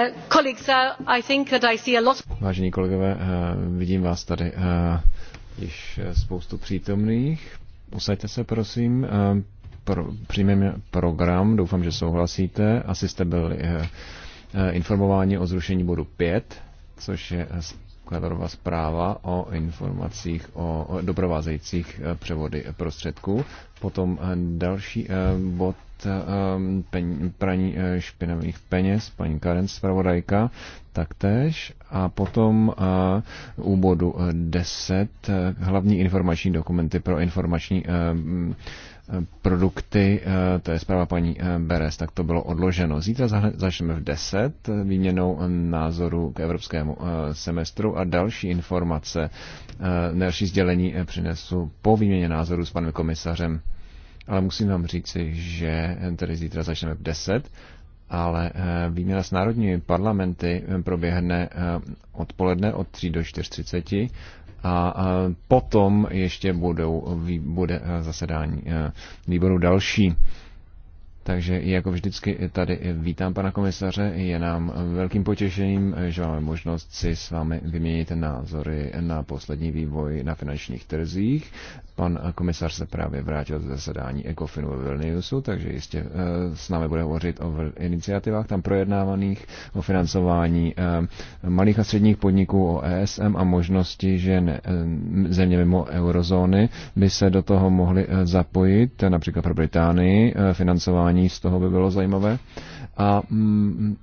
Uh, uh, Vážení kolegové, uh, vidím vás tady již spoustu přítomných. Usaďte se, prosím. Pro, přijmeme program, doufám, že souhlasíte. Asi jste byli informováni o zrušení bodu 5, což je předkladová zpráva o informacích o doprovázejících e, převody prostředků. Potom e, další e, bod peň, praní špinavých peněz, paní Karen zpravodajka, taktéž. A potom u bodu 10 hlavní informační dokumenty pro informační produkty, eh, to je zpráva paní eh, Beres, tak to bylo odloženo. Zítra začneme v 10 výměnou názoru k evropskému eh, semestru a další informace, další sdělení přinesu po výměně názoru s panem komisařem. Ale musím vám říci, že tedy zítra začneme v 10, ale výměna s národními parlamenty proběhne odpoledne od 3 do a potom ještě budou, bude eh, zasedání eh, výboru další. Takže jako vždycky tady vítám pana komisaře. Je nám velkým potěšením, že máme možnost si s vámi vyměnit názory na poslední vývoj na finančních trzích. Pan komisař se právě vrátil ze zasedání Ecofinu ve Vilniusu, takže jistě eh, s námi bude hovořit o iniciativách tam projednávaných, o financování eh, malých a středních podniků, o ESM a možnosti, že ne, eh, země mimo eurozóny by se do toho mohly zapojit, například pro Británii, financování zvolený, z toho by bylo zajímavé. A mm,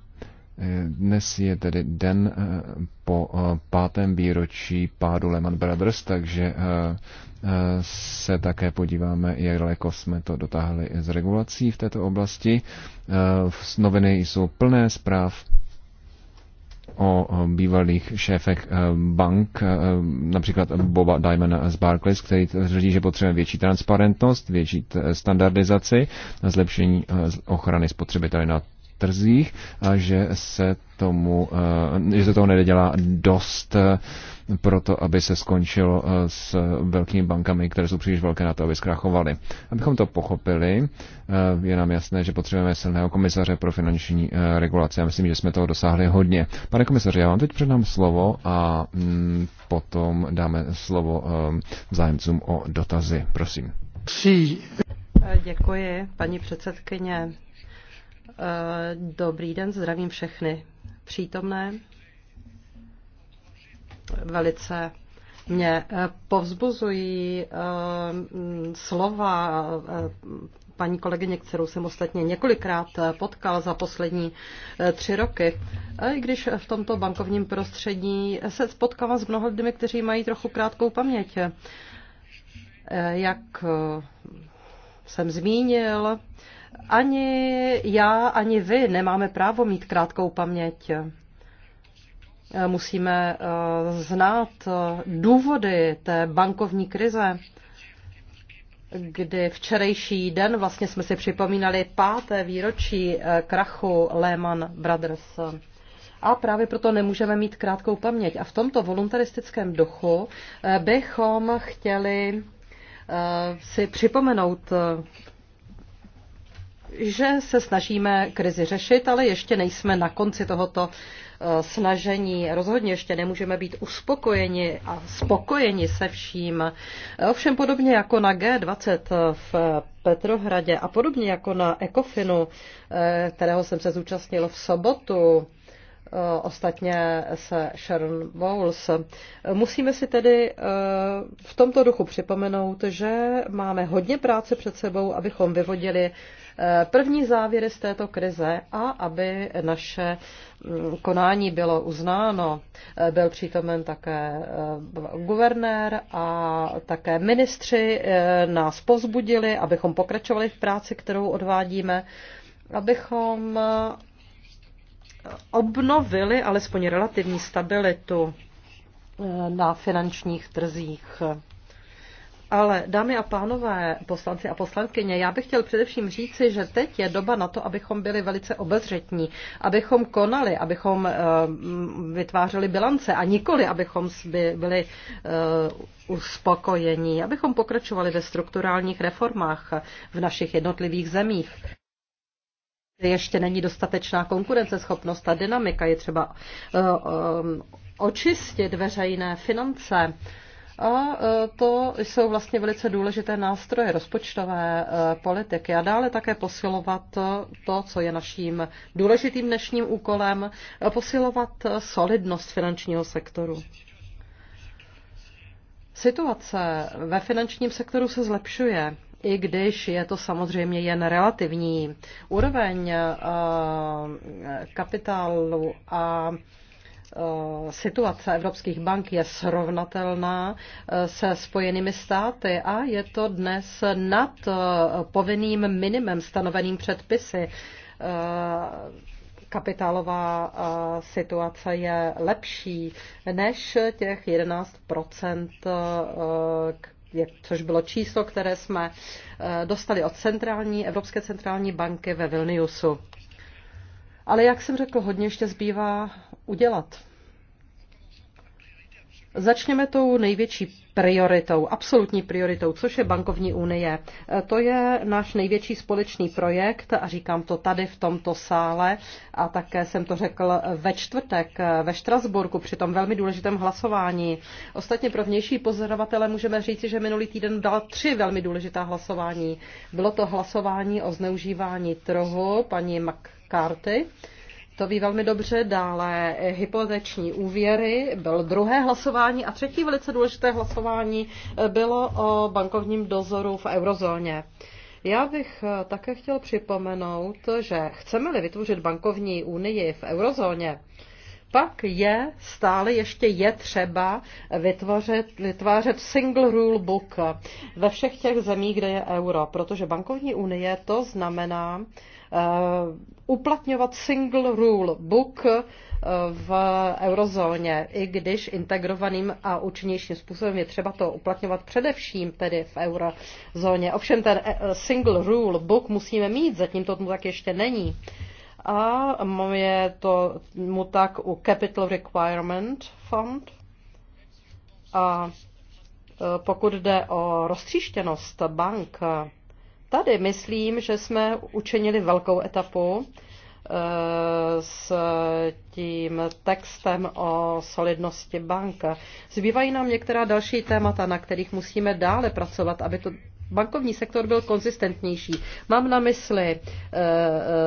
dnes je tedy den eh, po eh, pátém výročí pádu Lehman Brothers, takže eh, se také podíváme, jak daleko jsme to dotáhli z regulací v této oblasti. Noviny jsou plné zpráv o bývalých šéfech eh, bank, eh, například Boba Diamond z Barclays, který tvrdí, že potřebujeme větší transparentnost, větší standardizaci, zlepšení eh, ochrany spotřebitele na trzích a že se tomu, že se toho nedělá dost proto, aby se skončilo eh, s velkými bankami, které jsou příliš velké na to, aby zkrachovaly. Abychom to pochopili, eh, je nám jasné, že potřebujeme silného komisaře pro finanční eh, regulaci. Já myslím, že jsme toho dosáhli hodně. Pane komisaře, já vám teď předám slovo a mm, potom dáme slovo zájemcům o dotazy. Prosím. Děkuji, paní předsedkyně. Dobrý den, zdravím všechny přítomné. Velice mě eh, povzbuzují eh, slova eh, paní kolegyně, kterou jsem ostatně několikrát potkal za poslední tři roky. I když v tomto bankovním prostředí se spotkávám s mnoha lidmi, kteří mají trochu krátkou paměť. Jak jsem zmínil, ani já, ani vy nemáme právo mít krátkou paměť. Eh, musíme eh, znát eh, důvody té bankovní krize, kdy včerejší den vlastně jsme si připomínali páté výročí krachu Lehman Brothers. A právě proto nemůžeme mít krátkou paměť. A v tomto voluntaristickém duchu bychom chtěli si připomenout že se snažíme krizi řešit, ale ještě nejsme na konci tohoto eh, snažení. Rozhodně ještě nemůžeme být uspokojeni a spokojeni se vším. Eh, ovšem podobně jako na G20 v Petrohradě a podobně jako na Ecofinu, eh, kterého jsem se zúčastnil v sobotu, ostatně se Sharon Bowles. Musíme si tedy v tomto duchu připomenout, že máme hodně práce před sebou, abychom vyvodili Eh, první závěry z této krize a aby naše mm, konání bylo uznáno. Eh, byl přítomen také eh, guvernér a také ministři nás pozbudili, abychom pokračovali v práci, kterou odvádíme, abychom obnovili alespoň relativní stabilitu na finančních trzích. Ale dámy a pánové, poslanci a poslankyně, já bych chtěl především říci, že teď je doba na to, abychom byli velice obezřetní, abychom konali, abychom eh, vytvářeli bilance a nikoli, abychom byli eh, uspokojení, abychom pokračovali ve strukturálních reformách v našich jednotlivých zemích. Ještě není dostatečná konkurenceschopnost a dynamika, je třeba eh, očistit veřejné finance a e, to jsou vlastně velice důležité nástroje rozpočtové e, politiky a dále také posilovat to, co je naším důležitým dnešním úkolem, e, posilovat solidnost finančního sektoru. Situace ve finančním sektoru se zlepšuje, i když je to samozřejmě jen relativní. Úroveň kapitálu a Eh, situace evropských bank je srovnatelná eh, se spojenými státy a je to dnes nad eh, povinným minimem stanoveným předpisy. Kapitálová situace je lepší než těch 11 což bylo číslo, které jsme dostali od centrální, Evropské centrální banky ve Vilniusu. Ale jak jsem řekl, hodně ještě zbývá udělat. Začněme tou největší prioritou, absolutní prioritou, což je bankovní unie. E, to je náš největší společný projekt a říkám to tady v tomto sále a také jsem to řekl ve čtvrtek e, ve Štrasburku při tom velmi důležitém hlasování. Ostatně pro vnější pozorovatele můžeme říci, že minulý týden dal tři velmi důležitá hlasování. Bylo to hlasování o zneužívání trhu paní McCarthy, to ví velmi dobře. Dále hypoteční úvěry byl druhé hlasování a třetí velice důležité hlasování eh, bylo o bankovním dozoru v eurozóně. Já bych eh, také chtěl připomenout, že chceme-li vytvořit bankovní unii v eurozóně, pak je stále ještě je třeba vytvořit, vytvářet single rule book ve všech těch zemích, kde je euro, protože bankovní unie to znamená uh, uplatňovat single rule book eh, v eurozóně, i když integrovaným a účinnějším způsobem je třeba to uplatňovat především tedy v eurozóně. Ovšem ten eh, single rule book musíme mít, zatím to tak ještě není. Uh, a je to mu tak u Capital Requirement Fund. A e, pokud jde o roztříštěnost bank, tady myslím, že jsme učinili velkou etapu e, s tím textem o solidnosti bank. Zbývají nám některá další témata, na kterých musíme dále pracovat, aby to bankovní sektor byl konzistentnější. Mám na mysli eh, eh,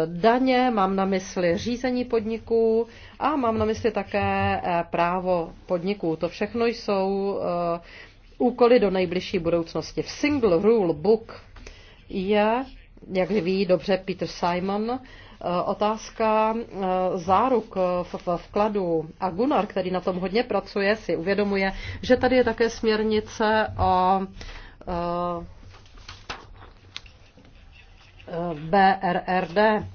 daně, mám na mysli řízení podniků a mám na mysli také eh, právo podniků. To všechno jsou úkoly do nejbližší budoucnosti. V Single Rule Book je, jak ví dobře Peter Simon, otázka záruk vkladu a Gunnar, který na tom hodně pracuje, si uvědomuje, že tady je také směrnice o BRRD.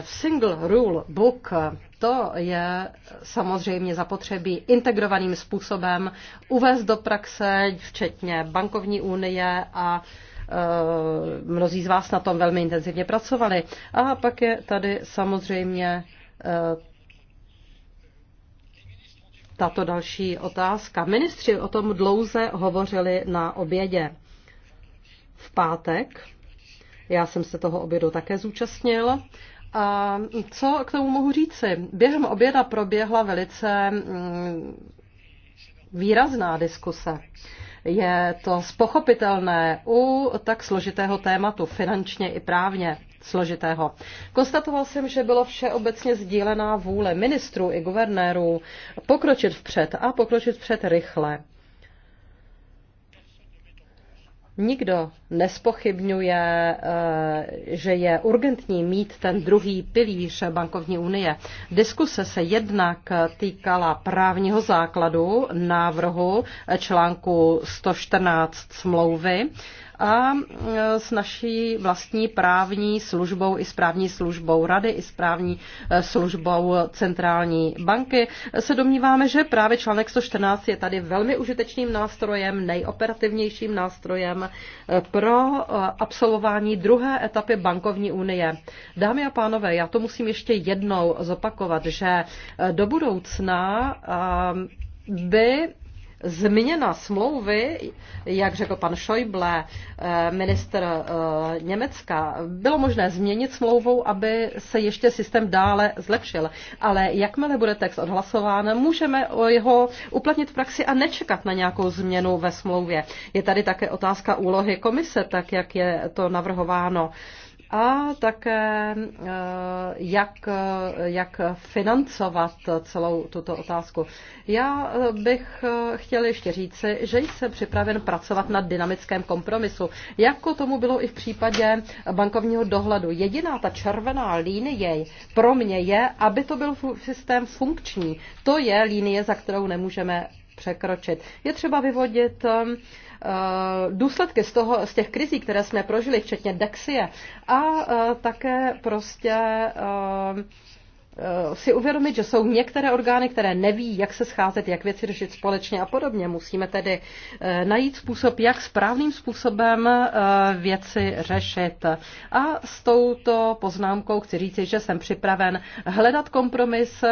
Single Rule Book to je samozřejmě zapotřebí integrovaným způsobem uvést do praxe, včetně bankovní unie a eh, mnozí z vás na tom velmi intenzivně pracovali. A pak je tady samozřejmě eh, tato další otázka. Ministři o tom dlouze hovořili na obědě v pátek já jsem se toho obědu také zúčastnil. A co k tomu mohu říci? Během oběda proběhla velice mm, výrazná diskuse. Je to spochopitelné u tak složitého tématu, finančně i právně složitého. Konstatoval jsem, že bylo všeobecně sdílená vůle ministrů i guvernérů pokročit vpřed a pokročit vpřed rychle. Nikdo nespochybňuje, eh, že je urgentní mít ten druhý pilíř bankovní unie. Diskuse se jednak týkala právního základu návrhu článku 114 smlouvy a e, s naší vlastní právní službou i správní službou rady i správní e, službou centrální banky se domníváme, že právě článek 114 je tady velmi užitečným nástrojem, nejoperativnějším nástrojem e, pro absolvování druhé etapy bankovní unie. Dámy a pánové, já to musím ještě jednou zopakovat, že do budoucna by Změna smlouvy, jak řekl pan Schäuble, eh, minister eh, Německa, bylo možné změnit smlouvou, aby se ještě systém dále zlepšil. Ale jakmile bude text odhlasován, můžeme jeho uplatnit v praxi a nečekat na nějakou změnu ve smlouvě. Je tady také otázka úlohy komise, tak jak je to navrhováno a také eh, jak, eh, jak financovat celou tuto otázku. Já eh, bych chtěl ještě říci, že jsem připraven pracovat na dynamickém kompromisu, jako tomu bylo i v případě bankovního dohledu. Jediná ta červená linie pro mě je, aby to byl systém funkční. To je linie, za kterou nemůžeme překročit. Je třeba vyvodit um, uh, důsledky z, toho, z těch krizí, které jsme prožili, včetně Dexie, a uh, také prostě um, Eh, si uvědomit, že jsou některé orgány, které neví, jak se scházet, jak věci řešit společně a podobně. Musíme tedy eh, najít způsob, jak správným způsobem eh, věci řešit. A s touto poznámkou chci říci, že jsem připraven hledat kompromis,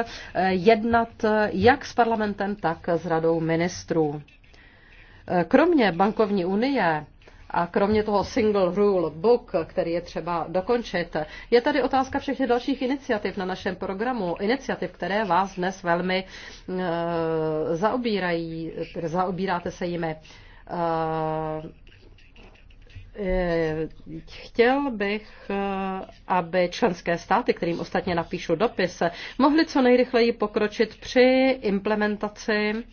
jednat jak s parlamentem, tak s radou ministrů. Kromě bankovní unie a kromě toho single rule book, který je třeba dokončit, je tady otázka všech dalších iniciativ na našem programu, iniciativ, které vás dnes velmi uh, zaobírají, zaobíráte se jimi. E, Chtěl bych, aby členské státy, kterým ostatně napíšu dopis, mohly co nejrychleji pokročit při implementaci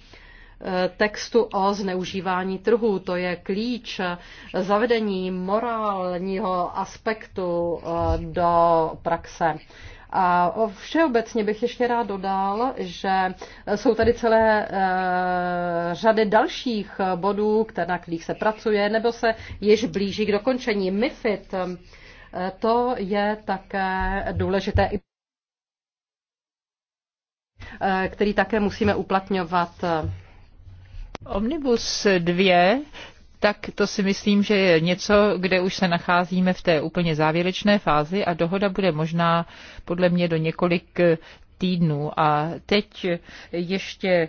Eh, textu o zneužívání trhu. To je klíč zavedení morálního aspektu eh, do praxe. A všeobecně bych ještě rád dodal, že jsou tady celé eh, řady dalších bodů, které, na kterých se pracuje, nebo se již blíží k dokončení. MIFID, to je také důležité který také musíme uplatňovat Omnibus 2 tak to si myslím, že je něco, kde už se nacházíme v té úplně závěrečné fázi a dohoda bude možná podle mě do několik týdnů. A teď ještě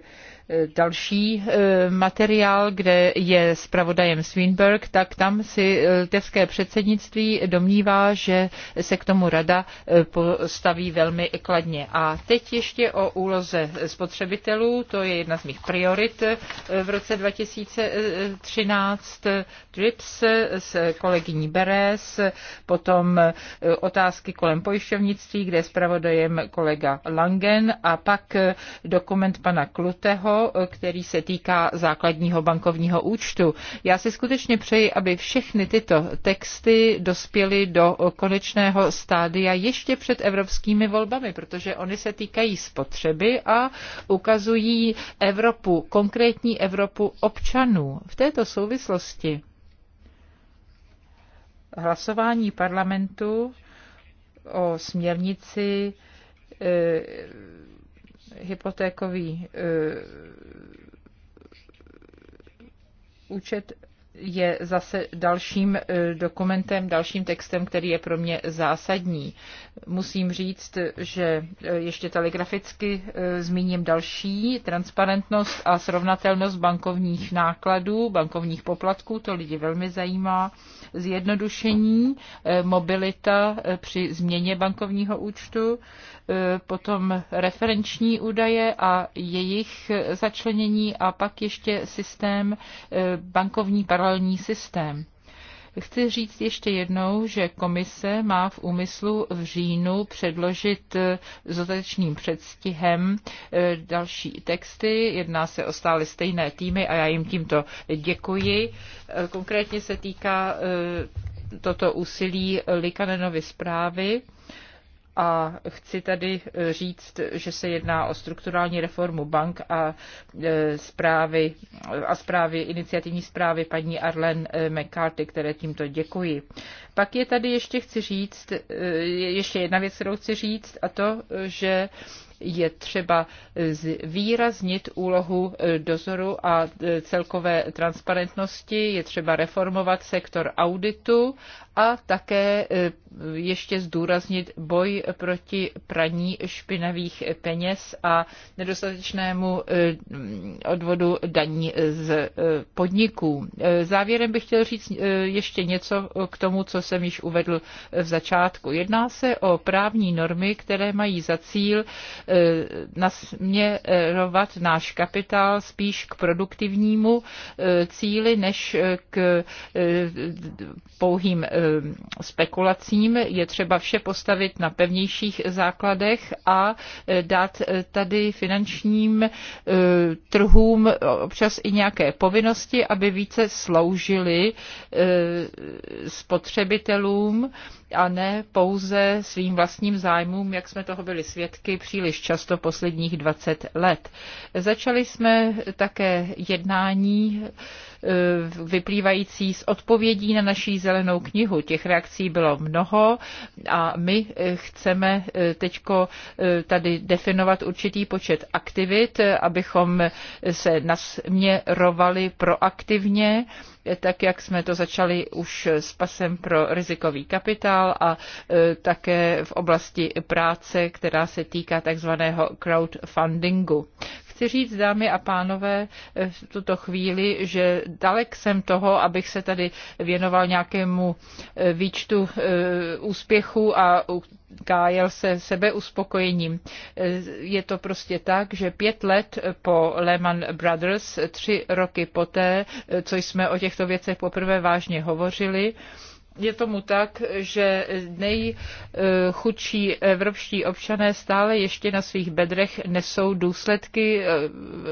další e, materiál, kde je zpravodajem Swinberg, tak tam si e, litevské předsednictví domnívá, že se k tomu rada e, postaví velmi kladně. A teď ještě o úloze spotřebitelů, to je jedna z mých priorit v roce 2013, TRIPS s kolegyní Beres, potom otázky kolem pojišťovnictví, kde je zpravodajem kolega Langen a pak dokument pana Kluteho, který se týká základního bankovního účtu. Já si skutečně přeji, aby všechny tyto texty dospěly do konečného stádia ještě před evropskými volbami, protože oni se týkají spotřeby a ukazují Evropu, konkrétní Evropu občanů. V této souvislosti hlasování parlamentu o směrnici eh, hypotékový eh, účet je zase dalším eh, dokumentem, dalším textem, který je pro mě zásadní. Musím říct, že eh, ještě telegraficky zmíním další, transparentnost a srovnatelnost bankovních nákladů, bankovních poplatků, to lidi velmi zajímá, zjednodušení, mobilita při změně bankovního účtu, Eh, potom referenční údaje a jejich začlenění a pak ještě systém, eh, bankovní paralelní systém. Chci říct ještě jednou, že komise má v úmyslu v říjnu předložit eh, s dodatečným předstihem další texty. Jedná se o stále stejné týmy a já jim tímto děkuji. Konkrétně se týká toto úsilí Likanenovy zprávy a chci tady e, říct, že se jedná o strukturální reformu bank a e, zprávy, a zprávy, iniciativní zprávy paní Arlen e, McCarthy, které tímto děkuji. Pak je tady ještě chci říct, ještě jedna věc, kterou chci říct, a to, že je třeba výraznit úlohu eh, dozoru a eh, celkové transparentnosti, je třeba reformovat sektor auditu a také eh, ještě zdůraznit boj proti praní špinavých peněz a nedostatečnému odvodu daní z podniků. Závěrem bych chtěl říct ještě něco k tomu, co jsem již uvedl v začátku. Jedná se o právní normy, které mají za cíl Eh, nasměrovat náš kapitál spíš k produktivnímu eh, cíli než k eh, pouhým spekulacím. Je třeba vše postavit na pevnějších základech a dát tady finančním trhům občas i nějaké povinnosti, aby více sloužili spotřebitelům a ne pouze svým vlastním zájmům, jak jsme toho byli svědky příliš příliš často posledních 20 let. Začali jsme také jednání eh, vyplývající z odpovědí na naší zelenou knihu. Těch reakcí bylo mnoho a my eh, chceme eh, teď tady definovat určitý počet aktivit, abychom se nasměrovali proaktivně tak jak jsme to začali už s pasem pro rizikový kapitál a také v oblasti práce, která se týká tzv takzvaného crowdfundingu chci říct, dámy a pánové, eh, v tuto chvíli, že dalek jsem toho, abych se tady věnoval nějakému eh, výčtu eh, úspěchu a kájel se sebeuspokojením. Je to prostě tak, že pět let po Lehman Brothers, tři roky poté, co jsme o těchto věcech poprvé vážně hovořili, je tomu tak, že nejchudší evropští občané stále ještě na svých bedrech nesou důsledky eh,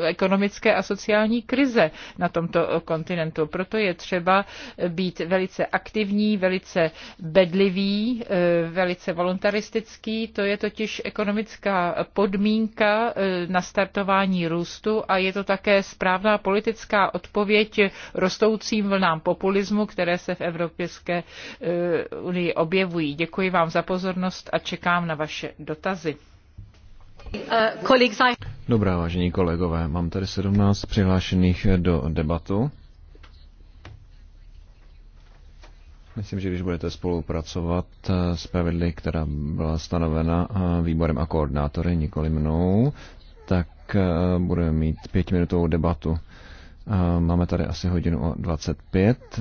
ekonomické a sociální krize na tomto kontinentu. Proto je třeba být velice aktivní, velice bedlivý, eh, velice voluntaristický. To je totiž ekonomická podmínka eh, na startování růstu a je to také správná politická odpověď rostoucím vlnám populismu, které se v Evropské Eh, unii objevují. Děkuji vám za pozornost a čekám na vaše dotazy. Eh, Dobrá, vážení kolegové, mám tady 17 přihlášených eh, do debatu. Myslím, že když budete spolupracovat s pravidly, která byla stanovena výborem a koordinátory, nikoli mnou, tak budeme mít pětiminutovou debatu. Máme tady asi hodinu o 25,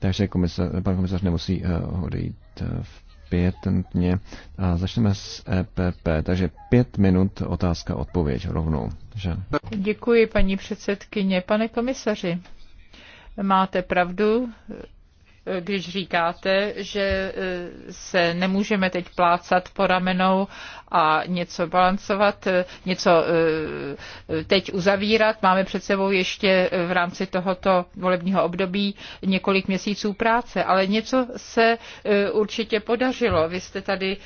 takže komisař, pan komisař nemusí eh, odejít v eh, pět nutně. A začneme s EPP, takže pět minut otázka, odpověď rovnou. Že? Děkuji, paní předsedkyně. Pane komisaři, máte pravdu, když říkáte, že e, se nemůžeme teď plácat po ramenou a něco balancovat, e, něco e, teď uzavírat. Máme před sebou ještě v rámci tohoto volebního období několik měsíců práce, ale něco se určitě podařilo. Vy jste tady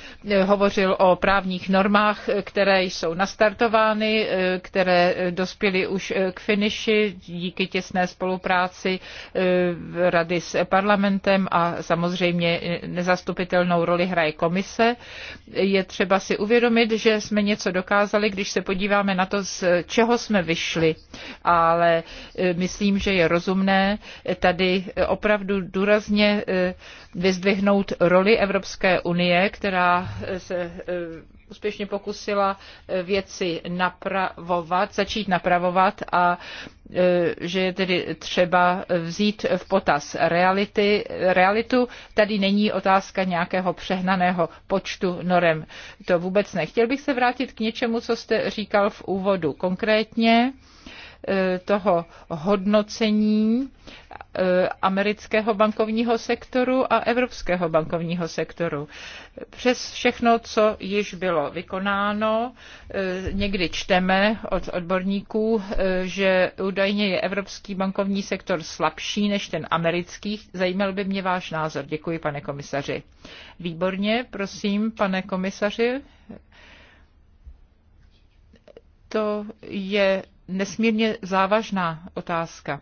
hovořil o právních normách, které jsou nastartovány, které dospěly už k finiši díky těsné spolupráci Rady s parlamentem parlamentem a samozřejmě nezastupitelnou roli hraje komise. Je třeba si uvědomit, že jsme něco dokázali, když se podíváme na to, z čeho jsme vyšli. Ale e, myslím, že je rozumné tady opravdu důrazně e, vyzdvihnout roli Evropské unie, která e, se úspěšně pokusila eh, věci napravovat, začít napravovat a eh, že je tedy třeba vzít v potaz reality. realitu. Tady není otázka nějakého přehnaného počtu norem. To vůbec ne. Chtěl bych se vrátit k něčemu, co jste říkal v úvodu. Konkrétně E, toho hodnocení e, amerického bankovního sektoru a evropského bankovního sektoru. Přes všechno, co již bylo vykonáno, e, někdy čteme od odborníků, že údajně je evropský bankovní sektor slabší než ten americký. Zajímal by mě váš názor. Děkuji, pane komisaři. Výborně, prosím, pane komisaři. To je nesmírně závažná otázka.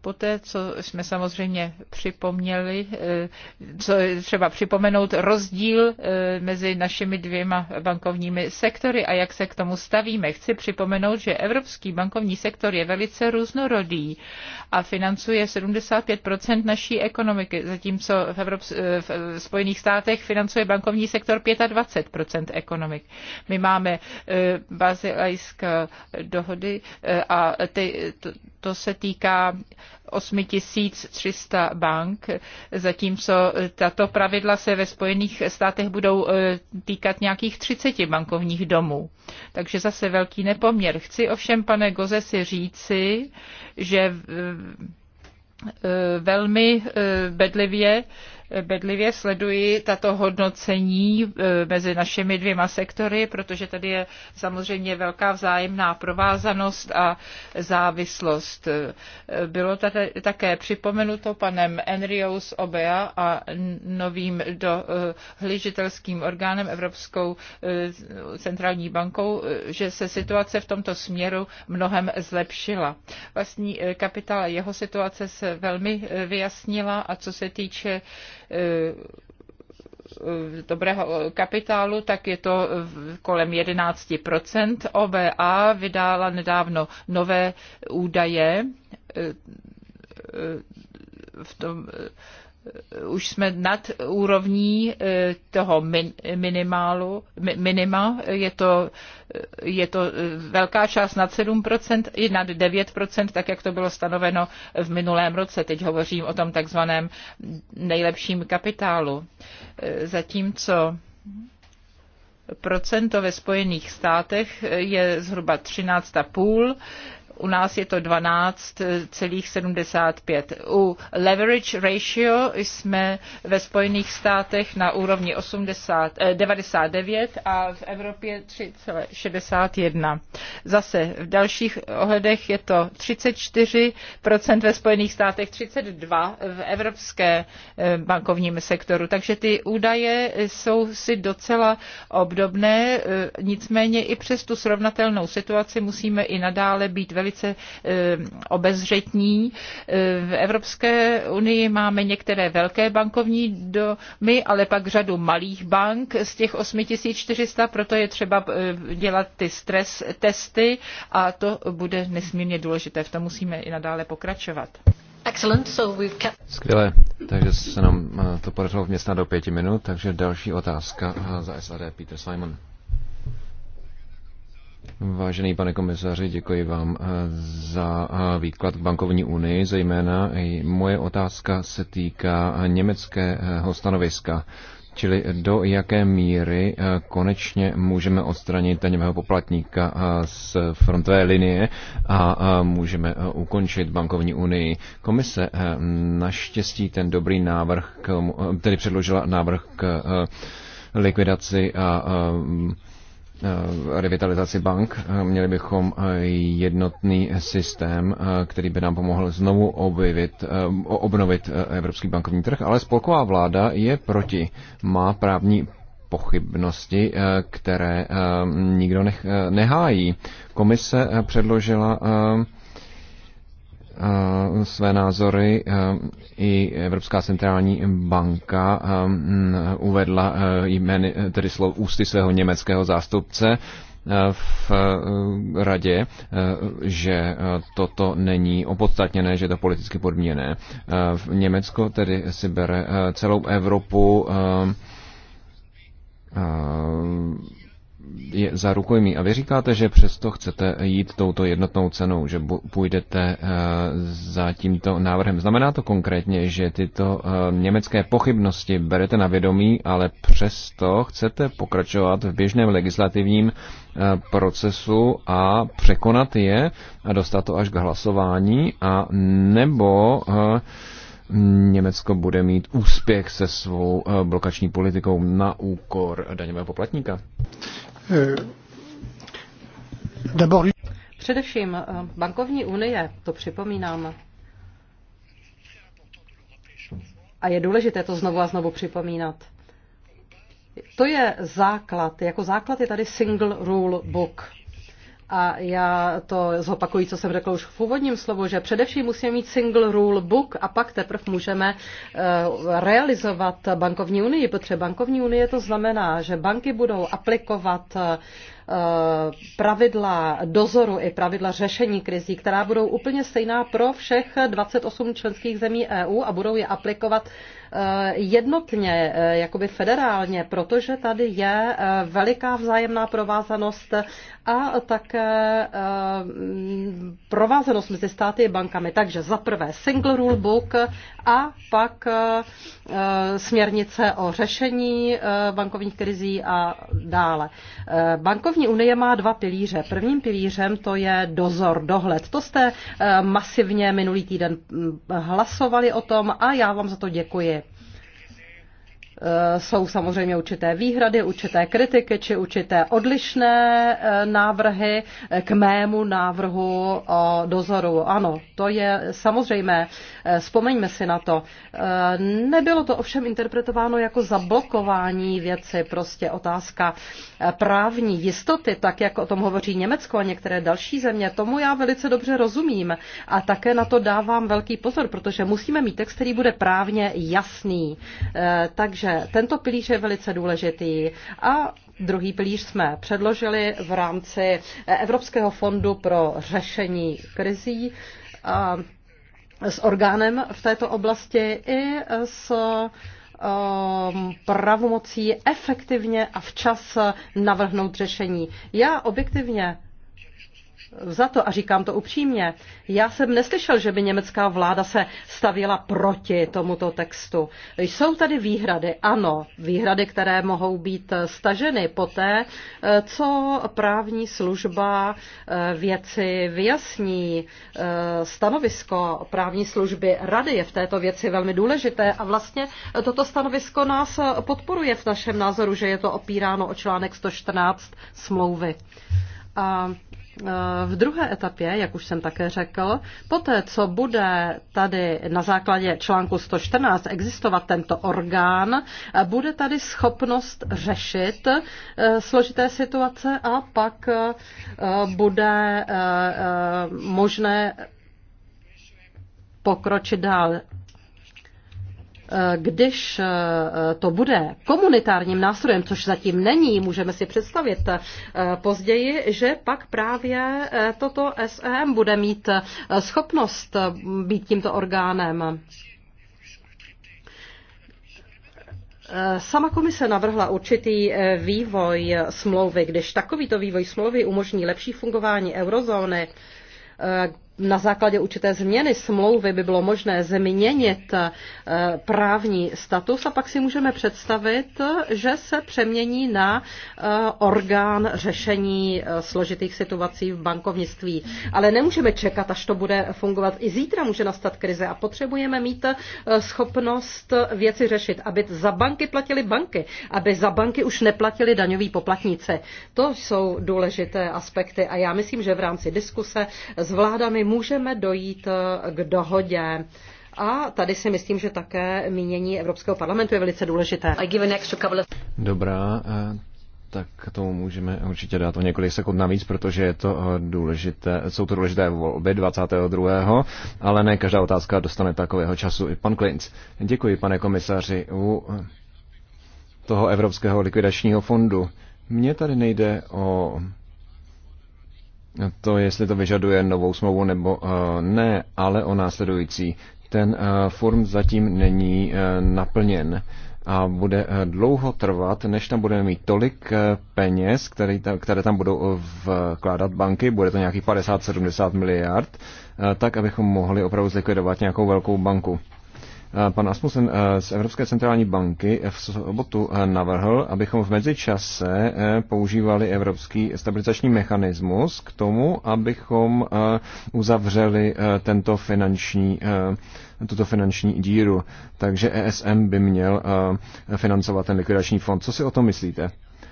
Poté, co jsme samozřejmě připomněli, eh, co je třeba připomenout rozdíl eh, mezi našimi dvěma bankovními sektory a jak se k tomu stavíme. Chci připomenout, že evropský bankovní sektor je velice různorodý a financuje 75 naší ekonomiky, zatímco v, Evrops- eh, v Spojených státech financuje bankovní sektor 25 ekonomik. My máme bazilejské dohody a ty, to, to se týká 8300 bank, zatímco tato pravidla se ve Spojených státech budou e, týkat nějakých 30 bankovních domů. Takže zase velký nepoměr. Chci ovšem, pane Goze, si říci, že e, velmi e, bedlivě bedlivě sleduji tato hodnocení e, mezi našimi dvěma sektory, protože tady je samozřejmě velká vzájemná provázanost a závislost. E, bylo tady také připomenuto panem Enrios OBEA a novým dohlížitelským e, orgánem Evropskou centrální bankou, že se situace v tomto směru mnohem zlepšila. Vlastní kapitál jeho situace se velmi vyjasnila a co se týče Eh, dobrého kapitálu, tak je to kolem 11 OBA vydala nedávno nové údaje eh, eh, v tom Eh, už jsme nad úrovní eh, toho minimálu, minima, je to, eh, je to velká část nad 7% i nad 9%, tak jak to bylo stanoveno v minulém roce. Teď hovořím o tom takzvaném nejlepším kapitálu. Zatímco procento ve Spojených státech je zhruba 13,5, u nás je to 12,75. U leverage ratio jsme ve Spojených státech na úrovni 80, 99 eh, a v Evropě 3,61. Zase v dalších ohledech je to 34% ve Spojených státech, 32% v evropské eh, bankovním sektoru. Takže ty údaje jsou si docela obdobné, eh, nicméně i přes tu srovnatelnou situaci musíme i nadále být velice velice eh, obezřetní. Eh, v Evropské unii máme některé velké bankovní domy, ale pak řadu malých bank z těch 8400, proto je třeba eh, dělat ty stres testy a to bude nesmírně důležité. V tom musíme i nadále pokračovat. Skvělé, takže se nám to podařilo na do pěti minut, takže další otázka za SAD Peter Simon. Vážený pane komisaři, děkuji vám eh, za eh, výklad k bankovní unii. Zejména moje otázka se týká eh, německého stanoviska, čili do jaké míry konečně můžeme odstranit daňového poplatníka z frontové linie a můžeme ukončit bankovní unii. Komise naštěstí ten dobrý návrh, tedy předložila návrh k likvidaci a Eh, revitalizaci bank. Eh, měli bychom eh, jednotný systém, který by nám pomohl znovu objevit, obnovit evropský bankovní trh, ale spolková vláda je proti. Má právní pochybnosti, které nikdo nech, nehájí. Komise předložila Eh, své názory eh, i Evropská centrální banka eh, uvedla jmény, tedy slov ústy svého německého zástupce v radě, že toto není opodstatněné, že je to politicky podmíněné. V Německo tedy si bere celou Evropu je za rukojmí. A vy říkáte, že přesto chcete jít touto jednotnou cenou, že půjdete eh, za tímto návrhem. Znamená to konkrétně, že tyto eh, německé pochybnosti berete na vědomí, ale přesto chcete pokračovat v běžném legislativním eh, procesu a překonat je a dostat to až k hlasování a nebo Německo bude mít úspěch se svou blokační politikou na úkor daňového poplatníka? Eh, Především eh, bankovní unie, to připomínám, a je důležité to znovu a znovu připomínat, to je základ. Jako základ je tady single rule book. A já to zopakuji, co jsem řekla už v úvodním slovu, že především musíme mít single rule book a pak teprve můžeme eh, realizovat bankovní unii, protože bankovní unie to znamená, že banky budou aplikovat eh, pravidla dozoru i pravidla řešení krizí, která budou úplně stejná pro všech 28 členských zemí EU a budou je aplikovat Eh, jednotně, eh, jakoby federálně, protože tady je eh, veliká vzájemná provázanost a také provázanost mezi státy a bankami. Takže za prvé single rule book a pak směrnice o řešení bankovních krizí a dále. Bankovní unie má dva pilíře. Prvním pilířem to je dozor, dohled. To jste masivně minulý týden hm, hlasovali o tom a já vám za to děkuji. Eh, jsou samozřejmě určité výhrady, určité kritiky či určité odlišné eh, návrhy k mému návrhu o dozoru. Ano, to je samozřejmé. Eh, vzpomeňme si na to. Nebylo to ovšem interpretováno jako zablokování věci, prostě otázka právní jistoty, tak jak o tom hovoří Německo a některé další země. Tomu já velice dobře rozumím a také na to dávám velký pozor, protože musíme mít text, který bude právně jasný. Takže takže tento pilíř je velice důležitý a druhý pilíř jsme předložili v rámci Evropského fondu pro řešení krizí a s orgánem v této oblasti i s um, pravomocí efektivně a včas navrhnout řešení. Já objektivně za to, a říkám to upřímně, já jsem neslyšel, že by německá vláda se stavila proti tomuto textu. Jsou tady výhrady, ano, výhrady, které mohou být staženy poté, co právní služba eh, věci vyjasní. Eh, stanovisko právní služby rady je v této věci velmi důležité a vlastně toto stanovisko nás podporuje v našem názoru, že je to opíráno o článek 114 smlouvy. A Eh, v druhé etapě, jak už jsem také řekl, poté, co bude tady na základě článku 114 existovat tento orgán, eh, bude tady schopnost řešit eh, složité situace a pak bude možné pokročit dál. Eh, když eh, to bude komunitárním nástrojem, což zatím není, můžeme si představit eh, později, že pak právě toto SEM bude mít schopnost být tímto orgánem. Sama komise navrhla určitý vývoj smlouvy. Když takovýto vývoj smlouvy umožní lepší fungování eurozóny, na základě určité změny smlouvy by bylo možné změnit eh, právní status a pak si můžeme představit, že se přemění na eh, orgán řešení eh, složitých situací v bankovnictví. Ale nemůžeme čekat, až to bude fungovat. I zítra může nastat krize a potřebujeme mít schopnost věci řešit, aby za banky platili banky, aby za banky už neplatili daňoví poplatníci. To jsou důležité aspekty a já myslím, že v rámci diskuse s vládami můžeme dojít eh, k dohodě. A tady si myslím, že také mínění Evropského parlamentu je velice důležité. Dobrá, eh, tak tomu můžeme určitě dát o několik sekund navíc, protože je to eh, důležité, jsou to důležité volby 22. Ale ne každá otázka dostane takového času. I pan Klinc. Děkuji, pane komisaři, u toho Evropského likvidačního fondu. Mně tady nejde o to, jestli to vyžaduje novou smlouvu nebo eh, ne, ale o následující. Ten eh, form zatím není eh, naplněn a bude dlouho trvat, než tam budeme mít tolik peněz, které, které tam budou vkládat banky, bude to nějakých 50-70 miliard, tak abychom mohli opravdu zlikvidovat nějakou velkou banku. Eh, pan Asmussen eh, z Evropské centrální banky v sobotu eh, navrhl, abychom v mezičase používali evropský stabilizační mechanismus k tomu, abychom uzavřeli tento finanční, tuto finanční díru. Takže ESM by měl financovat ten likvidační fond. Co si o tom myslíte?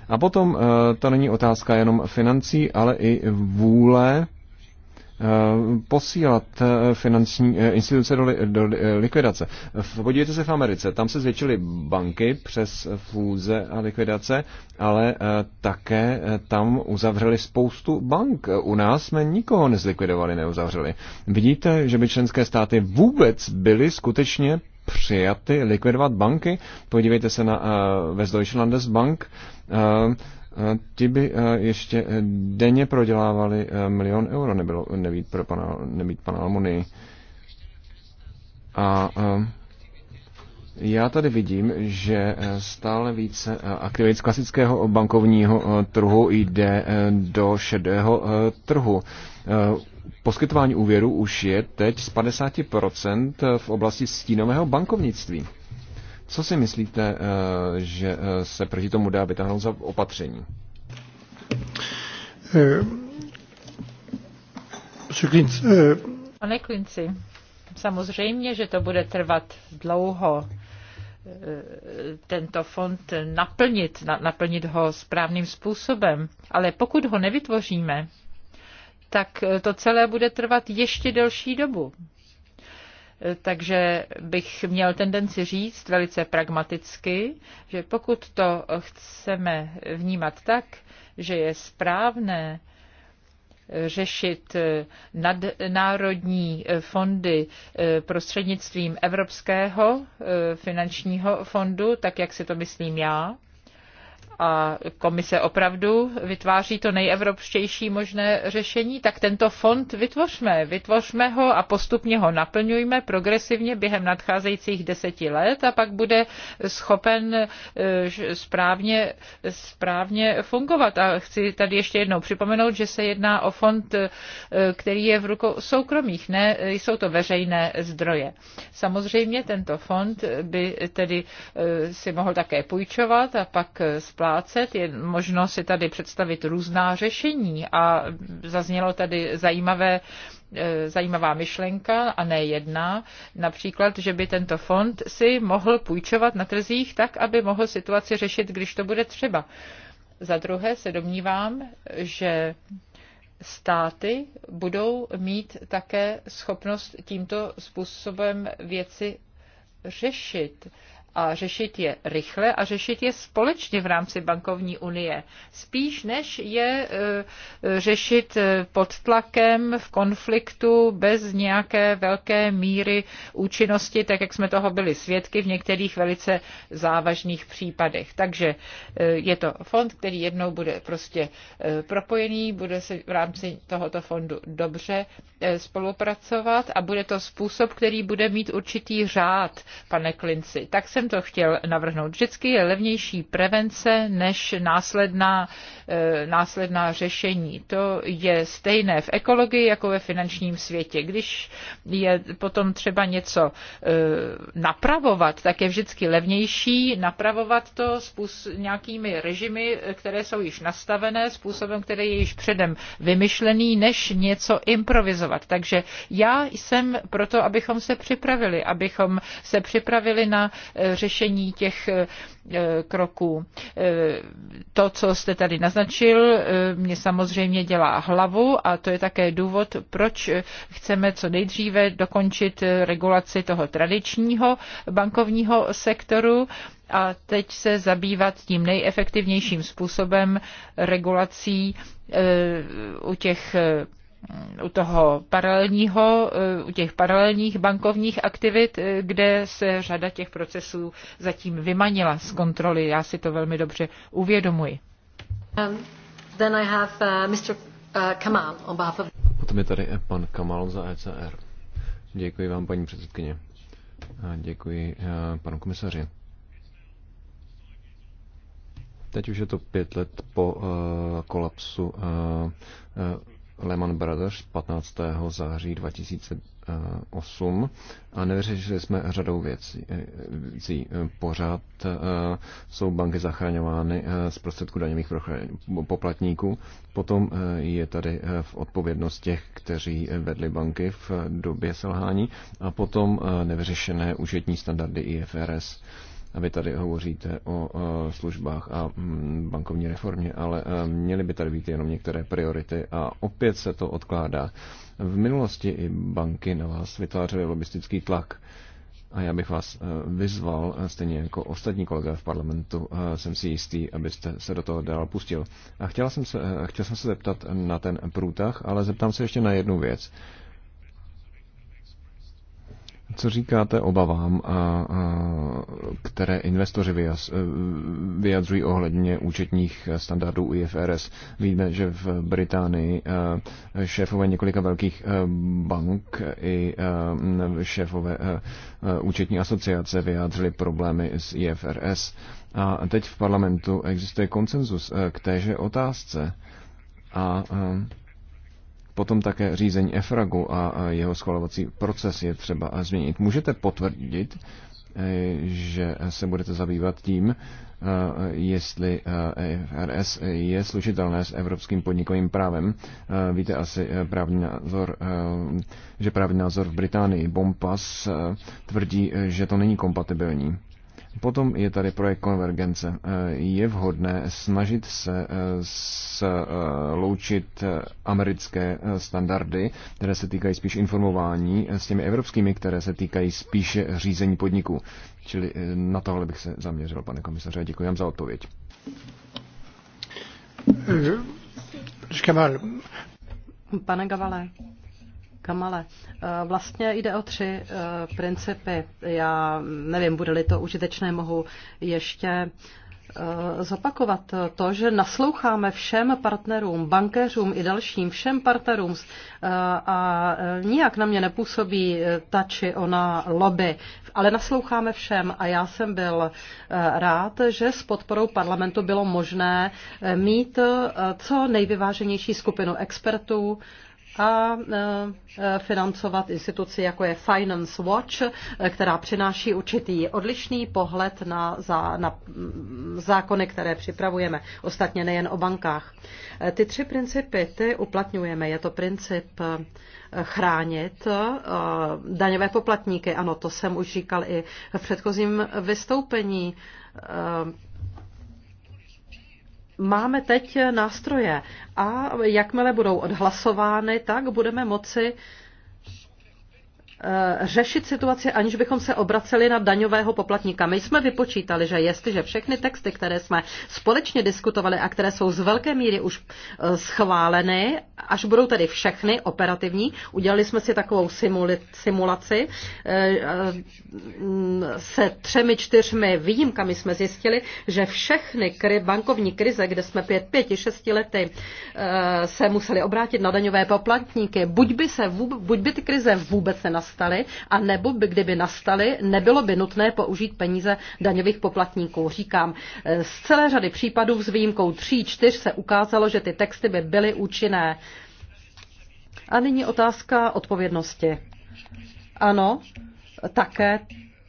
A potom to není otázka jenom financí, ale i vůle Eh, posílat eh, finanční eh, instituce do, li, do likvidace. Podívejte se v Americe, tam se zvětšily banky přes fůze a likvidace, ale také tam uzavřeli spoustu bank. U nás jsme nikoho nezlikvidovali, neuzavřeli. Vidíte, že by členské státy vůbec byly skutečně přijaty likvidovat banky. Podívejte se na uh, Westdeutsche Landesbank. Uh, Eh, ti by eh, ještě eh, denně prodělávali milion euro, nebylo, nebýt, pro pana, nebýt pana Almunii. A já tady vidím, že stále více aktivit z klasického bankovního trhu jde do šedého trhu. Poskytování úvěru už je teď z 50% v oblasti stínového bankovnictví. Co si myslíte, eh, že eh, se proti tomu dá vytáhnout za opatření? Eh, Pane Klinci, samozřejmě, že to bude trvat dlouho tento fond naplnit, naplnit ho správným způsobem. Ale pokud ho nevytvoříme, tak to celé bude trvat ještě delší dobu takže bych měl tendenci říct velice pragmaticky, že pokud to chceme vnímat tak, že je správné řešit nadnárodní fondy prostřednictvím Evropského finančního fondu, tak jak si to myslím já, a komise opravdu vytváří to nejevropštější možné řešení, tak tento fond vytvořme. Vytvořme ho a postupně ho naplňujme progresivně během nadcházejících deseti let a pak bude schopen eh, správně, správně fungovat. A chci tady ještě jednou připomenout, že se jedná o fond, eh, který je v rukou soukromých, ne, jsou to veřejné zdroje. Samozřejmě tento fond by tedy eh, si mohl také půjčovat a pak splácet splácet. Je možno si tady představit různá řešení a zaznělo tady zajímavé eh, zajímavá myšlenka a ne jedna, například, že by tento fond si mohl půjčovat na trzích tak, aby mohl situaci řešit, když to bude třeba. Za druhé se domnívám, že státy budou mít také schopnost tímto způsobem věci řešit a řešit je rychle a řešit je společně v rámci bankovní unie. Spíš než je e, řešit e, pod tlakem, v konfliktu, bez nějaké velké míry účinnosti, tak jak jsme toho byli svědky v některých velice závažných případech. Takže e, je to fond, který jednou bude prostě propojený, bude se v rámci tohoto fondu dobře spolupracovat a bude to způsob, který bude mít určitý řád, pane Klinci. Tak jsem to chtěl navrhnout. Vždycky je levnější prevence než následná, eh, následná řešení. To je stejné v ekologii jako ve finančním světě. Když je potom třeba něco eh, napravovat, tak je vždycky levnější napravovat to nějakými režimy, které jsou již nastavené, způsobem, který je již předem vymyšlený, než něco improvizovat. Takže já jsem proto, abychom se připravili, abychom se připravili na řešení těch eh, kroků. Eh, to, co jste tady naznačil, eh, mě samozřejmě dělá hlavu a to je také důvod, proč chceme co nejdříve dokončit regulaci toho tradičního bankovního sektoru a teď se zabývat tím nejefektivnějším způsobem regulací u těch Eh, u toho paralelního, eh, u těch paralelních bankovních aktivit, eh, kde se řada těch procesů zatím vymanila z kontroly. Já si to velmi dobře uvědomuji. Um, then I have, uh, Mr. Uh, Kamal on behalf of... Potom je tady pan Kamal za ECR. Děkuji vám, paní předsedkyně. A děkuji uh, panu komisaři. Teď už je to pět let po uh, kolapsu uh, uh, Lehman Brothers 15. září 2008 a nevyřešili jsme řadou věcí. Pořád eh, jsou banky zachraňovány eh, z prostředku daňových poplatníků. Potom eh, je tady v odpovědnost těch, kteří vedli banky v době selhání a potom nevyřešené účetní standardy IFRS a vy tady hovoříte o službách a mm, bankovní reformě, ale e, měly by tady být jenom některé priority a opět se to odkládá. V minulosti i banky na vás vytvářely lobistický tlak. A já bych vás e, vyzval, e, stejně jako ostatní kolegové v parlamentu, jsem si jistý, abyste se do toho dál pustil. A chtěl jsem se, chtěl jsem se zeptat na ten průtah, ale zeptám se ještě na jednu věc. Co říkáte obavám, a, a, které investoři vyjaz, e, vyjadřují ohledně účetních standardů IFRS? Víme, že v Británii e, šéfové několika velkých e, bank i šéfové účetní asociace vyjádřili problémy s IFRS. A teď v parlamentu existuje konsenzus k téže otázce. A, a Potom také řízení EFRAGu a jeho schvalovací proces je třeba změnit. Můžete potvrdit, e, že se budete zabývat tím, e, jestli e, RS je slučitelné s evropským podnikovým právem. Víte asi právní názor, že právní názor v Británii Bompas tvrdí, že to není kompatibilní. Potom je tady projekt konvergence. Eh, je vhodné snažit se eh, sloučit eh, americké standardy, které se týkají spíš informování, s těmi evropskými, které se týkají spíše řízení podniků. Čili na tohle bych se zaměřil, pane komisaře. Děkuji vám za odpověď. Pane Gavale, Kamale, eh, vlastně jde o tři eh, principy. Já nevím, bude-li to užitečné, mohu ještě eh, zopakovat to, že nasloucháme všem partnerům, bankéřům i dalším, všem partnerům a nijak na mě nepůsobí ta či ona lobby, ale nasloucháme všem a já jsem byl rád, že s podporou parlamentu bylo možné mít co nejvyváženější skupinu expertů, a e, financovat instituci, jako je Finance Watch, e, která přináší určitý odlišný pohled na, za, na mm, zákony, které připravujeme, ostatně nejen o bankách. E, ty tři principy ty uplatňujeme. Je to princip chránit daňové poplatníky. Ano, to jsem už říkal i v předchozím vystoupení Máme teď nástroje a jakmile budou odhlasovány, tak budeme moci Eh, řešit situaci, aniž bychom se obraceli na daňového poplatníka. My jsme vypočítali, že jestliže všechny texty, které jsme společně diskutovali a které jsou z velké míry už eh, schváleny, až budou tedy všechny operativní, udělali jsme si takovou simuli- simulaci eh, se třemi, čtyřmi výjimkami jsme zjistili, že všechny kry, bankovní krize, kde jsme pět, pěti, šesti lety se museli obrátit na daňové poplatníky, buď by, se, buď by ty krize vůbec nenastaly, nenastaly a nebo by, kdyby nastaly, nebylo by nutné použít peníze daňových poplatníků. Říkám, eh, z celé řady případů s výjimkou 3, čtyř se ukázalo, že ty texty by byly účinné. A nyní otázka odpovědnosti. Ano, také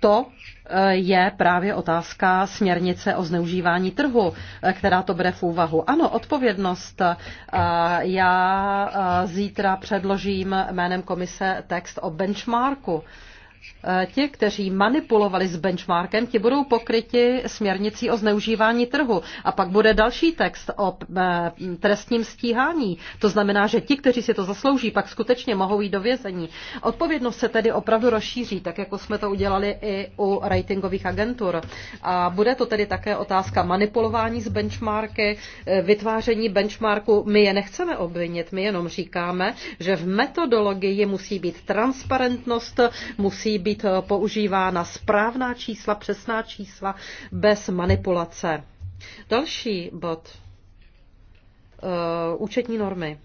to eh, je právě otázka směrnice o zneužívání trhu, eh, která to bude v úvahu. Ano, odpovědnost. Eh, já zítra předložím jménem komise text o benchmarku Eh, ti, kteří manipulovali s benchmarkem, ti budou pokryti směrnicí o zneužívání trhu. A pak bude další text o eh, trestním stíhání. To znamená, že ti, kteří si to zaslouží, pak skutečně mohou jít do vězení. Odpovědnost se tedy opravdu rozšíří, tak jako jsme to udělali i u ratingových agentur. A bude to tedy také otázka manipulování s benchmarky, eh, vytváření benchmarku. My je nechceme obvinit, my jenom říkáme, že v metodologii musí být transparentnost, musí musí být eh, používána správná čísla, přesná čísla, bez manipulace. Další bod. Eh, účetní normy.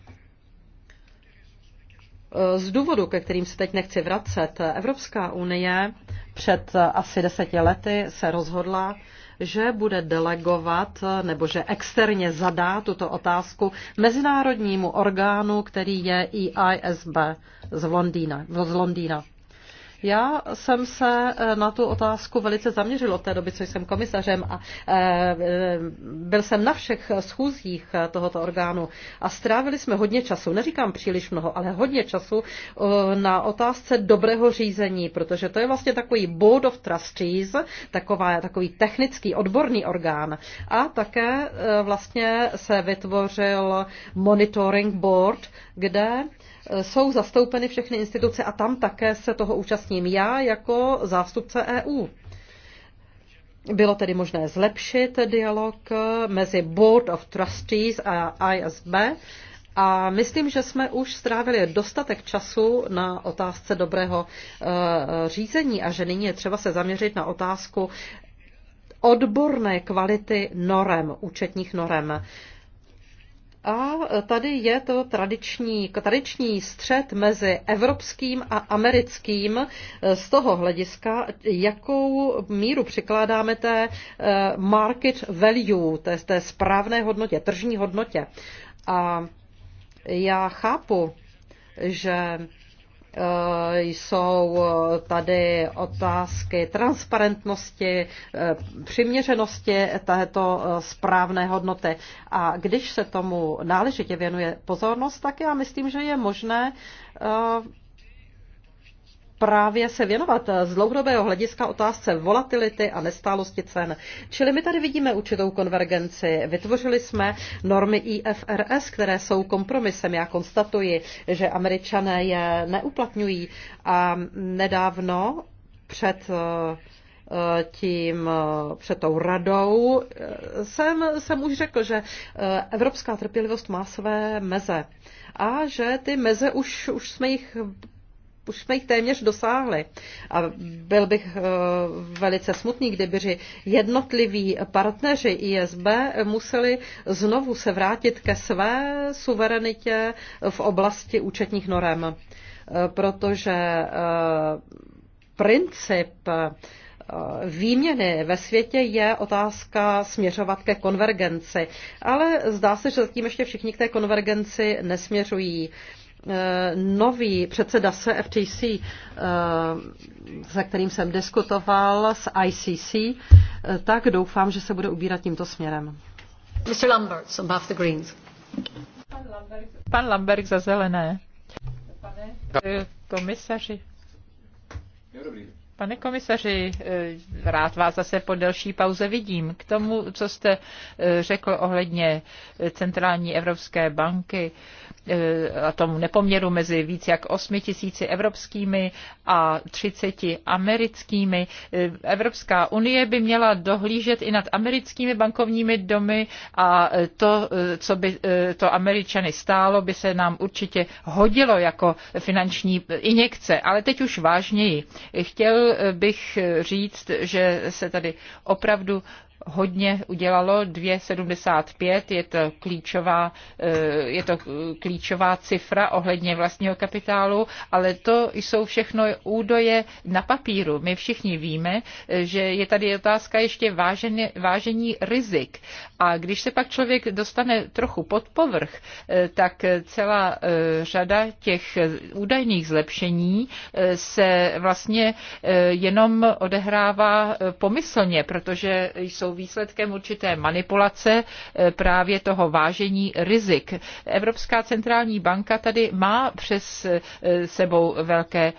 Eh, z důvodu, ke kterým se teď nechci vracet, Evropská unie před asi deseti lety se rozhodla, že bude delegovat nebo že externě zadá tuto otázku mezinárodnímu orgánu, který je EISB z Londýna. Z Londýna. Já jsem se eh, na tu otázku velice zaměřil od té doby, co jsem komisařem a eh, byl jsem na všech schůzích eh, tohoto orgánu a strávili jsme hodně času, neříkám příliš mnoho, ale hodně času na otázce dobrého řízení, protože to je vlastně takový board of trustees, taková, takový technický odborný orgán a také vlastně se vytvořil monitoring board, kde Eh, jsou zastoupeny všechny instituce a tam také se toho účastním já jako zástupce EU. Bylo tedy možné zlepšit dialog eh, mezi Board of Trustees a ISB a myslím, že jsme už strávili dostatek času na otázce dobrého eh, řízení a že nyní je třeba se zaměřit na otázku odborné kvality norem, účetních norem. A tady je to tradiční, tradiční střed mezi evropským a americkým eh, z toho hlediska, jakou míru přikládáme té eh, market value, té, té správné hodnotě, tržní hodnotě. A já chápu, že Eh, jsou eh, tady otázky transparentnosti, eh, přiměřenosti této správné hodnoty. A když se tomu náležitě věnuje pozornost, tak já myslím, že je možné právě se věnovat eh, z dlouhodobého hlediska otázce volatility a nestálosti cen. Čili my tady vidíme určitou konvergenci. Vytvořili jsme normy IFRS, které jsou kompromisem. Já konstatuji, že američané je neuplatňují a nedávno před eh, eh, tím před tou radou, jsem, jsem už řekl, že evropská trpělivost má své meze a že ty meze už, už jsme jich už jsme jich téměř dosáhli. A byl bych eh, velice smutný, kdyby jednotliví partneři ISB museli znovu se vrátit ke své suverenitě v oblasti účetních norem. Eh, protože eh, princip výměny ve světě je otázka směřovat ke konvergenci. Ale zdá se, že zatím ještě všichni k té konvergenci nesměřují. Uh, Eh, nový předseda CFTC, eh, se kterým jsem diskutoval, s ICC, eh, tak doufám, že se bude ubírat tímto směrem. Mr. Lambert, on the Greens. Pan Lambert, za zelené. Pane komisaři. Pane komisaři, rád vás zase po delší pauze vidím. K tomu, co jste řekl ohledně Centrální Evropské banky, Eh, a tomu nepoměru mezi víc jak 8 tisíci evropskými a 30 americkými. Eh, Evropská unie by měla dohlížet i nad americkými bankovními domy a eh, to, co by to američany stálo, by se nám určitě hodilo jako finanční injekce. Ale teď už vážněji. Chtěl bych říct, že se tady opravdu hodně udělalo. 2,75 je to klíčová, eh, je to klíčová cifra ohledně vlastního kapitálu, ale to jsou všechno údoje na papíru. My všichni víme, eh, že je tady otázka ještě vážení, vážení rizik a když se pak člověk dostane trochu pod povrch, eh, tak celá eh, řada těch eh, údajných zlepšení se vlastně jenom odehrává pomyslně, protože jsou výsledkem určité manipulace právě toho vážení rizik. Evropská centrální banka tady má přes sebou velké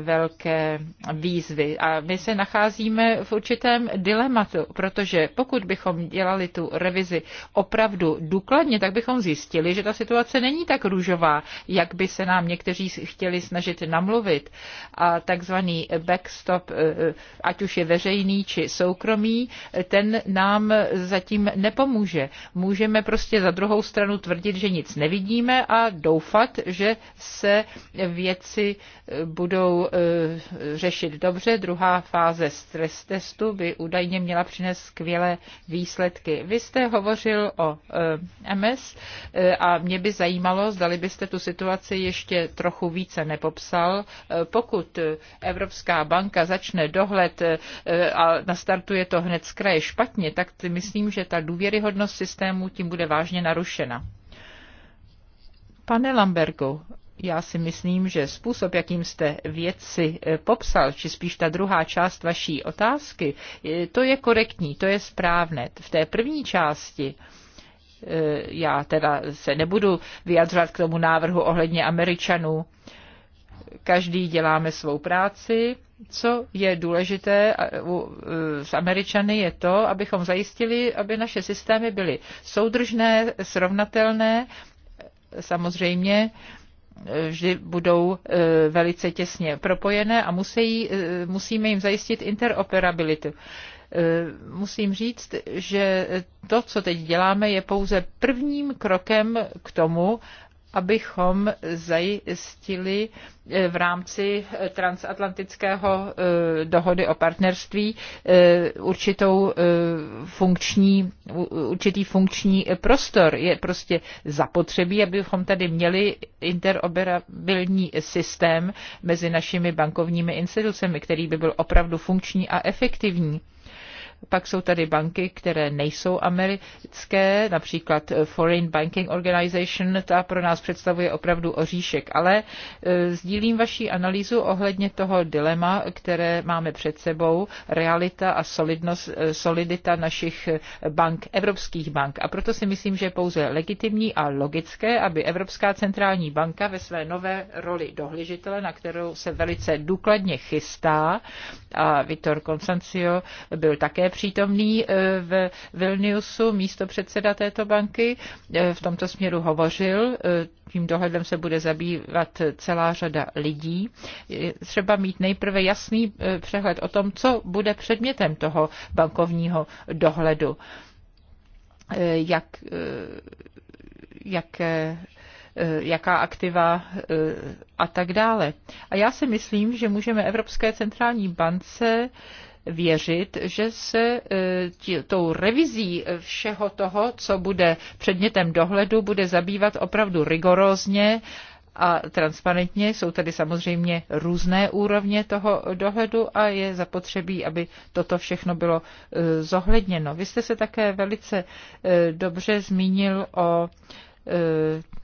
velké výzvy. A my se nacházíme v určitém dilematu, protože pokud bychom dělali tu revizi opravdu důkladně, tak bychom zjistili, že ta situace není tak růžová, jak by se nám někteří chtěli snažit namluvit. A takzvaný backstop, eh, eh, ať už je veřejný či soukromý, ten nám zatím nepomůže. Můžeme prostě za druhou stranu tvrdit, že nic nevidíme a doufat, že se věci eh, budou řešit dobře. Druhá fáze stres testu by údajně měla přinést skvělé výsledky. Vy jste hovořil o eh, MS eh, a mě by zajímalo, zdali byste tu situaci ještě trochu více nepopsal. Eh, pokud Evropská banka začne dohled a nastartuje to hned z kraje špatně, tak myslím, že ta důvěryhodnost systému tím bude vážně narušena. Pane Lambergu, já si myslím, že způsob, jakým jste věci e, popsal, či spíš ta druhá část vaší otázky, e, to je korektní, to je správné. V té první části e, já teda se nebudu vyjadřovat k tomu návrhu ohledně Američanů. Každý děláme svou práci. Co je důležité s Američany je to, abychom zajistili, aby naše systémy byly soudržné, srovnatelné, samozřejmě vždy budou eh, velice těsně propojené a musí, eh, musíme jim zajistit interoperabilitu eh, musím říct, že to, co teď děláme, je pouze prvním krokem k tomu, abychom zajistili eh, v rámci eh, transatlantického eh, dohody o partnerství určitou funkční, určitý funkční prostor. Je prostě zapotřebí, abychom tady měli interoperabilní systém mezi našimi bankovními institucemi, který by byl opravdu funkční a efektivní. Pak jsou tady banky, které nejsou americké, například eh, Foreign Banking Organization, ta pro nás představuje opravdu oříšek. Ale eh, sdílím vaši analýzu ohledně toho dilema, které máme před sebou, realita a solidnost, eh, solidita našich bank, evropských bank. A proto si myslím, že je pouze legitimní a logické, aby Evropská centrální banka ve své nové roli dohlížitele, na kterou se velice důkladně chystá, a Vitor Constancio byl také přítomný eh, v Vilniusu, místo předseda této banky, eh, v tomto směru hovořil. Eh, tím dohledem se bude zabývat celá řada lidí. Třeba mít nejprve jasný přehled o tom, co bude předmětem toho bankovního dohledu. Jak, jak jaká aktiva a tak dále. A já si myslím, že můžeme Evropské centrální bance věřit, že se e, tí, tou revizí všeho toho, co bude předmětem dohledu, bude zabývat opravdu rigorózně a transparentně. Jsou tady samozřejmě různé úrovně toho dohledu a je zapotřebí, aby toto všechno bylo e, zohledněno. Vy jste se také velice e, dobře zmínil o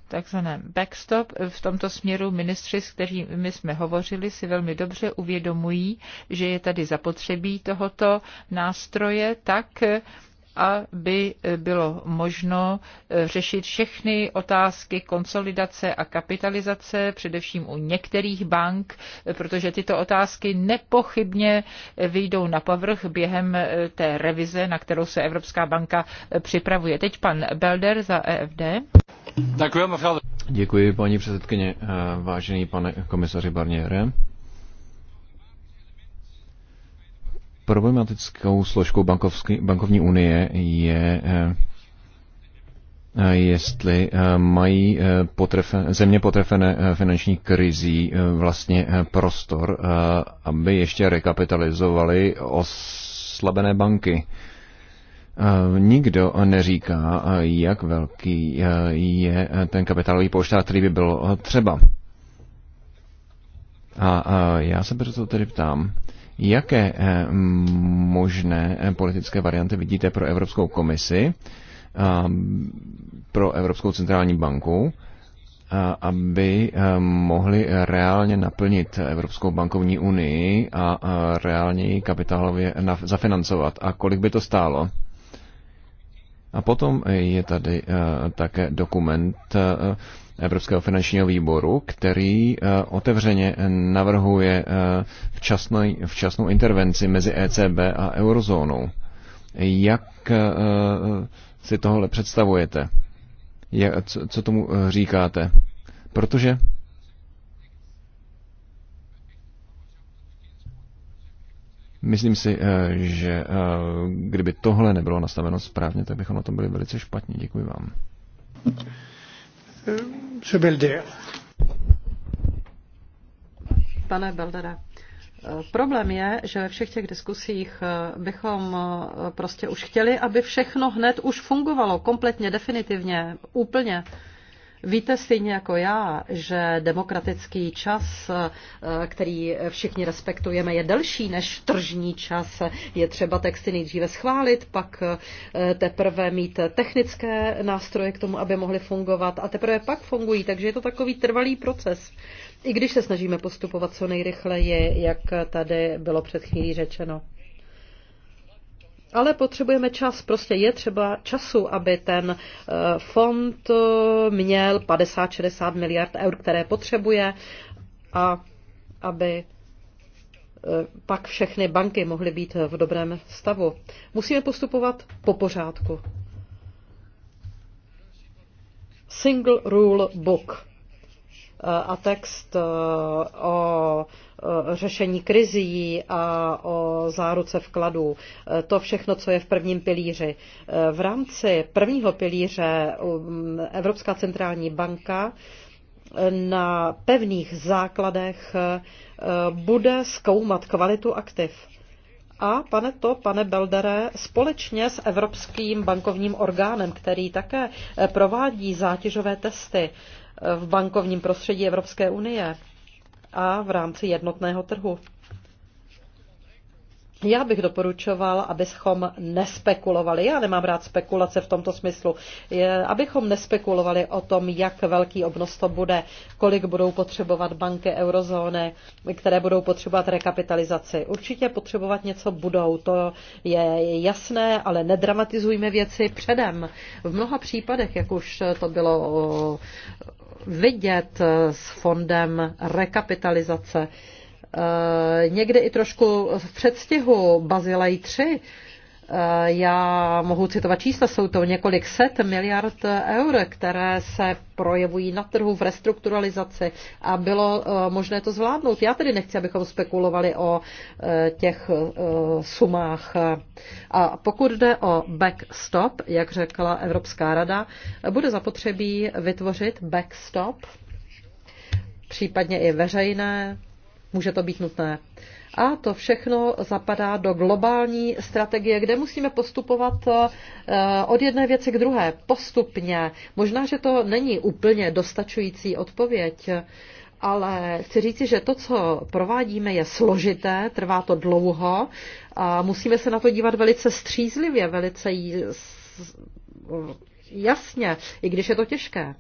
takzvaném backstop. V tomto směru ministři, s kterými jsme hovořili, si velmi dobře uvědomují, že je tady zapotřebí tohoto nástroje tak, aby bylo možno eh, řešit všechny otázky konsolidace a kapitalizace, především u některých bank, eh, protože tyto otázky nepochybně eh, vyjdou na povrch během té revize, na kterou se Evropská banka připravuje. Teď pan Belder za EFD. Děkuji, paní předsedkyně. Eh, vážený pane komisaři Barniere. Problematickou složkou bankovský, bankovní unie je eh, eh, jestli mají země potrefené finanční krizí vlastně prostor, aby ještě rekapitalizovali oslabené banky. Eh, nikdo neříká, eh, jak velký eh, je ten kapitálový polštář, který by byl třeba. A já se proto tedy ptám, jaké možné politické varianty vidíte pro Evropskou komisi, pro Evropskou centrální banku, aby mohli reálně naplnit Evropskou bankovní unii a reálně ji kapitálově zafinancovat. A kolik by to stálo? A potom eh, je tady eh, také dokument eh, Evropského finančního výboru, který otevřeně navrhuje včasnou, včasnou intervenci mezi ECB a eurozónou. Jak si tohle představujete? Co tomu říkáte? Protože Myslím si, eh, že eh, kdyby tohle nebylo nastaveno správně, tak bychom na tom byli velice špatní. Děkuji vám. Pane Beldere, eh, Problém je, že ve všech těch diskusích bychom prostě už chtěli, aby všechno hned už fungovalo kompletně, definitivně, úplně. Víte stejně jako já, že demokratický čas, eh, který všichni respektujeme, je delší než tržní čas. Je třeba texty nejdříve schválit, pak eh, teprve mít technické nástroje k tomu, aby mohly fungovat a teprve pak fungují, takže je to takový trvalý proces. I když se snažíme postupovat co nejrychleji, jak tady bylo před chvílí řečeno ale potřebujeme čas. Prostě je třeba času, aby ten eh, fond eh, měl 50-60 miliard eur, které potřebuje a aby eh, pak všechny banky mohly být v dobrém stavu. Musíme postupovat po pořádku. Single Rule Book a text e, o e, řešení krizí a o záruce vkladů. E, to všechno, co je v prvním pilíři. V rámci prvního pilíře um, Evropská centrální banka na pevných základech bude zkoumat kvalitu aktiv. A pane to, pane Beldere, společně s Evropským bankovním orgánem, který také provádí zátěžové testy, v bankovním prostředí Evropské unie a v rámci jednotného trhu. Já bych doporučoval, abychom nespekulovali. Já nemám rád spekulace v tomto smyslu. Je, abychom nespekulovali o tom, jak velký obnos to bude, kolik budou potřebovat banky eurozóny, které budou potřebovat rekapitalizaci. Určitě potřebovat něco budou, to je jasné, ale nedramatizujme věci předem. V mnoha případech, jak už to bylo vidět s fondem rekapitalizace, Eh, někde i trošku v předstihu Bazilej 3. Eh, já mohu citovat čísla, jsou to několik set miliard eur, které se projevují na trhu v restrukturalizaci a bylo eh, možné to zvládnout. Já tedy nechci, abychom spekulovali o těch sumách. A pokud jde o backstop, jak řekla Evropská rada, bude zapotřebí vytvořit backstop, případně i veřejné Může to být nutné. A to všechno zapadá do globální strategie, kde musíme postupovat eh, od jedné věci k druhé, postupně. Možná, že to není úplně dostačující odpověď, ale chci říci, že to, co provádíme, je složité, trvá to dlouho a musíme se na to dívat velice střízlivě, velice jasně, i když je to těžké.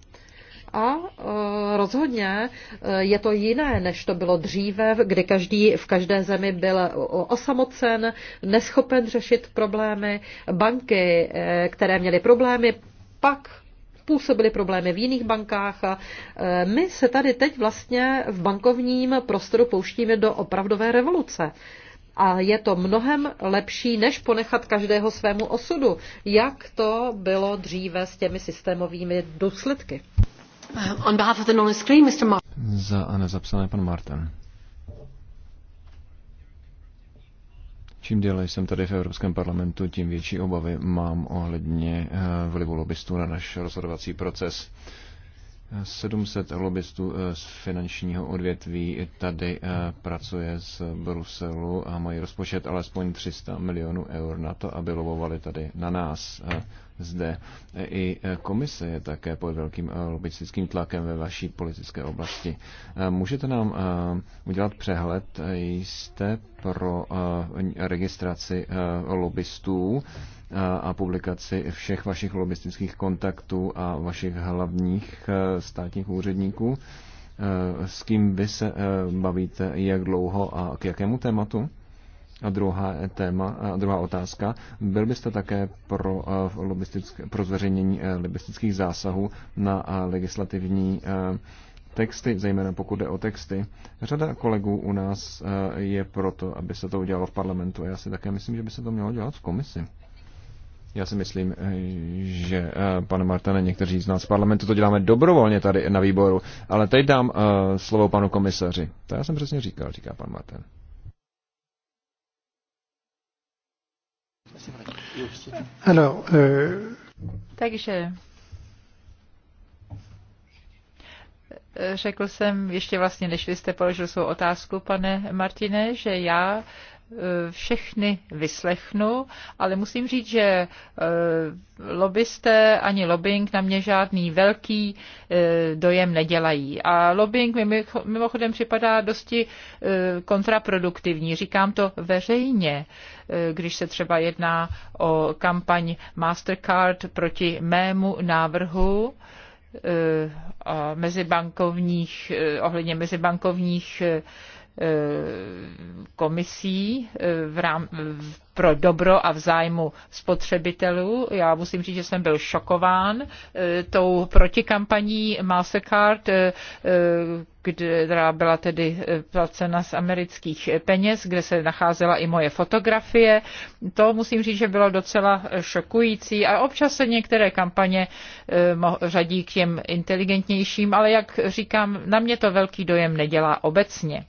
A e, rozhodně e, je to jiné, než to bylo dříve, kdy každý v každé zemi byl osamocen, neschopen řešit problémy. Banky, e, které měly problémy, pak působily problémy v jiných bankách. My se tady teď vlastně v bankovním prostoru pouštíme do opravdové revoluce a je to mnohem lepší, než ponechat každého svému osudu, jak to bylo dříve s těmi systémovými důsledky. Uh, on behalf of the non-screen, Mr. Martin. Za nezapsané pan Martin. Čím déle jsem tady v Evropském parlamentu, tím větší obavy mám ohledně eh, vlivu lobbystů na náš rozhodovací proces. Uh, 700 lobbystů eh, z finančního odvětví tady eh, pracuje z Bruselu a mají rozpočet alespoň 300 milionů eur na to, aby lobovali tady na nás eh, zde. I komise je také pod velkým lobbystickým tlakem ve vaší politické oblasti. Můžete nám udělat přehled, jste pro registraci lobbystů a publikaci všech vašich lobbystických kontaktů a vašich hlavních e, státních úředníků. E, s kým vy se e, bavíte, jak dlouho a k jakému tématu? A druhá téma, a druhá otázka. Byl byste také pro, pro zveřejnění lobbystických zásahů na legislativní texty, zejména pokud jde o texty. Řada kolegů u nás je proto, aby se to udělalo v parlamentu já si také myslím, že by se to mělo dělat v komisi. Já si myslím, eh, že eh, pane Martane, někteří z nás v parlamentu to děláme dobrovolně tady na výboru, ale teď dám eh, slovo panu komisaři. To já jsem přesně říkal, říká pan Martin. Ano. Takže řekl jsem ještě vlastně, než vy jste položil svou otázku, pane Martine, že já Eh, všechny vyslechnu, ale musím říct, že eh, lobbysté ani lobbying na mě žádný velký eh, dojem nedělají. A lobbying mi mimochodem připadá dosti kontraproduktivní. Říkám to veřejně, když se třeba jedná o kampaň Mastercard proti mému návrhu, mezibankovních, ohledně mezibankovních komisí eh, v rám, pro dobro a vzájmu spotřebitelů. Já musím říct, že jsem byl šokován eh, tou protikampaní Mastercard, eh, která byla tedy e, placena z amerických peněz, kde se nacházela i moje fotografie. To musím říct, že bylo docela šokující a občas se některé kampaně e, řadí k těm inteligentnějším, ale jak říkám, na mě to velký dojem nedělá obecně.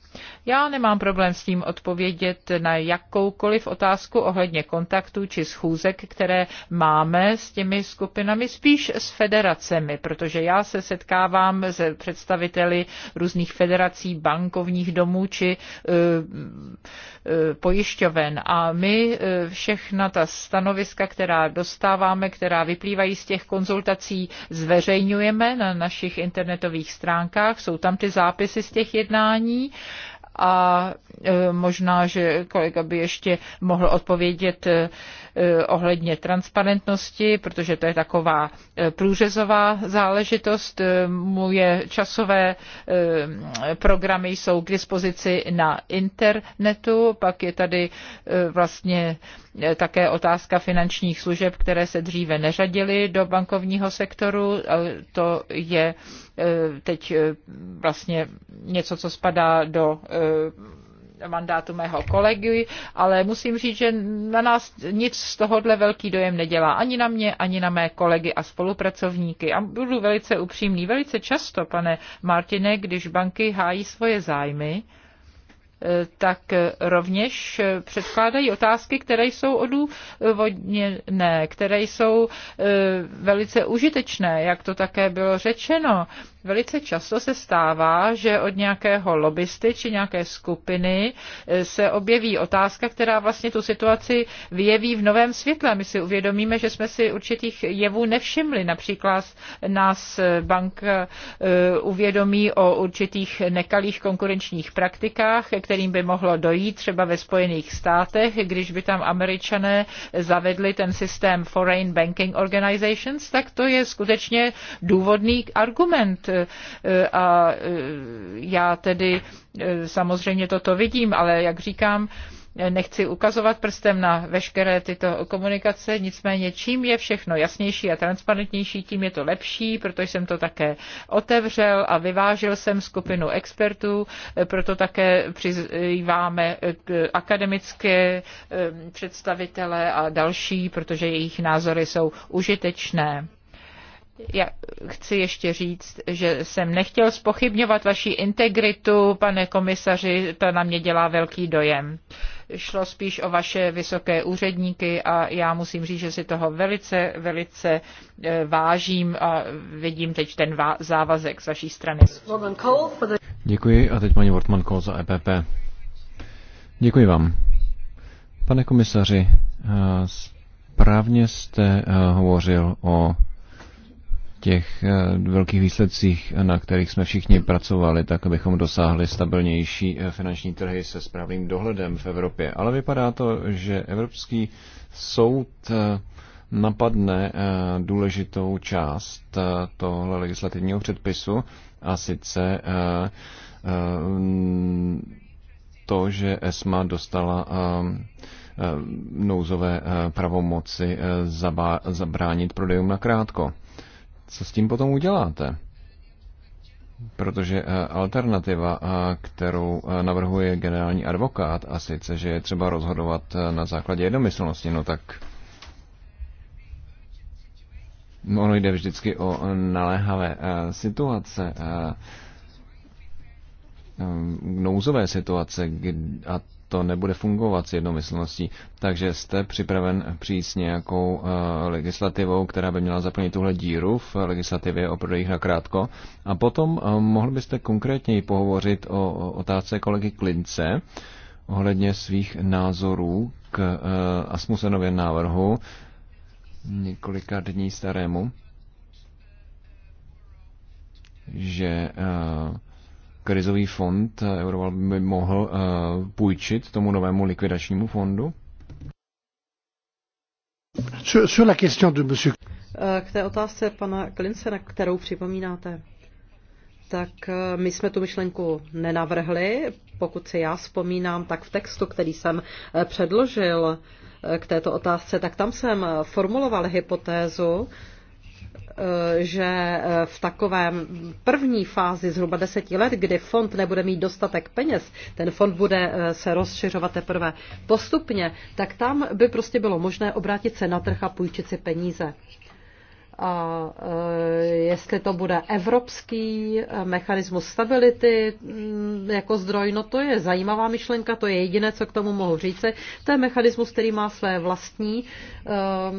Já nemám problém s tím odpovědět na jakoukoliv otázku ohledně kontaktů či schůzek, které máme s těmi skupinami, spíš s federacemi, protože já se setkávám s představiteli různých různých federací, bankovních domů či e, e, pojišťoven. A my e, všechna ta stanoviska, která dostáváme, která vyplývají z těch konzultací, zveřejňujeme na našich internetových stránkách. Jsou tam ty zápisy z těch jednání a možná, že kolega by ještě mohl odpovědět Eh, ohledně transparentnosti, protože to je taková eh, průřezová záležitost. Eh, moje časové programy jsou k dispozici na internetu, pak je tady vlastně také otázka finančních služeb, které se dříve neřadily do bankovního sektoru. To je teď vlastně něco, co spadá do mandátu mého kolegy, ale musím říct, že na nás nic z tohohle velký dojem nedělá. Ani na mě, ani na mé kolegy a spolupracovníky. A budu velice upřímný. Velice často, pane Martine, když banky hájí svoje zájmy, eh, tak rovněž eh, předkládají otázky, které jsou odůvodněné, které jsou eh, velice užitečné, jak to také bylo řečeno. Velice často se stává, že od nějakého lobbysty či nějaké skupiny e, se objeví otázka, která vlastně tu situaci vyjeví v novém světle. My si uvědomíme, že jsme si určitých jevů nevšimli. Například nás bank e, uvědomí o určitých nekalých konkurenčních praktikách, kterým by mohlo dojít třeba ve Spojených státech, když by tam američané zavedli ten systém Foreign Banking Organizations, tak to je skutečně důvodný argument a eh, já tedy eh, samozřejmě toto vidím, ale jak říkám, nechci ukazovat prstem na veškeré tyto komunikace, nicméně čím je všechno jasnější a transparentnější, tím je to lepší, protože jsem to také otevřel a vyvážil jsem skupinu expertů, eh, proto také přizýváme akademické představitele a další, protože jejich názory jsou užitečné. Já chci ještě říct, že jsem nechtěl spochybňovat vaši integritu, pane komisaři, To na mě dělá velký dojem. Šlo spíš o vaše vysoké úředníky a já musím říct, že si toho velice, velice eh, vážím a vidím teď ten závazek z vaší strany. Děkuji a teď paní Wortman Kohl za EPP. Děkuji vám. Pane komisaři, eh, správně jste eh, hovořil o těch eh, velkých výsledcích, na kterých jsme všichni pracovali, tak abychom dosáhli stabilnější eh, finanční trhy se správným dohledem v Evropě. Ale vypadá to, že Evropský soud eh, napadne důležitou část tohle legislativního předpisu a sice to, že ESMA dostala nouzové pravomoci zabránit prodejům na krátko. Co s tím potom uděláte? Protože eh, alternativa, eh, kterou eh, navrhuje generální advokát, a sice, že je třeba rozhodovat na základě jednomyslnosti, no tak ono jde vždycky o naléhavé situace, nouzové situace a to nebude fungovat s jednomyslností. Takže jste připraven přijít s nějakou eh, legislativou, která by měla zaplnit tuhle díru v legislativě o prodejích na krátko. A potom eh, mohl byste konkrétněji pohovořit o otázce kolegy Klince ohledně svých názorů k eh, Asmusenově návrhu několika dní starému, že uh, krizový fond eh, Euroval by mohl eh, půjčit tomu novému likvidačnímu fondu? Eh, k té otázce pana Klince, na kterou připomínáte, tak my jsme tu myšlenku nenavrhli. Pokud se já vzpomínám, tak v textu, který jsem předložil k této otázce, tak tam jsem formuloval hypotézu, Eh, že eh, v takovém první fázi zhruba deseti let, kdy fond nebude mít dostatek peněz, ten fond bude eh, se rozšiřovat teprve postupně, tak tam by prostě bylo možné obrátit se na trh a půjčit si peníze. A jestli to bude evropský mechanismus stability mm, jako zdroj, no to je zajímavá myšlenka, to je jediné, co k tomu mohu říci. To je mechanismus, který má své vlastní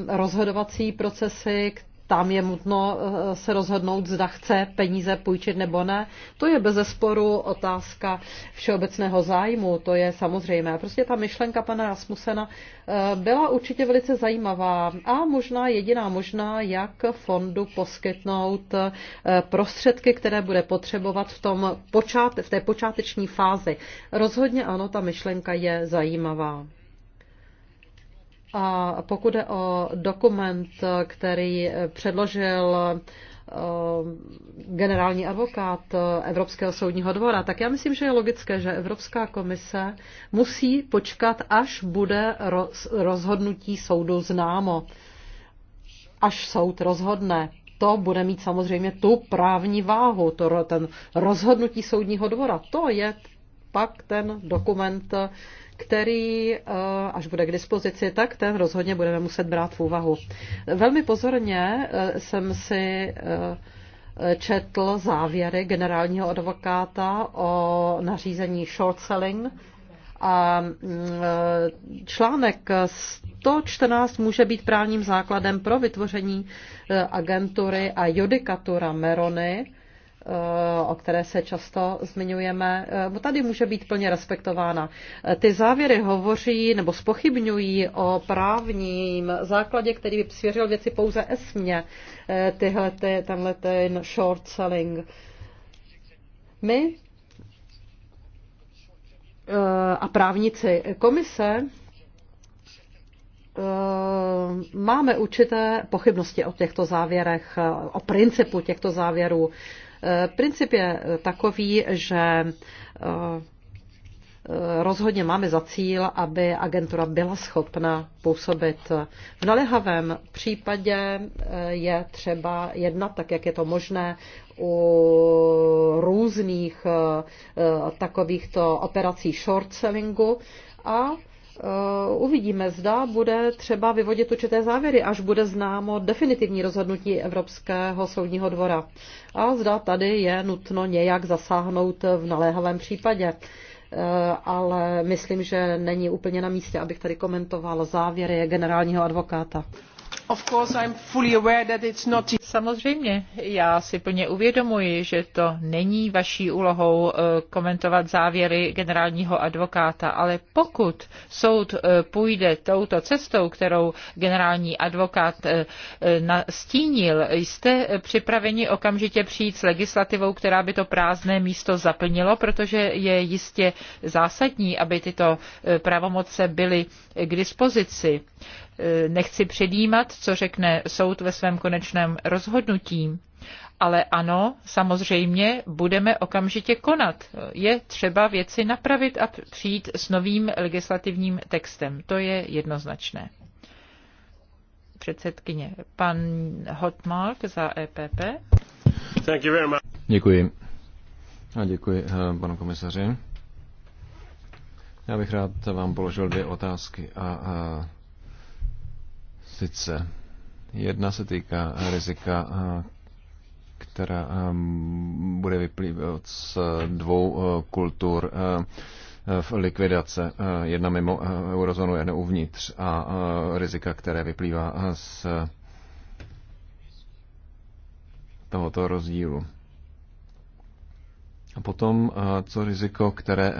rozhodovací procesy, tam je nutno eh, se rozhodnout, zda chce peníze půjčit nebo ne. To je bez zesporu otázka všeobecného zájmu, to je samozřejmé. Prostě ta myšlenka pana Rasmusena eh, byla určitě velice zajímavá a možná jediná možná, jak fondu poskytnout eh, prostředky, které bude potřebovat v, tom počát, v té počáteční fázi. Rozhodně ano, ta myšlenka je zajímavá. A pokud je o dokument, který předložil eh, generální advokát eh, Evropského soudního dvora, tak já myslím, že je logické, že Evropská komise musí počkat, až bude rozhodnutí soudu známo. Až soud rozhodne. To bude mít samozřejmě tu právní váhu, to, ten rozhodnutí soudního dvora. To je pak ten dokument, který, eh, až bude k dispozici, tak ten rozhodně budeme muset brát v úvahu. Velmi pozorně eh, jsem si eh, četl závěry generálního advokáta o nařízení short selling a mm, článek 114 může být právním základem pro vytvoření agentury a judikatura Merony o které se často zmiňujeme, eh, tady může být plně respektována. Eh, ty závěry hovoří nebo spochybňují o právním základě, který by svěřil věci pouze esmě, eh, tyhle, ty, tenhle ten short selling. My a právníci komise máme určité pochybnosti o těchto závěrech, o principu těchto závěrů. Princip je takový, že eh, rozhodně máme za cíl, aby agentura byla schopna působit. V naléhavém případě eh, je třeba jednat tak, jak je to možné u různých eh, takovýchto operací short sellingu a Eh, uvidíme, zda bude třeba vyvodit určité závěry, až bude známo definitivní rozhodnutí Evropského soudního dvora. A zda tady je nutno nějak zasáhnout v naléhavém případě. Eh, ale myslím, že není úplně na místě, abych tady komentoval závěry generálního advokáta. E- Samozřejmě, já si plně uvědomuji, že to není vaší úlohou eh, komentovat závěry generálního advokáta, ale pokud soud eh, půjde touto cestou, kterou generální advokát eh, nastínil, jste připraveni okamžitě přijít s legislativou, která by to prázdné místo zaplnilo, protože je jistě zásadní, aby tyto pravomoci byly k dispozici E, nechci předjímat, co řekne soud ve svém konečném rozhodnutí, ale ano, samozřejmě budeme okamžitě konat. Je třeba věci napravit a přijít s novým legislativním textem. To je jednoznačné. Předsedkyně, pan Hotmark za EPP. Thank you very much. Děkuji. A děkuji eh, panu komisaři. Já bych rád vám položil dvě otázky a, a eh, investice. Jedna se týká rizika, eh, která eh, bude vyplývat z dvou eh, kultur v likvidace, jedna mimo eurozonu, jedna uvnitř a rizika, které vyplývá z tohoto rozdílu. A potom, eh, co riziko, které eh,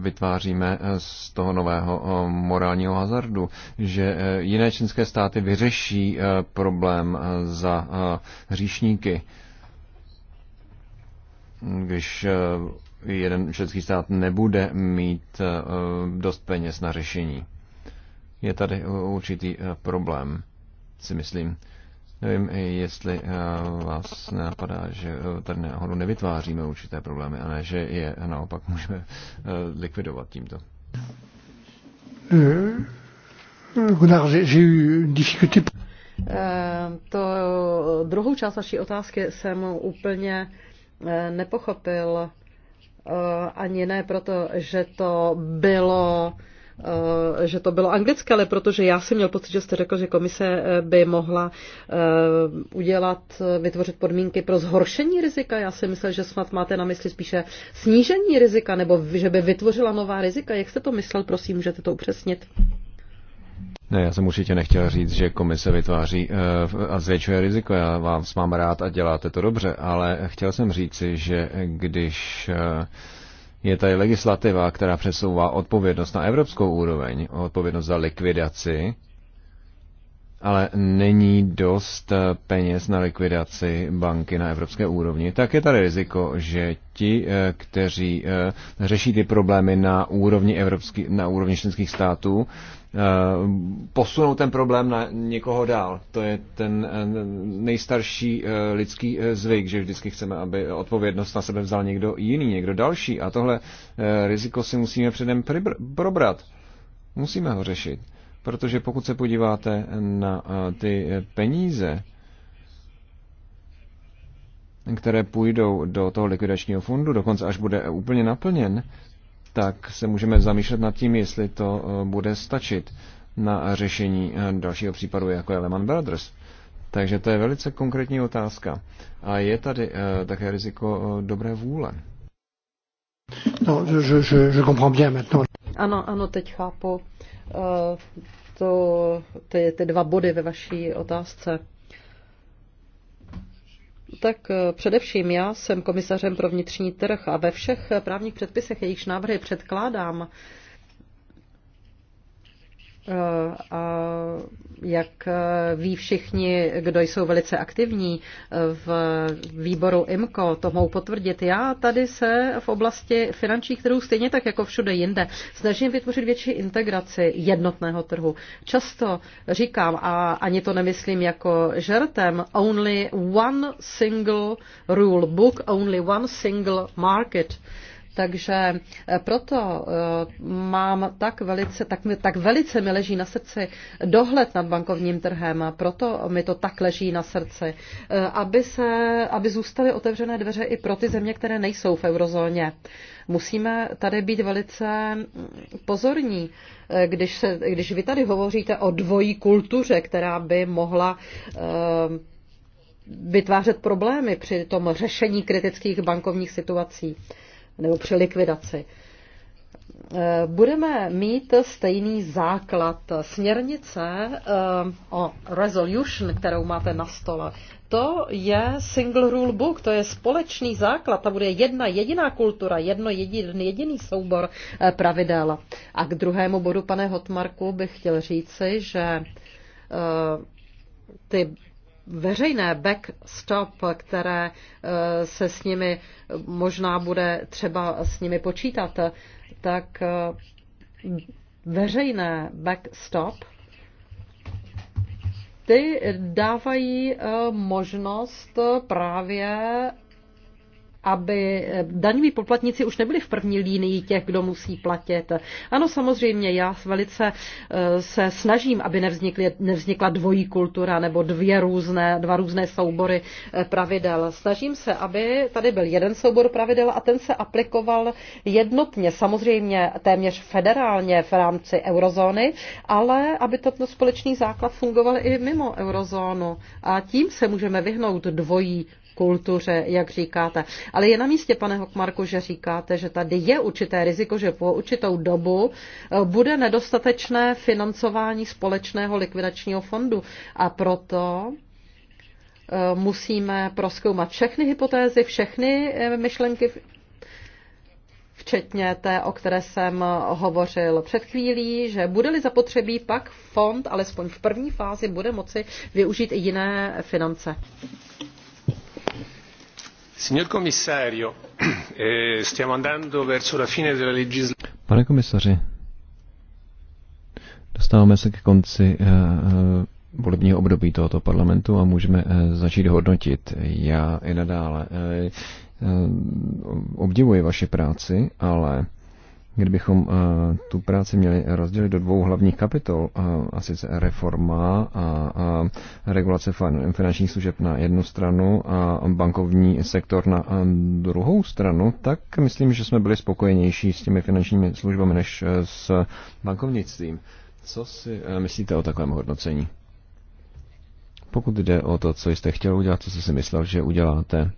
vytváříme eh, z toho nového morálního hazardu, že jiné čínské státy vyřeší problém za hříšníky, když jeden český stát nebude mít dost peněz na řešení. Je tady určitý problém, si myslím. Nevím, jestli eh, vás nenapadá, že eh, tady nahoru nevytváříme určité problémy, a ne, že je naopak můžeme eh, likvidovat tímto. Gunnar, To druhou část vaší otázky jsem úplně nepochopil. Ani ne proto, že to bylo Eh, že to bylo anglické, ale protože já jsem měl pocit, že jste řekl, že komise eh, by mohla eh, udělat, vytvořit podmínky pro zhoršení rizika. Já si myslel, že snad máte na mysli spíše snížení rizika, nebo že by vytvořila nová rizika. Jak jste to myslel, prosím, můžete to upřesnit? Ne, já jsem určitě nechtěl říct, že komise vytváří a zvětšuje riziko. Já vás mám rád a děláte to dobře, ale chtěl jsem říci, že když je tady legislativa, která přesouvá odpovědnost na evropskou úroveň, odpovědnost za likvidaci ale není dost peněz na likvidaci banky na evropské úrovni, tak je tady riziko, že ti, eh, kteří eh, řeší ty problémy na úrovni, evropský, na úrovni členských států, eh, posunou ten problém na někoho dál. To je ten nejstarší lidský zvyk, že vždycky chceme, aby odpovědnost na sebe vzal někdo jiný, někdo další. A tohle riziko si musíme předem probrat. Musíme ho řešit. Protože pokud se podíváte na eh, ty eh, peníze, které půjdou do toho likvidačního fondu, dokonce až bude úplně naplněn, tak se můžeme zamýšlet nad tím, jestli to eh, bude stačit na řešení dalšího případu, jako je Lehman Brothers. Takže to je velice konkrétní otázka. A je tady také riziko dobré vůle. No, je, je, je comprends bien maintenant. Ano, ano, teď chápu to, ty, ty dva body ve vaší otázce. Tak e, především já jsem komisařem pro vnitřní trh a ve všech právních předpisech, jejichž návrhy předkládám, Eh, a jak eh, ví všichni, kdo jsou velice aktivní eh, v výboru IMCO, to mohou potvrdit. Já tady se v oblasti finančních trhů stejně tak jako všude jinde snažím vytvořit větší integraci jednotného trhu. Často říkám, a ani to nemyslím jako žertem, only one single rule book, only one single market. Uh, takže eh, proto eh, mám tak velice, tak, mi, tak velice mi leží na srdci dohled nad bankovním trhem, proto mi to tak leží na srdci, eh, aby, se, aby zůstaly otevřené dveře i pro ty země, které nejsou v eurozóně. Musíme tady být velice mm, pozorní, když, se, když vy tady hovoříte o dvojí kultuře, která by mohla vytvářet problémy při tom řešení kritických bankovních situací nebo při likvidaci. Eh, budeme mít stejný základ směrnice eh, o resolution, kterou máte na stole. To je single rule book, to je společný základ, a bude jedna jediná kultura, jedno jediný, jediný soubor eh, pravidel. A k druhému bodu, pane Hotmarku, bych chtěl říci, že ty veřejné backstop, které eh, se s nimi možná bude třeba s nimi počítat, tak eh, veřejné backstop ty dávají eh, možnost právě aby eh, daňoví poplatníci už nebyli v první línii těch, kdo musí platit. Ano, samozřejmě, já velice eh, se snažím, aby nevznikly, nevznikla dvojí kultura nebo dvě různé, dva různé soubory eh, pravidel. Snažím se, aby tady byl jeden soubor pravidel a ten se aplikoval jednotně, samozřejmě téměř federálně v rámci eurozóny, ale aby tento společný základ fungoval i mimo eurozónu. A tím se můžeme vyhnout dvojí kultuře, jak říkáte. Ale je na místě, pane Hokmarku, že říkáte, že tady je určité riziko, že po určitou dobu eh, bude nedostatečné financování společného likvidačního fondu. A proto eh, musíme proskoumat všechny hypotézy, všechny eh, myšlenky, včetně té, o které jsem hovořil před chvílí, že bude-li zapotřebí, pak fond, alespoň v první fázi, bude moci využít i jiné finance. Eh, Pane komisaři, dostáváme se ke konci uh, volebního období tohoto parlamentu a můžeme začít hodnotit. Já i nadále obdivuji vaši práci, ale kdybychom eh, tu práci měli rozdělit do dvou hlavních kapitol, eh, a sice reforma a regulace finančních služeb na jednu stranu a bankovní sektor na eh, druhou stranu, tak myslím, že jsme byli spokojenější s těmi finančními službami než s bankovnictvím. Co si myslíte o takovém hodnocení? Pokud jde o to, co jste chtěl udělat, co jste si myslel, že uděláte,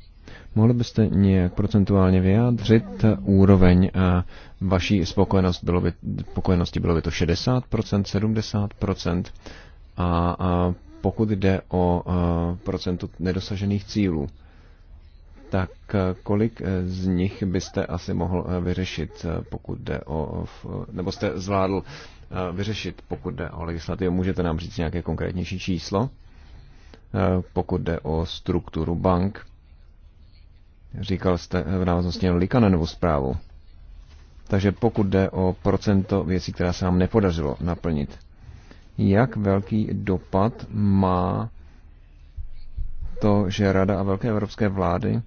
Mohli byste nějak procentuálně vyjádřit úroveň a eh, vaší spokojenost bylo by, spokojenosti? Bylo by to 60%, 70%? A, a pokud jde o eh, procentu nedosažených cílů, tak eh, kolik z nich byste asi mohl vyřešit, pokud jde o, nebo jste zvládl vyřešit, pokud jde o legislativu? Můžete nám říct nějaké konkrétnější číslo, pokud jde o strukturu bank? Říkal jste eh, v návaznosti na Likanenovu zprávu. Takže pokud jde o procento věcí, která se nám nepodařilo naplnit, jak velký dopad má to, že Rada a velké evropské vlády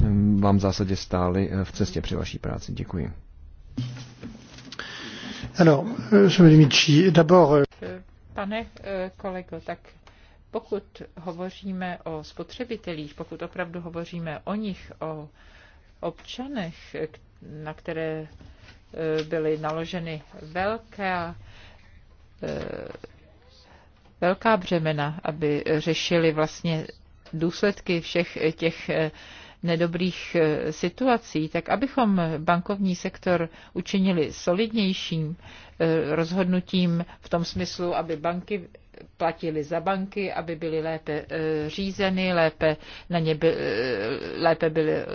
hm, vám v zásadě stály eh, v cestě při vaší práci. Děkuji. Ano, eh, Pane kolego, tak pokud hovoříme o spotřebitelích, pokud opravdu hovoříme o nich, o občanech, na které e, byly naloženy velké e, velká břemena, aby řešili vlastně důsledky všech těch e, nedobrých situací, tak abychom bankovní sektor učinili solidnějším rozhodnutím v tom smyslu, aby banky platili za banky, aby byly lépe e, řízeny, lépe, na ně by, e, lépe byly e,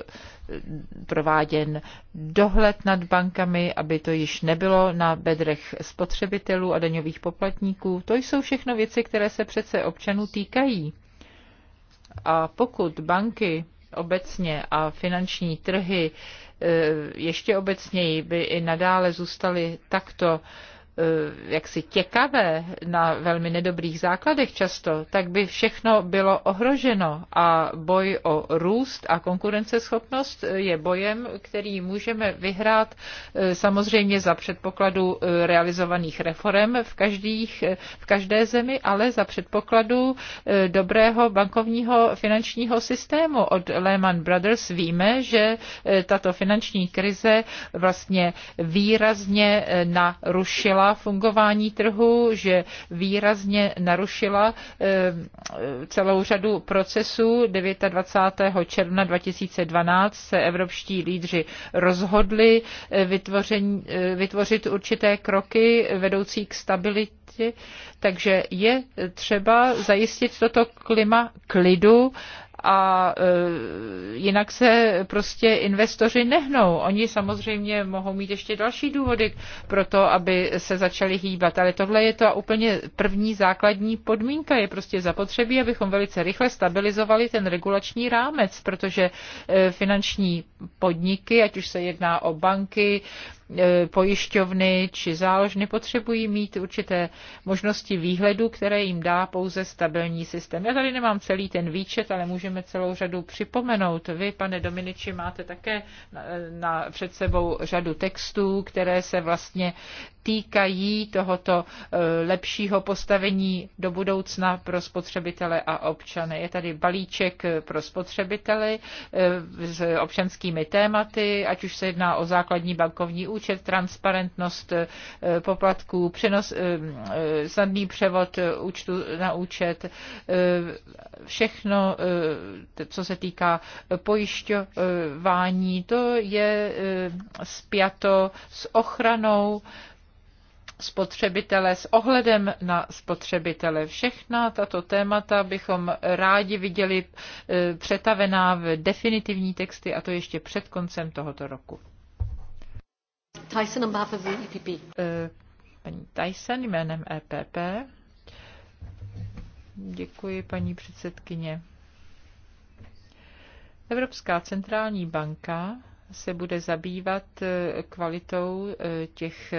prováděn dohled nad bankami, aby to již nebylo na bedrech spotřebitelů a daňových poplatníků. To jsou všechno věci, které se přece občanů týkají. A pokud banky obecně a finanční trhy ještě obecněji by i nadále zůstaly takto Eh, jaksi těkavé na velmi nedobrých základech často, tak by všechno bylo ohroženo a boj o růst a konkurenceschopnost eh, je bojem, který můžeme vyhrát eh, samozřejmě za předpokladu realizovaných reform v, každých, v každé zemi, ale za předpokladu dobrého bankovního finančního systému. Od Lehman Brothers víme, že tato finanční krize vlastně výrazně narušila zpomalila fungování trhu, že výrazně narušila eh, celou řadu procesů. 29. června 2012 se evropští lídři rozhodli eh, eh, vytvořit určité kroky vedoucí k stabilitě Takže je třeba zajistit toto klima klidu a e, jinak se prostě investoři nehnou. Oni samozřejmě mohou mít ještě další důvody pro to, aby se začali hýbat, ale tohle je to úplně první základní podmínka. Je prostě zapotřebí, abychom velice rychle stabilizovali ten regulační rámec, protože e, finanční podniky, ať už se jedná o banky, E, pojišťovny či záložny potřebují mít určité možnosti výhledu, které jim dá pouze stabilní systém. Já tady nemám celý ten výčet, ale můžeme celou řadu připomenout. Vy, pane Dominiči, máte také na, na, před sebou řadu textů, které se vlastně týkají tohoto e, lepšího postavení do budoucna pro spotřebitele a občany. Je tady balíček pro spotřebitele e, s občanskými tématy, ať už se jedná o základní bankovní účet, účet, transparentnost eh, poplatků, přenos, eh, eh, snadný převod účtu na účet, všechno, co se týká pojišťování, to je spjato s ochranou spotřebitele s ohledem na spotřebitele. Všechna tato témata bychom rádi viděli přetavená v definitivní texty a to ještě před koncem tohoto roku. Tyson on behalf of the EPP. Eh, paní Tyson jménem EPP. Děkuji, paní předsedkyně. Evropská centrální banka se bude zabývat eh, kvalitou eh, těch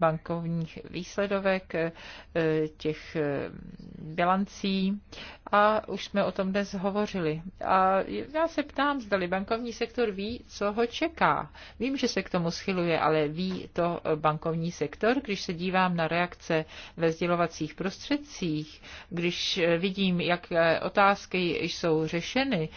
bankovních výsledovek, eh, těch eh, bilancí a už jsme o tom dnes hovořili. A já se ptám, zdali bankovní sektor ví, co ho čeká. Vím, že se k tomu schyluje, ale ví to bankovní sektor, když se dívám na reakce ve sdělovacích prostředcích, když eh, vidím, jak otázky jsou řešeny,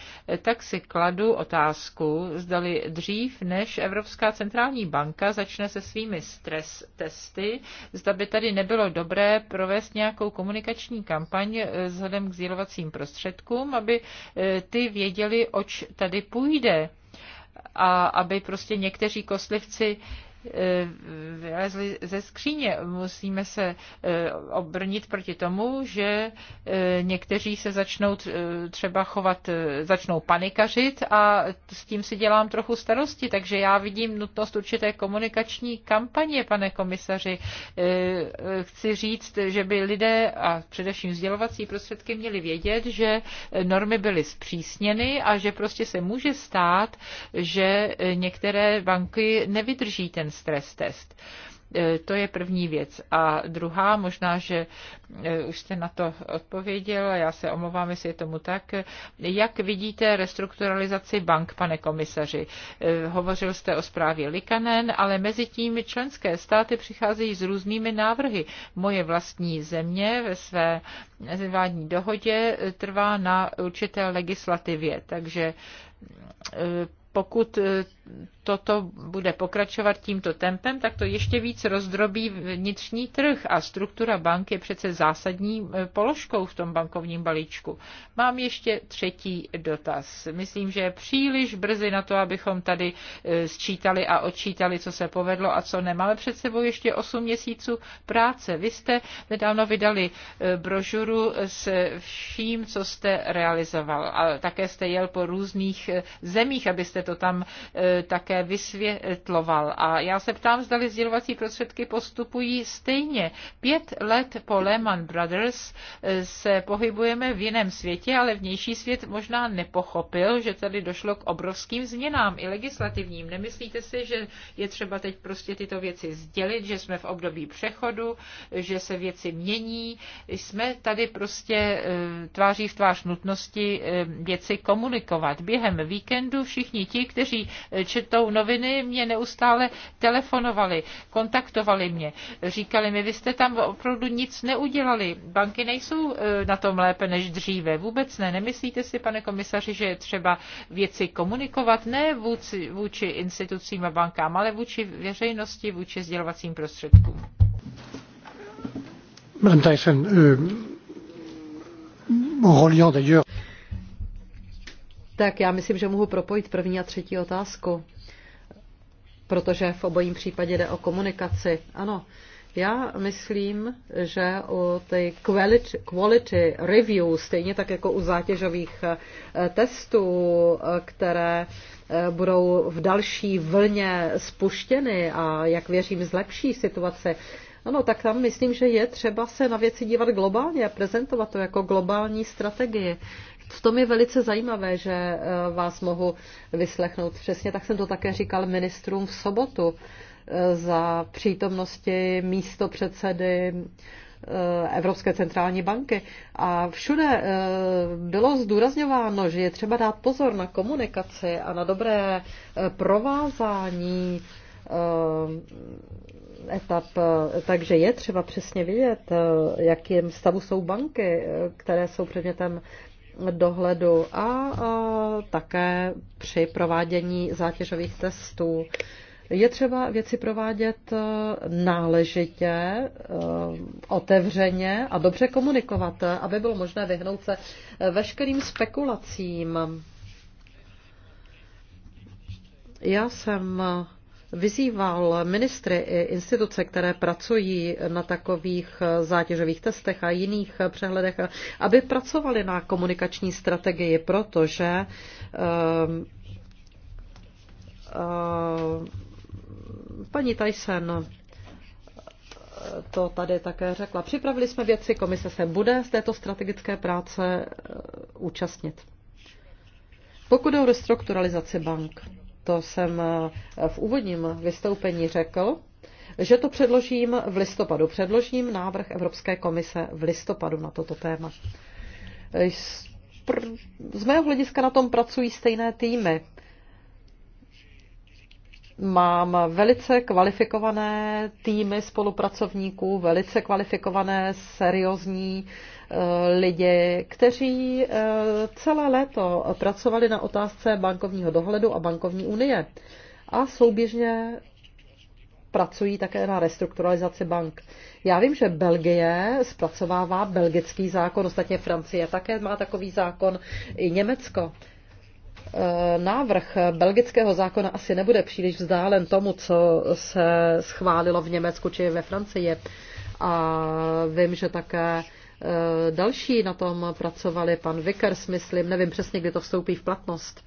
tak si kladu otázku, zdali dřív, než Evropská centrální banka začne se svými stres testy, cesty, zda by tady nebylo dobré provést nějakou komunikační kampaň eh, vzhledem k sdělovacím prostředkům, aby eh, ty věděli, oč tady půjde a aby prostě někteří koslivci vylezli ze skříně. Musíme se eh, obrnit proti tomu, že eh, někteří se začnou eh, třeba chovat, začnou panikařit a s tím si dělám trochu starosti, takže já vidím nutnost určité komunikační kampaně, pane komisaři. Chci říct, že by lidé a především vzdělovací prostředky měli vědět, že normy byly zpřísněny a že prostě se může stát, že některé banky nevydrží ten stres test. E, to je první věc. A druhá, možná, že e, už jste na to odpověděl, já se omlouvám, jestli je tomu tak. Jak vidíte restrukturalizaci bank, pane komisaři? E, hovořil jste o zprávě Likanen, ale mezi tím členské státy přicházejí s různými návrhy. Moje vlastní země ve své vládní dohodě trvá na určité legislativě, takže pokud toto bude pokračovat tímto tempem, tak to ještě víc rozdrobí vnitřní trh a struktura banky je přece zásadní e, položkou v tom bankovním balíčku. Mám ještě třetí dotaz. Myslím, že je příliš brzy na to, abychom tady e, sčítali a odčítali, co se povedlo a co ne. před sebou ještě 8 měsíců práce. Vy jste nedávno vydali e, brožuru s vším, co jste realizoval a také jste jel po různých zemích, abyste to tam také vysvětloval. A já se ptám, zdali sdělovací prostředky postupují stejně. Pět let po Lehman Brothers eh, se pohybujeme v jiném světě, ale vnější svět možná nepochopil, že tady došlo k obrovským změnám i legislativním. Nemyslíte si, že je třeba teď prostě tyto věci sdělit, že jsme v období přechodu, že se věci mění. Jsme tady prostě eh, tváří v tvář nutnosti eh, věci komunikovat. Během víkendu všichni ti, kteří čtou noviny, mě neustále telefonovali, kontaktovali mě. Říkali mi, vy jste tam opravdu nic neudělali. Banky nejsou e, na tom lépe než dříve. Vůbec ne. Nemyslíte si, pane komisaři, že je třeba věci komunikovat ne vůči, vůči institucím a bankám, ale vůči veřejnosti, vůči sdělovacím prostředkům? Madame Tyson, euh, en reliant d'ailleurs tak já myslím, že mohu propojit první a třetí otázku, protože v obojím případě jde o komunikaci. Ano, já myslím, že u té quality, quality review, stejně tak jako u zátěžových eh, testů, eh, které eh, budou v další vlně spuštěny a jak věřím zlepší situace, ano, tak tam myslím, že je třeba se na věci dívat globálně a prezentovat to jako globální strategii v tom je velice zajímavé, že eh, vás mohu vyslechnout. Přesně tak jsem to také říkal ministrům v sobotu eh, za přítomnosti místo předsedy eh, Evropské centrální banky. A všude bylo zdůrazňováno, že je třeba dát pozor na komunikaci a na dobré provázání etap. Takže je třeba přesně vidět, jakým stavu jsou banky, které jsou předmětem dohledu a také při provádění zátěžových testů. Je třeba věci provádět e, náležitě, e, otevřeně a dobře komunikovat, aby bylo možné vyhnout se veškerým spekulacím. Já jsem vyzýval ministry i instituce, které pracují na takových zátěžových testech a jiných přehledech, aby pracovali na komunikační strategii, protože eh, eh, paní Tyson to tady také řekla. Připravili jsme věci, komise se bude z této strategické práce eh, účastnit. Pokud o restrukturalizaci bank, to jsem eh, v úvodním vystoupení řekl, že to předložím v listopadu. Předložím návrh Evropské komise v listopadu na toto téma. Z mého hlediska na tom pracují stejné týmy. Mám velice kvalifikované týmy spolupracovníků, velice kvalifikované, seriózní Eh, lidi, kteří eh, celé léto pracovali na otázce bankovního dohledu a bankovní unie a souběžně pracují také na restrukturalizaci bank. Já vím, že Belgie zpracovává belgický zákon, ostatně Francie také má takový zákon, i Německo. Eh, návrh belgického zákona asi nebude příliš vzdálen tomu, co se schválilo v Německu či ve Francii. A vím, že také Eh, další na tom pracovali, pan Vickers, myslím, nevím přesně, kdy to vstoupí v platnost.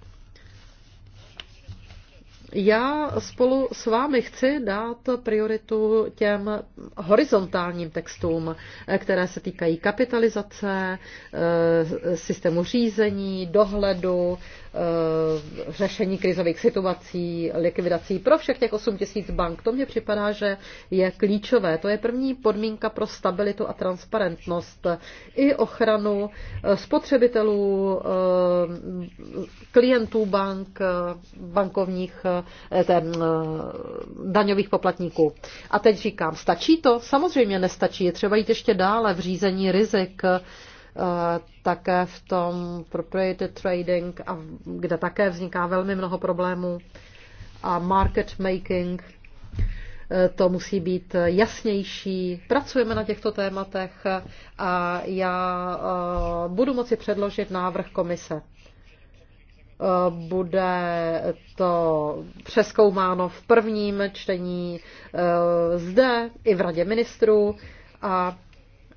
Já spolu s vámi chci dát prioritu těm horizontálním textům, eh, které se týkají kapitalizace, eh, systému řízení, dohledu, Eh, řešení krizových situací, likvidací pro všech těch 8 tisíc bank. To mně připadá, že je klíčové. To je první podmínka pro stabilitu a transparentnost i ochranu eh, spotřebitelů, eh, klientů bank, bankovních ten, daňových poplatníků. A teď říkám, stačí to? Samozřejmě nestačí. Je třeba jít ještě dále v řízení rizik, Eh, také v tom proprietary trading, a kde také vzniká velmi mnoho problémů, a market making, eh, to musí být jasnější. Pracujeme na těchto tématech a já eh, budu moci předložit návrh komise. Bude to přeskoumáno v prvním čtení zde i v Radě ministrů a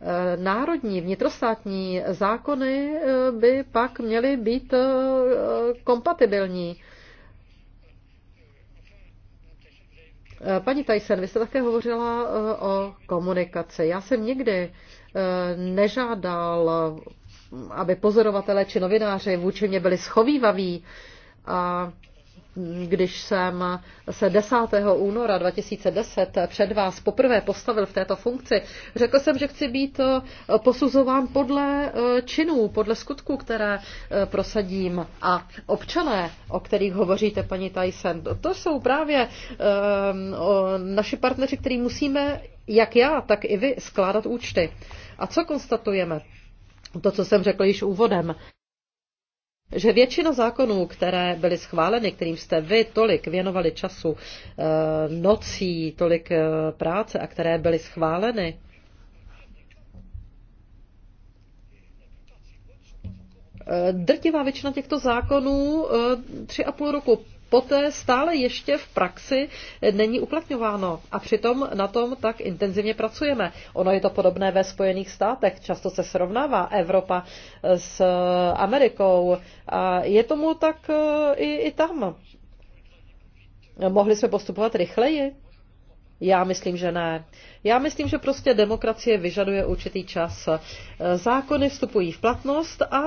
Eh, národní vnitrostátní zákony eh, by pak měly být eh, kompatibilní. Paní Tyson, vy jste také hovořila o komunikaci. Já jsem nikdy nežádal, aby pozorovatelé či novináři vůči mě byli schovývaví a když jsem se 10. února 2010 před vás poprvé postavil v této funkci, řekl jsem, že chci být eh, posuzován podle eh, činů, podle skutků, které eh, prosadím. A občané, o kterých hovoříte, paní Tyson, to jsou právě naši partneři, který musíme, jak já, tak i vy, skládat účty. A co konstatujeme? To, co jsem řekl již úvodem že většina zákonů, které byly schváleny, kterým jste vy tolik věnovali času, eh, nocí, tolik eh, práce a které byly schváleny, eh, drtivá většina těchto zákonů tři a půl roku poté stále ještě v praxi není uplatňováno. A přitom na tom tak intenzivně pracujeme. Ono je to podobné ve Spojených státech. Často se srovnává Evropa s eh, Amerikou. A je tomu tak eh, i, i tam. Mohli jsme postupovat rychleji? Já myslím, že ne. Já myslím, že prostě demokracie vyžaduje určitý čas. Eh, zákony vstupují v platnost a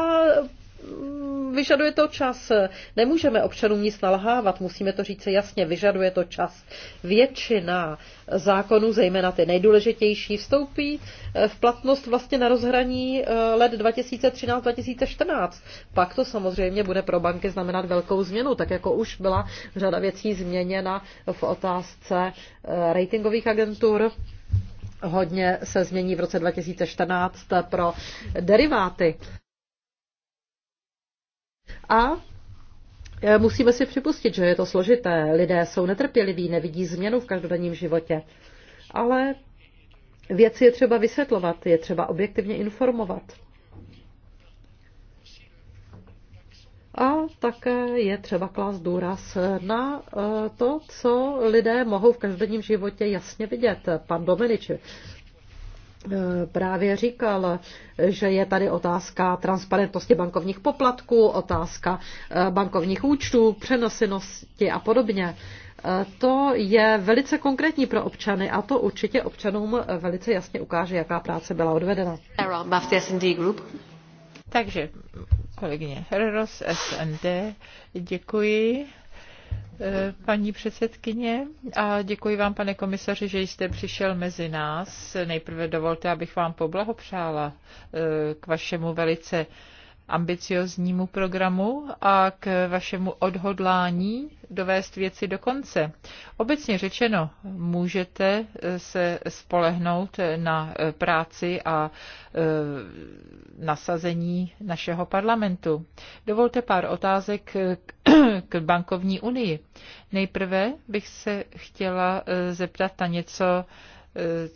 vyžaduje to čas. Nemůžeme občanům nic nalhávat, musíme to říct jasně, vyžaduje to čas. Většina zákonů, zejména ty nejdůležitější, vstoupí eh, v platnost vlastně na rozhraní eh, let 2013-2014. Pak to samozřejmě bude pro banky znamenat velkou změnu, tak jako už byla řada věcí změněna v otázce eh, ratingových agentur. Hodně se změní v roce 2014 pro deriváty. A e, musíme si připustit, že je to složité. Lidé jsou netrpěliví, nevidí změnu v každodenním životě. Ale věci je třeba vysvětlovat, je třeba objektivně informovat. A také je třeba klást důraz na e, to, co lidé mohou v každodenním životě jasně vidět. Pan Dominič E, právě říkal, že je tady otázka transparentnosti bankovních poplatků, otázka e, bankovních účtů, přenosinosti a podobně. E, to je velice konkrétní pro občany a to určitě občanům velice jasně ukáže, jaká práce byla odvedena. Takže kolegyně Herros, SND, děkuji. Eh, paní předsedkyně a děkuji vám, pane komisaři, že jste přišel mezi nás. Nejprve dovolte, abych vám poblahopřála eh, k vašemu velice ambicioznímu programu a k vašemu odhodlání dovést věci do konce. Obecně řečeno, můžete se spolehnout na práci a e, nasazení našeho parlamentu. Dovolte pár otázek k bankovní unii. Nejprve bych se chtěla e, zeptat na něco,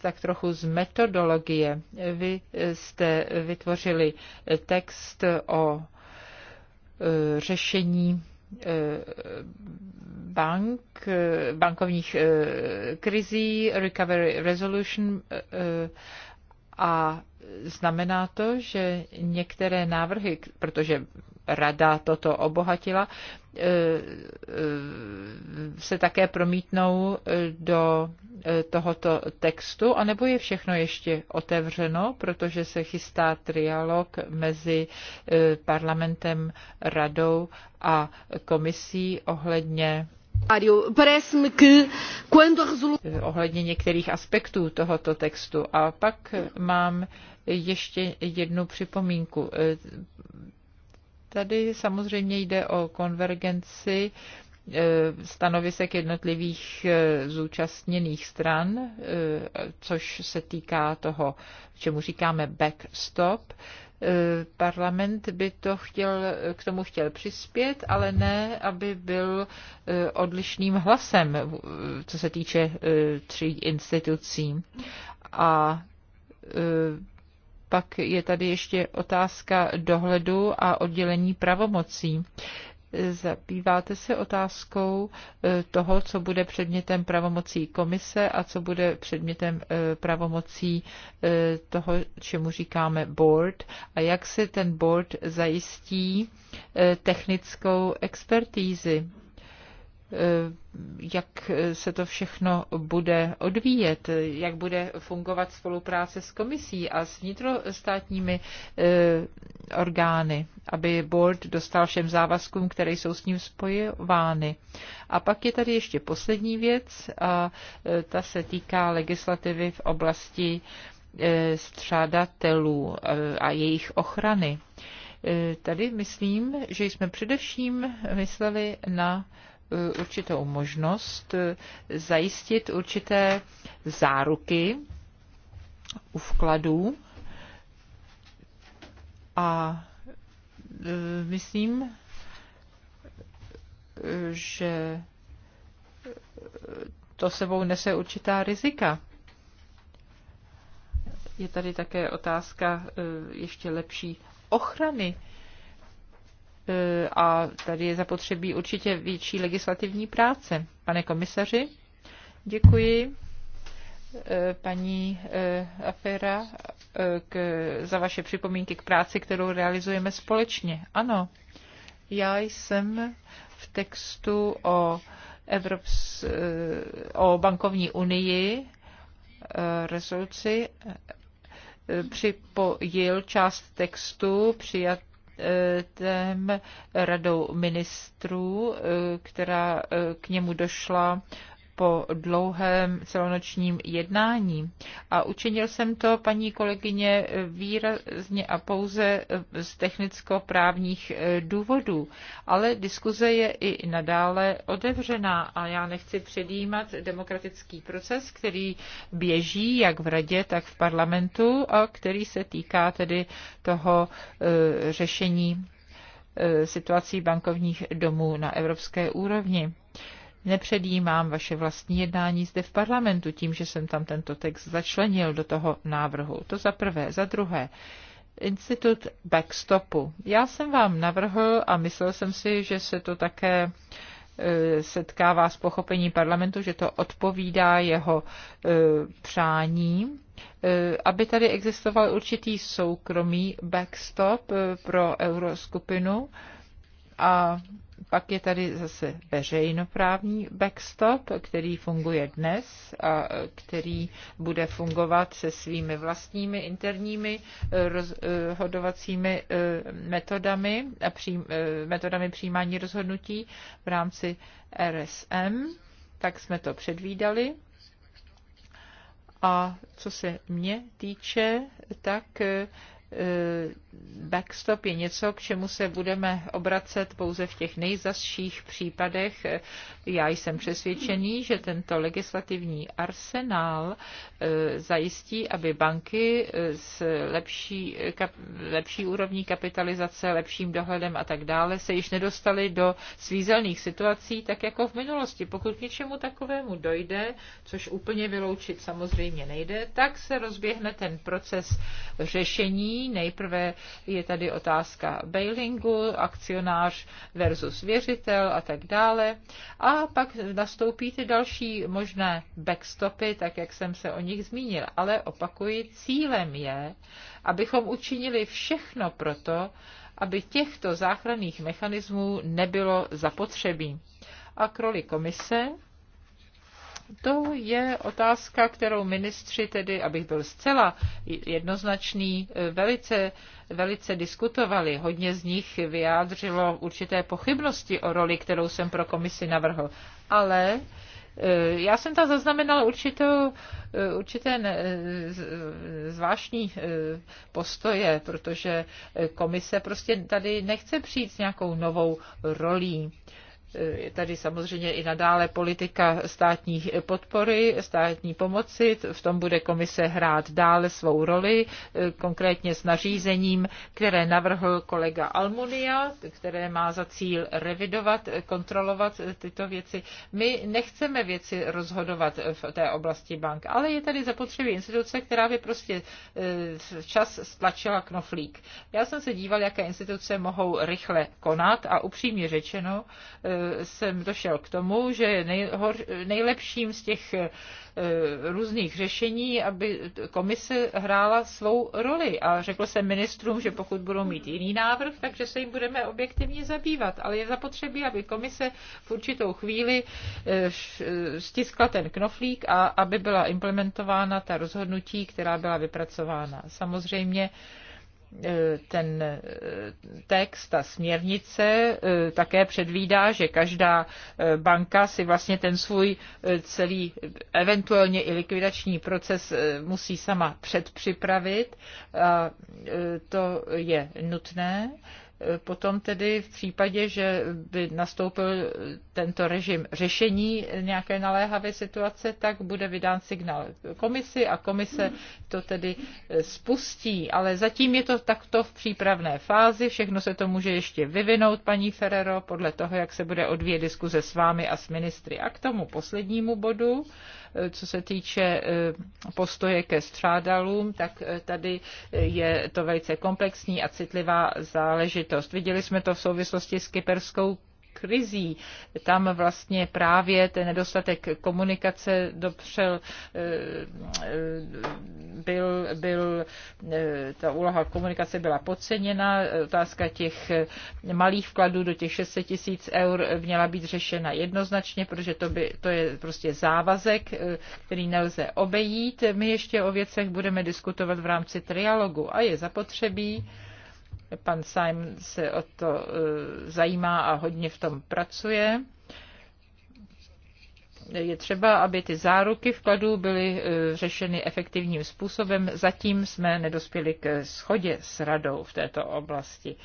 tak trochu z metodologie. Vy jste vytvořili text o e, řešení e, bank, bankovních e, krizí, Recovery Resolution a znamená to, že některé návrhy, protože rada toto obohatila, Eh, eh, se také promítnou eh, do tohoto textu, anebo je všechno ještě otevřeno, protože se chystá trialog mezi parlamentem, radou a komisí ohledně ohledně některých aspektů tohoto textu. A pak mám ještě jednu připomínku. Tady samozřejmě jde o konvergenci e, stanovisek jednotlivých e, zúčastněných stran, e, což se týká toho, čemu říkáme backstop. Parlament by to chtěl, k tomu chtěl přispět, ale ne, aby byl odlišným hlasem, co se týče tří institucí. A pak je tady ještě otázka dohledu a oddělení pravomocí. Zabýváte se otázkou eh, toho, co bude předmětem pravomocí komise a co bude předmětem eh, pravomocí eh, toho, čemu říkáme board a jak se ten board zajistí technickou expertízy Eh, jak se to všechno bude odvíjet, jak bude fungovat spolupráce s komisí a s vnitrostátními eh, orgány, aby board dostal všem závazkům, které jsou s ním spojovány. A pak je tady ještě poslední věc a eh, ta se týká legislativy v oblasti střádatelů a jejich ochrany. Tady myslím, že jsme především mysleli na Eh, určitou možnost eh, zajistit určité záruky u vkladů a eh, myslím, že to sebou nese určitá rizika. Je tady také otázka ještě lepší ochrany E, a tady je zapotřebí určitě větší legislativní práce. Pane komisaři, děkuji e, paní e, Afera k, za vaše připomínky k práci, kterou realizujeme společně. Ano, já jsem v textu o, Evrops, o bankovní unii rezoluci připojil část textu přijat Eh, radou ministrů, eh, která eh, k němu došla po dlouhém celonočním jednání. A učinil jsem to, paní kolegyně, výrazně a pouze z technicko-právních eh, důvodů. Ale diskuze je i nadále otevřená a já nechci předjímat demokratický proces, který běží jak v radě, tak v parlamentu a který se týká tedy toho eh, řešení eh, situací bankovních domů na evropské úrovni nepředjímám vaše vlastní jednání zde v parlamentu tím, že jsem tam tento text začlenil do toho návrhu. To za prvé. Za druhé, institut backstopu. Já jsem vám navrhl a myslel jsem si, že se to také e, setkává s pochopením parlamentu, že to odpovídá jeho e, přání, e, aby tady existoval určitý soukromý backstop pro euroskupinu a pak je tady zase veřejnoprávní backstop, který funguje dnes a který bude fungovat se svými vlastními interními eh, rozhodovacími eh, eh, metodami a metodami přijímání rozhodnutí v rámci RSM. Tak jsme to předvídali. A co se mě týče, tak Eh, backstop je něco, k čemu se budeme obracet pouze v těch nejzasších případech. Eh, já jsem přesvědčený, že tento legislativní arsenál eh, zajistí, aby banky s lepší, kap, lepší úrovní kapitalizace, lepším dohledem a tak dále se již nedostaly do svízelných situací, tak jako v minulosti. Pokud k něčemu takovému dojde, což úplně vyloučit samozřejmě nejde, tak se rozběhne ten proces řešení Nejprve je tady otázka bailingu, akcionář versus věřitel a tak dále. A pak nastoupí ty další možné backstopy, tak jak jsem se o nich zmínil. Ale opakuji, cílem je, abychom učinili všechno proto, aby těchto záchranných mechanismů nebylo zapotřebí. A k roli komise to je otázka, kterou ministři tedy, abych byl zcela jednoznačný, velice, velice diskutovali. Hodně z nich vyjádřilo určité pochybnosti o roli, kterou jsem pro komisi navrhl. Ale e, já jsem tam zaznamenal určitou, e, určité e, zvláštní postoje, protože komise prostě tady nechce přijít s nějakou novou rolí. Je eh, tady samozřejmě i nadále politika státní podpory, státní pomoci, v tom bude komise hrát dále svou roli, eh, konkrétně s nařízením, které navrhl kolega Almunia, které má za cíl revidovat, eh, kontrolovat tyto věci. My nechceme věci rozhodovat v té oblasti bank, ale je tady zapotřebí instituce, která by prostě čas stlačila knoflík. Já jsem se díval, jaké instituce mohou rychle konat a upřímně řečeno, jsem došel k tomu, že nejhor, nejlepším z těch eh, různých řešení, aby komise hrála svou roli. A řekl jsem ministrům, že pokud budou mít jiný návrh, takže se jim budeme objektivně zabývat. Ale je zapotřebí, aby komise v určitou chvíli eh, eh, stiskla ten knoflík a aby byla implementována ta rozhodnutí, která byla vypracována. Samozřejmě, E, ten e, text, ta směrnice e, také předvídá, že každá banka si vlastně ten svůj celý eventuálně i likvidační proces musí sama předpřipravit. A to je nutné. Potom tedy v případě, že by nastoupil tento režim řešení nějaké naléhavé situace, tak bude vydán signál komisi a komise to tedy eh, spustí. Ale zatím je to takto v přípravné fázi, všechno se to může ještě vyvinout, paní Ferrero, podle toho, jak se bude odvíjet diskuze s vámi a s ministry. A k tomu poslednímu bodu, co se týče eh, postoje ke strádalům, tak eh, tady je to velice komplexní a citlivá záležitost. Viděli jsme to v souvislosti s kyperskou krizí. Tam vlastně právě ten nedostatek komunikace dopřel, eh, byl, byl, eh, ta úloha komunikace byla podceněna, otázka těch malých vkladů do těch 600 tisíc eur měla být řešena jednoznačně, protože to, by, to je prostě závazek, eh, který nelze obejít. My ještě o věcech budeme diskutovat v rámci trialogu a je zapotřebí, Pan Simon se o to eh, zajímá a hodně v tom pracuje. Je třeba, aby ty záruky vkladů byly eh, řešeny efektivním způsobem. Zatím jsme nedospěli k schodě s radou v této oblasti.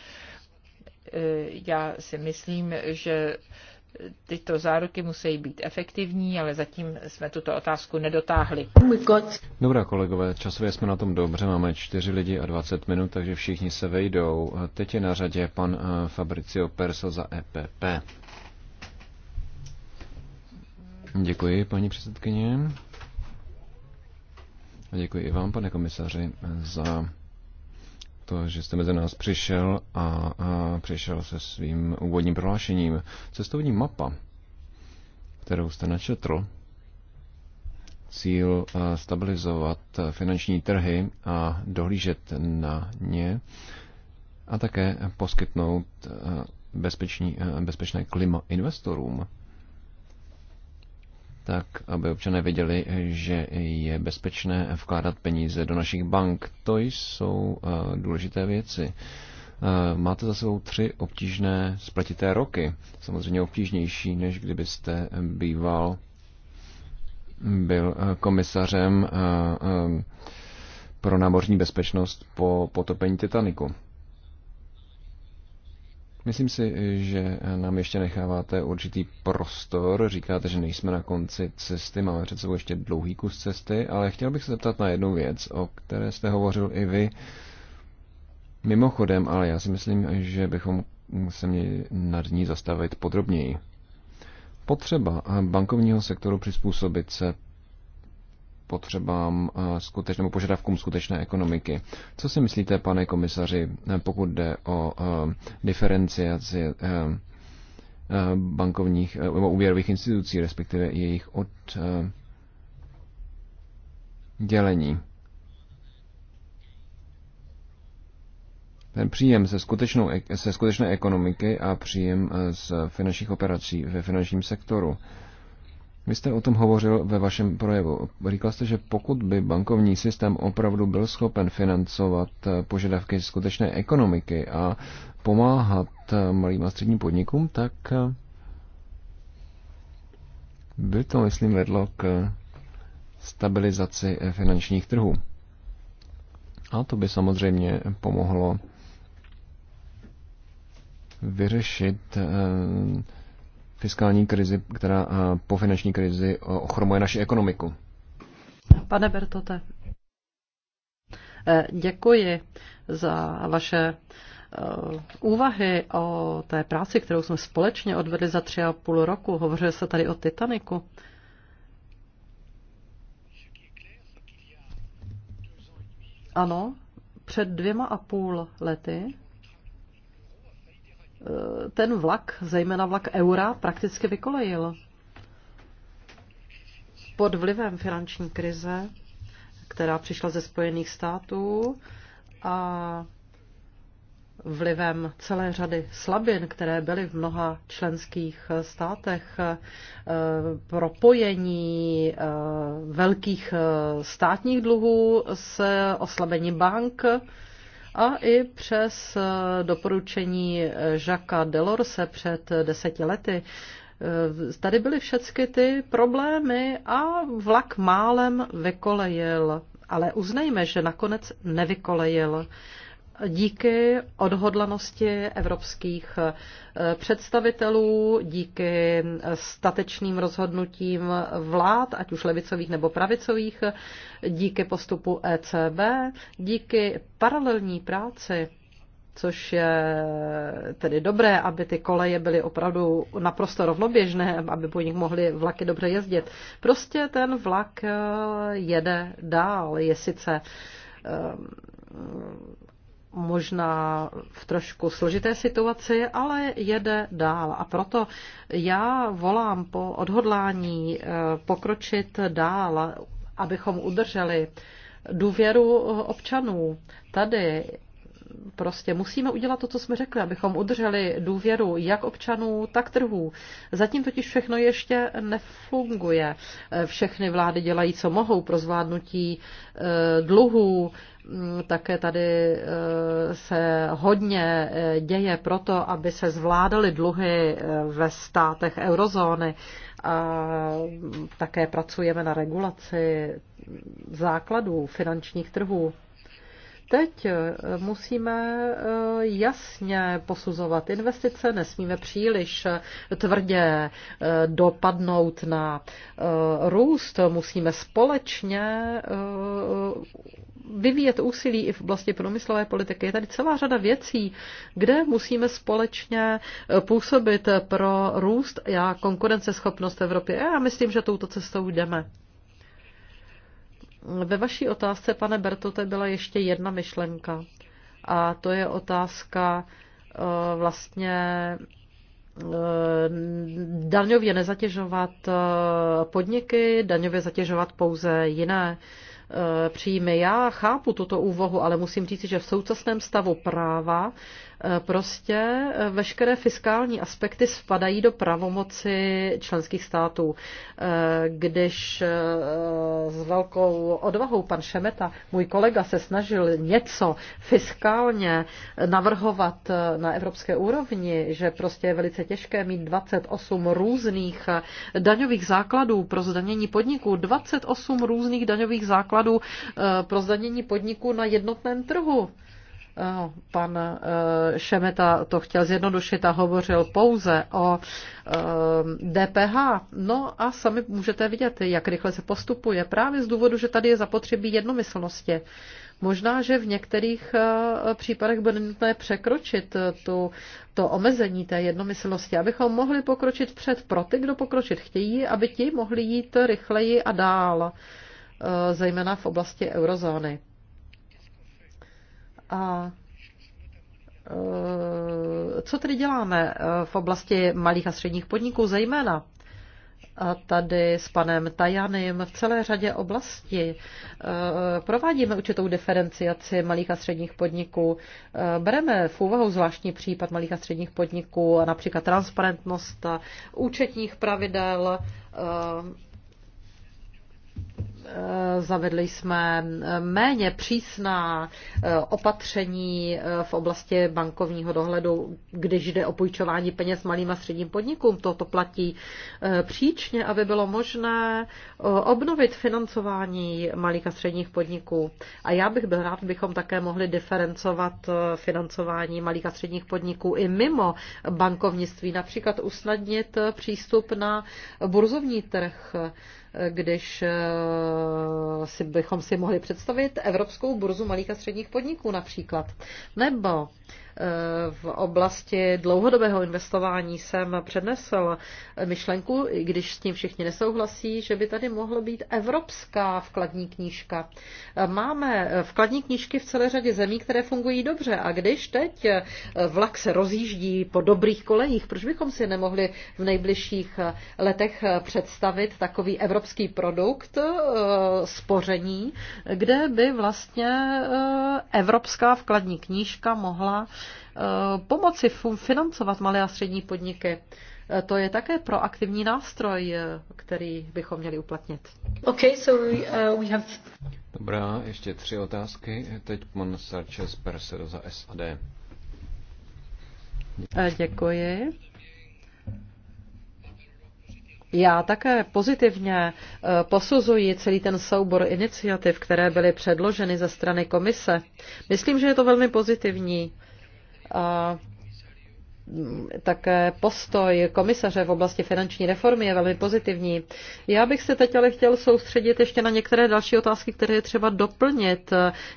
Eh, já si myslím, že tyto záruky musí být efektivní, ale zatím jsme tuto otázku nedotáhli. Dobrá kolegové, časově jsme na tom dobře, máme čtyři lidi a 20 minut, takže všichni se vejdou. Teď je na řadě pan eh, Fabricio Perso za EPP. Děkuji, paní předsedkyně. A děkuji i vám, pane komisaři, za to, že jste mezi nás přišel a, a přišel se svým úvodním prohlášením. Cestovní mapa, kterou jste načetl, cíl stabilizovat finanční trhy a dohlížet na ně a také poskytnout bezpečný, bezpečné klima investorům tak aby občané věděli, že je bezpečné vkládat peníze do našich bank. To jsou eh, důležité věci. Eh, máte za sebou tři obtížné spletité roky. Samozřejmě obtížnější, než kdybyste býval byl eh, komisařem pro námořní bezpečnost po potopení Titaniku. Myslím si, že nám ještě necháváte určitý prostor. Říkáte, že nejsme na konci cesty, máme před sebou ještě dlouhý kus cesty, ale chtěl bych se zeptat na jednu věc, o které jste hovořil i vy. Mimochodem, ale já si myslím, že bychom se měli nad ní zastavit podrobněji. Potřeba bankovního sektoru přizpůsobit se potřebám eh, skutečnému požadavkům skutečné ekonomiky. Co si myslíte, pane komisaři, eh, pokud jde o eh, diferenciaci bankovních nebo úvěrových institucí, respektive jejich oddělení? ten příjem se skutečnou, se skutečné ekonomiky a příjem z finančních operací ve finančním sektoru. Vy jste o tom hovořil ve vašem projevu. Říkal jste, že pokud by bankovní systém opravdu byl schopen financovat eh, požadavky skutečné ekonomiky a pomáhat eh, malým a středním podnikům, tak eh, by to, myslím, vedlo k stabilizaci finančních trhů. A to by samozřejmě pomohlo vyřešit fiskální krizi, která eh, po finanční krizi eh, ochromuje naši ekonomiku. Pane Bertote, eh, děkuji za vaše úvahy o té práci, kterou jsme společně odvedli za tři a půl roku. Hovořil se tady o Titaniku. Ano, před dvěma a půl lety Eh, ten vlak, zejména vlak eura, prakticky vykolejil. Pod vlivem finanční krize, která přišla ze Spojených států a vlivem celé řady slabin, které byly v mnoha členských státech, eh, propojení eh, velkých státních dluhů s oslabením bank, a i přes eh, doporučení Žaka eh, Delorse před eh, deseti lety tady byly všechny ty problémy a vlak málem vykolejil. Ale uznejme, že nakonec nevykolejil díky odhodlanosti evropských eh, představitelů, díky eh, statečným rozhodnutím vlád, ať už levicových nebo pravicových, díky postupu ECB, díky paralelní práci což je eh, tedy dobré, aby ty koleje byly opravdu naprosto rovnoběžné, aby po nich mohly vlaky dobře jezdit. Prostě ten vlak jede dál, je sice možná v trošku složité situaci, ale jede dál. A proto já volám po odhodlání eh, pokročit dál, abychom udrželi důvěru občanů. Tady prostě musíme udělat to, co jsme řekli, abychom udrželi důvěru jak občanů, tak trhů. Zatím totiž všechno ještě nefunguje. Všechny vlády dělají, co mohou pro zvládnutí eh, dluhů. Mm, také tady eh, se hodně eh, děje proto, aby se zvládaly dluhy ve státech eurozóny a mm, také pracujeme na regulaci základů finančních trhů. Teď eh, musíme eh, jasně posuzovat investice, nesmíme příliš eh, tvrdě dopadnout na růst, musíme společně vyvíjet úsilí i v oblasti průmyslové politiky. Je tady celá řada věcí, kde musíme společně působit pro růst a konkurenceschopnost Evropy. Já myslím, že touto cestou jdeme. Ve vaší otázce, pane Bertote, byla ještě jedna myšlenka. A to je otázka eh, vlastně eh, daňově nezatěžovat eh, podniky, daňově zatěžovat pouze jiné příjmy. Já chápu tuto úvahu, ale musím říct, že v současném stavu práva Eh, prostě eh, veškeré fiskální aspekty spadají do pravomoci členských států. Eh, když s velkou odvahou pan Šemeta, můj kolega, se snažil něco fiskálně navrhovat na evropské úrovni, že prostě je velice těžké mít 28 různých daňových základů pro zdanění podniků, 28 různých daňových základů pro zdanění podniků na jednotném trhu. Eh, pan eh, Šemeta to chtěl zjednodušit a hovořil pouze o DPH. Eh, no a sami můžete vidět, jak rychle se postupuje právě z důvodu, že tady je zapotřebí jednomyslnosti. Možná, že v některých případech bude nutné překročit tu, to omezení té jednomyslnosti, abychom mohli pokročit před pro ty, kdo pokročit chtějí, aby ti mohli jít rychleji a dál, zejména v oblasti eurozóny. A e, co tedy děláme e, v oblasti malých a středních podniků zejména? A tady s panem Tajanem v celé řadě oblasti e, provádíme určitou diferenciaci malých a středních podniků. Bereme v úvahu zvláštní případ malých a středních podniků a například transparentnost účetních pravidel Eh, zavedli jsme eh, méně přísná eh, opatření v oblasti bankovního dohledu, když jde o půjčování peněz malým a středním podnikům. Toto platí příčně, aby bylo možné obnovit financování malých a středních podniků. A já bych byl rád, bychom také mohli diferencovat financování malých a středních podniků i mimo bankovnictví, například usnadnit přístup na burzovní trh když eh, si bychom si mohli představit Evropskou burzu malých a středních podniků například. Nebo v oblasti dlouhodobého investování jsem přednesl myšlenku, i když s tím všichni nesouhlasí, že by tady mohla být evropská vkladní knížka. Máme vkladní knížky v celé řadě zemí, které fungují dobře a když teď vlak se rozjíždí po dobrých kolejích, proč bychom si nemohli v nejbližších letech představit takový evropský produkt eh, spoření, kde by vlastně eh, evropská vkladní knížka mohla Eh, pomoci financovat malé a střední podniky. Eh, to je také proaktivní nástroj, eh, který bychom měli uplatnit. Okay, so we, uh, we have... Dobrá, ještě tři otázky. Teď pan Sarčes Persero za SAD. Děkuji. Já také pozitivně posuzuji celý ten soubor iniciativ, které byly předloženy ze strany komise. Myslím, že je to velmi pozitivní a také postoj komisaře v oblasti finanční reformy je velmi pozitivní. Já bych se teď ale chtěl soustředit ještě na některé další otázky, které je třeba doplnit.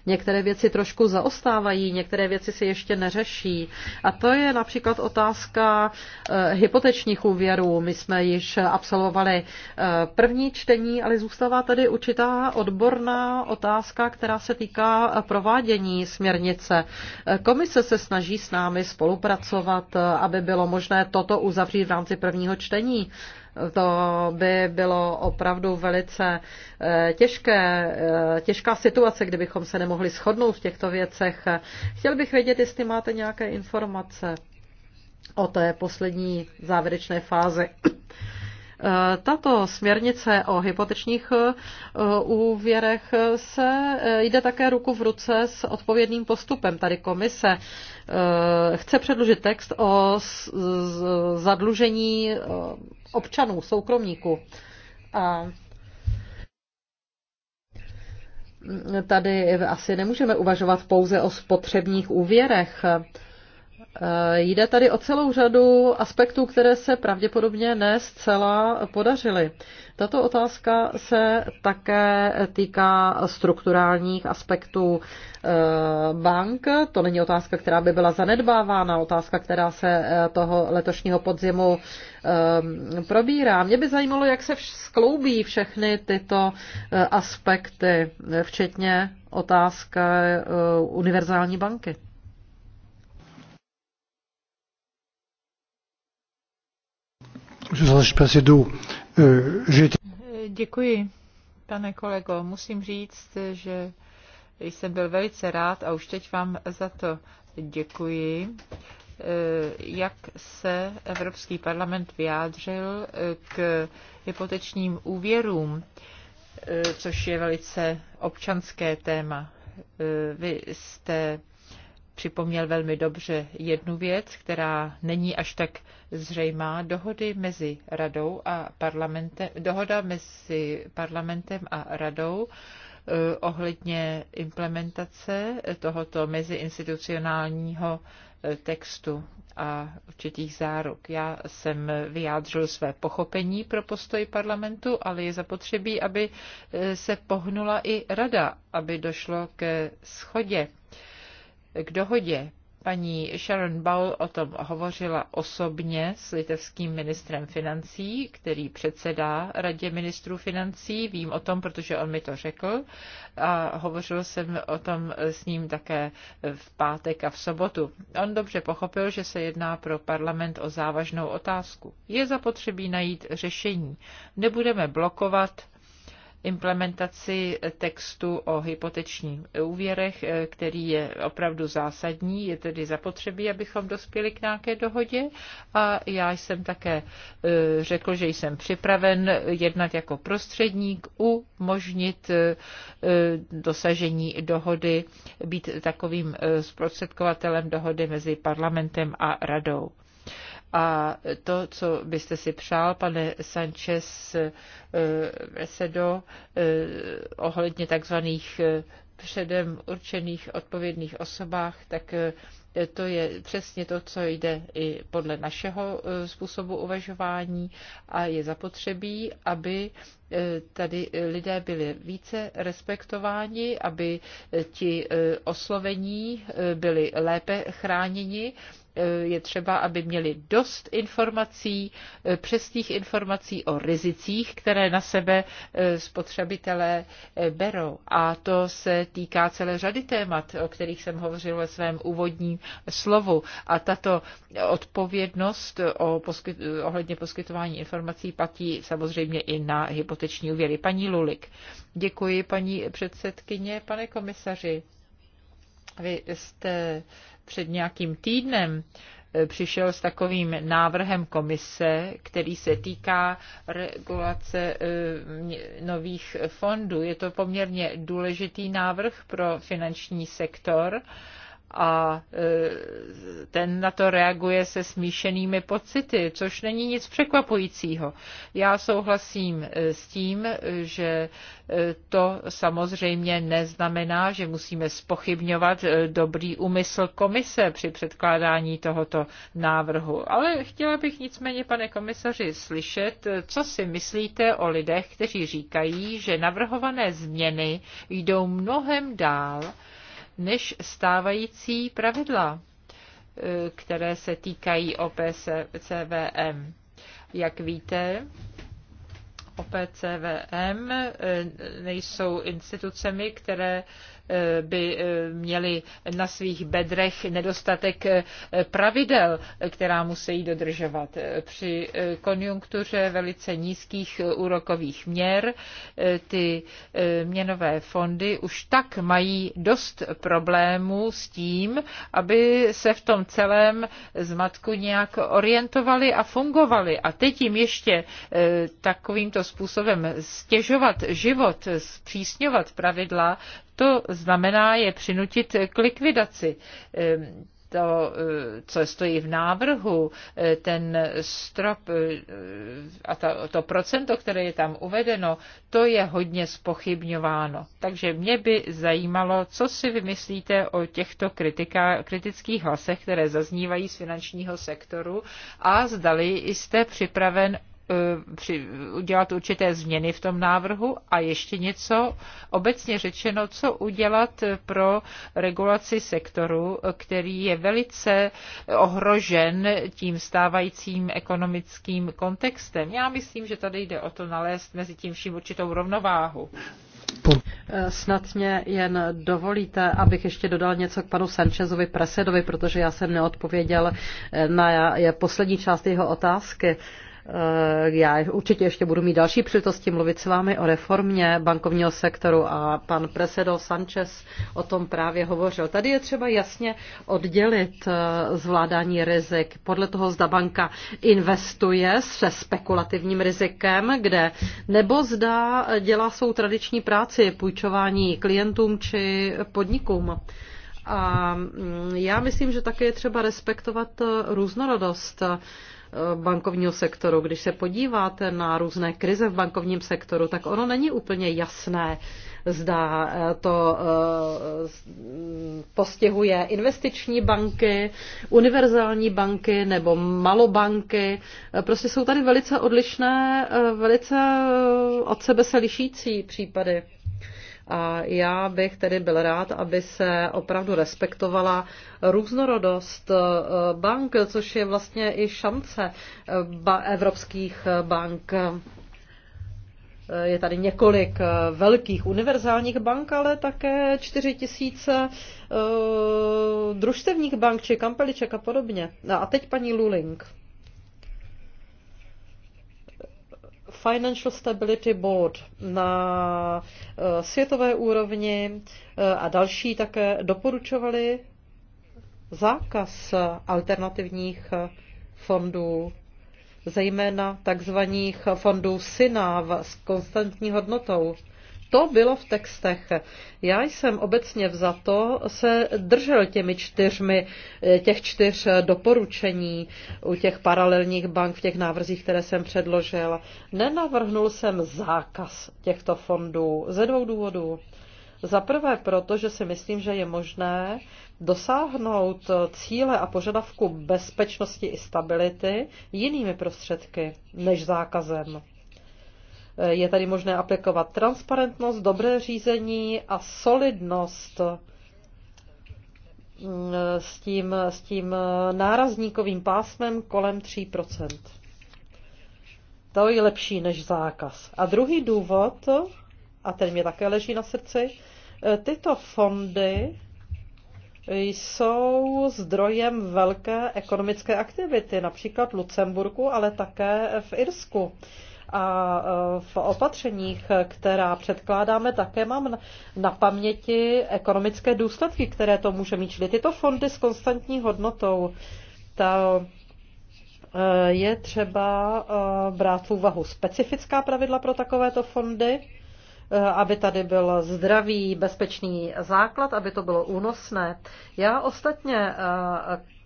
Některé věci trošku zaostávají, některé věci se ještě neřeší. A to je například otázka eh, hypotečních úvěrů. My jsme již absolvovali eh, první čtení, ale zůstává tady určitá odborná otázka, která se týká eh, provádění směrnice. Komise se snaží s námi spolupracovat aby bylo možné toto uzavřít v rámci prvního čtení. To by bylo opravdu velice eh, těžké, eh, těžká situace, kdybychom se nemohli shodnout v těchto věcech. Chtěl bych vědět, jestli máte nějaké informace o té poslední závěrečné fázi tato směrnice o hypotečních eh, úvěrech se eh, jde také ruku v ruce s odpovědným postupem. Tady komise eh, chce předložit text o zadlužení občanů, soukromníků. A tady asi nemůžeme uvažovat pouze o spotřebních úvěrech. Eh, jde tady o celou řadu aspektů, které se pravděpodobně ne zcela podařily. Tato otázka se také týká strukturálních aspektů eh, bank. To není otázka, která by byla zanedbávána, otázka, která se eh, toho letošního podzimu probírá. Mě by zajímalo, jak se skloubí všechny tyto aspekty, včetně otázka univerzální banky. Děkuji, pane kolego. Musím říct, že jsem byl velice rád a už teď vám za to děkuji, eh, jak se Evropský parlament vyjádřil eh, k hypotečním úvěrům, eh, což je velice občanské téma. Vy jste připomněl velmi dobře jednu věc, která není až tak zřejmá. Dohody mezi radou a parlamentem, dohoda mezi parlamentem a radou eh, ohledně implementace tohoto meziinstitucionálního eh, textu a určitých záruk. Já jsem vyjádřil své pochopení pro postoj parlamentu, ale je zapotřebí, aby eh, se pohnula i rada, aby došlo ke schodě k dohodě. Paní Sharon Bowles o tom hovořila osobně s litevským ministrem financí, který předsedá Radě ministrů financí. Vím o tom, protože on mi to řekl. A hovořil jsem o tom s ním také v pátek a v sobotu. On dobře pochopil, že se jedná pro parlament o závažnou otázku. Je zapotřebí najít řešení. Nebudeme blokovat implementaci textu o hypotečních úvěrech, eh, který je opravdu zásadní. Je tedy zapotřebí, abychom dospěli k nějaké dohodě a já jsem také eh, řekl, že jsem připraven jednat jako prostředník, umožnit eh, dosažení dohody, být takovým zprostředkovatelem dohody mezi parlamentem a radou. A to, co byste si přál, pane Sanchez eh, Vesedo, eh, ohledně takzvaných eh, předem určených odpovědných osobách, tak to je přesně to, co jde i podle našeho způsobu uvažování a je zapotřebí, aby tady lidé byli více respektováni, aby ti oslovení byli lépe chráněni Eh, je třeba, aby měli dost informací, eh, přesných informací o rizicích, které na sebe eh, spotřebitelé berou. A to se týká celé řady témat, o kterých jsem hovořil ve svém úvodním slovu. A tato odpovědnost o poskyt, ohledně poskytování informací platí samozřejmě i na hypoteční úvěry. Paní Lulik. Děkuji, paní předsedkyně, pane komisaři. Vy jste před nějakým týdnem eh, přišel s takovým návrhem komise, který se týká regulace eh, nových fondů. Je to poměrně důležitý návrh pro finanční sektor a e, ten na to reaguje se smíšenými pocity, což není nic překvapujícího. Já souhlasím e, s tím, e, že to samozřejmě neznamená, že musíme spochybňovat dobrý úmysl komise při předkládání tohoto návrhu. Ale chtěla bych nicméně, pane komisaři, slyšet, co si myslíte o lidech, kteří říkají, že navrhované změny jdou mnohem dál, než stávající pravidla, e, které se týkají OPCVM. Jak víte, OPCVM e, nejsou institucemi, které by eh, měli na svých bedrech nedostatek eh, pravidel, která musí dodržovat. Eh, při konjunktuře velice nízkých úrokových měr ty měnové fondy už tak mají dost problémů s tím, aby se v tom celém zmatku nějak orientovali a fungovali. A teď jim ještě takovýmto způsobem stěžovat život, zpřísňovat pravidla, to znamená je přinutit k likvidaci ehm, to, eh, co stojí v návrhu, eh, ten strop eh, a to, to procento, které je tam uvedeno, to je hodně spochybňováno. Takže mě by zajímalo, co si vymyslíte o těchto kritika, kritických hlasech, které zaznívají z finančního sektoru a zdali jste připraven Eh, při, udělat určité změny v tom návrhu a ještě něco obecně řečeno, co udělat pro regulaci sektoru, který je velice ohrožen tím stávajícím ekonomickým kontextem. Já myslím, že tady jde o to nalézt mezi tím vším určitou rovnováhu. Eh, snad mě jen dovolíte, abych ještě dodal něco k panu Sanchezovi Presedovi, protože já jsem neodpověděl eh, na poslední část jeho otázky. Eh, já určitě ještě budu mít další příležitosti mluvit s vámi o reformě bankovního sektoru a pan Presedo Sanchez o tom právě hovořil. Tady je třeba jasně oddělit eh, zvládání rizik podle toho, zda banka investuje se spekulativním rizikem, kde nebo zda dělá svou tradiční práci půjčování klientům či podnikům. A mm, já myslím, že také je třeba respektovat eh, různorodost bankovního sektoru. Když se podíváte na různé krize v bankovním sektoru, tak ono není úplně jasné, zda eh, to eh, postihuje investiční banky, univerzální banky nebo malobanky. Prostě jsou tady velice odlišné, eh, velice od sebe se lišící případy. A já bych tedy byl rád, aby se opravdu respektovala různorodost eh, bank, což je vlastně i šance eh, evropských eh, bank. Je tady několik velkých univerzálních bank, ale také 4 tisíce družstevních bank, či kampeliček a podobně. No a teď paní Luling. Financial Stability Board na eh, světové úrovni eh, a další také doporučovali zákaz alternativních eh, fondů, zejména takzvaných fondů syna s konstantní hodnotou to bylo v textech. Já jsem obecně vzato se držel těmi čtyřmi, eh, těch čtyř eh, doporučení u těch paralelních bank v těch návrzích, které jsem předložil. Nenavrhnul jsem zákaz těchto fondů ze dvou důvodů. Za prvé proto, že si myslím, že je možné dosáhnout eh, cíle a požadavku bezpečnosti i stability jinými prostředky než zákazem. Eh, je tady možné aplikovat transparentnost, dobré řízení a solidnost eh, s tím, s tím eh, nárazníkovým pásmem kolem 3%. To je lepší než zákaz. A druhý důvod, a ten mě také leží na srdci, tyto fondy jsou zdrojem velké ekonomické aktivity, například v Lucemburku, ale také v Irsku. A e, v opatřeních, která předkládáme, také mám na paměti ekonomické důsledky, které to může mít. Čili tyto fondy s konstantní hodnotou, ta e, je třeba e, brát v úvahu specifická pravidla pro takovéto fondy, aby tady byl zdravý, bezpečný základ, aby to bylo únosné. Já ostatně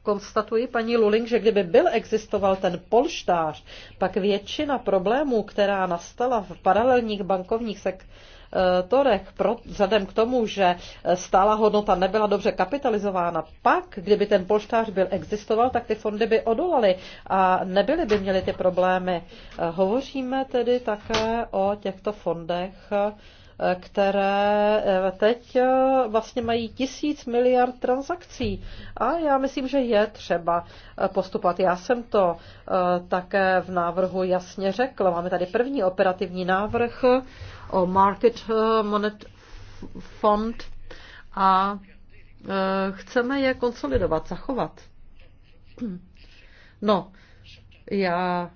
konstatuji, paní Luling, že kdyby byl existoval ten polštář, pak většina problémů, která nastala v paralelních bankovních sektorech, eh, pro, vzhledem k tomu, že eh, stála hodnota nebyla dobře kapitalizována, pak, kdyby ten polštář byl existoval, tak ty fondy by odolaly a nebyly by měly ty problémy. Eh, hovoříme tedy také o těchto fondech které eh, teď eh, vlastně mají tisíc miliard transakcí. A já myslím, že je třeba eh, postupovat. Já jsem to také v návrhu jasně řekla. Máme tady první operativní návrh o Market Monet fund a chceme je konsolidovat, zachovat. No, já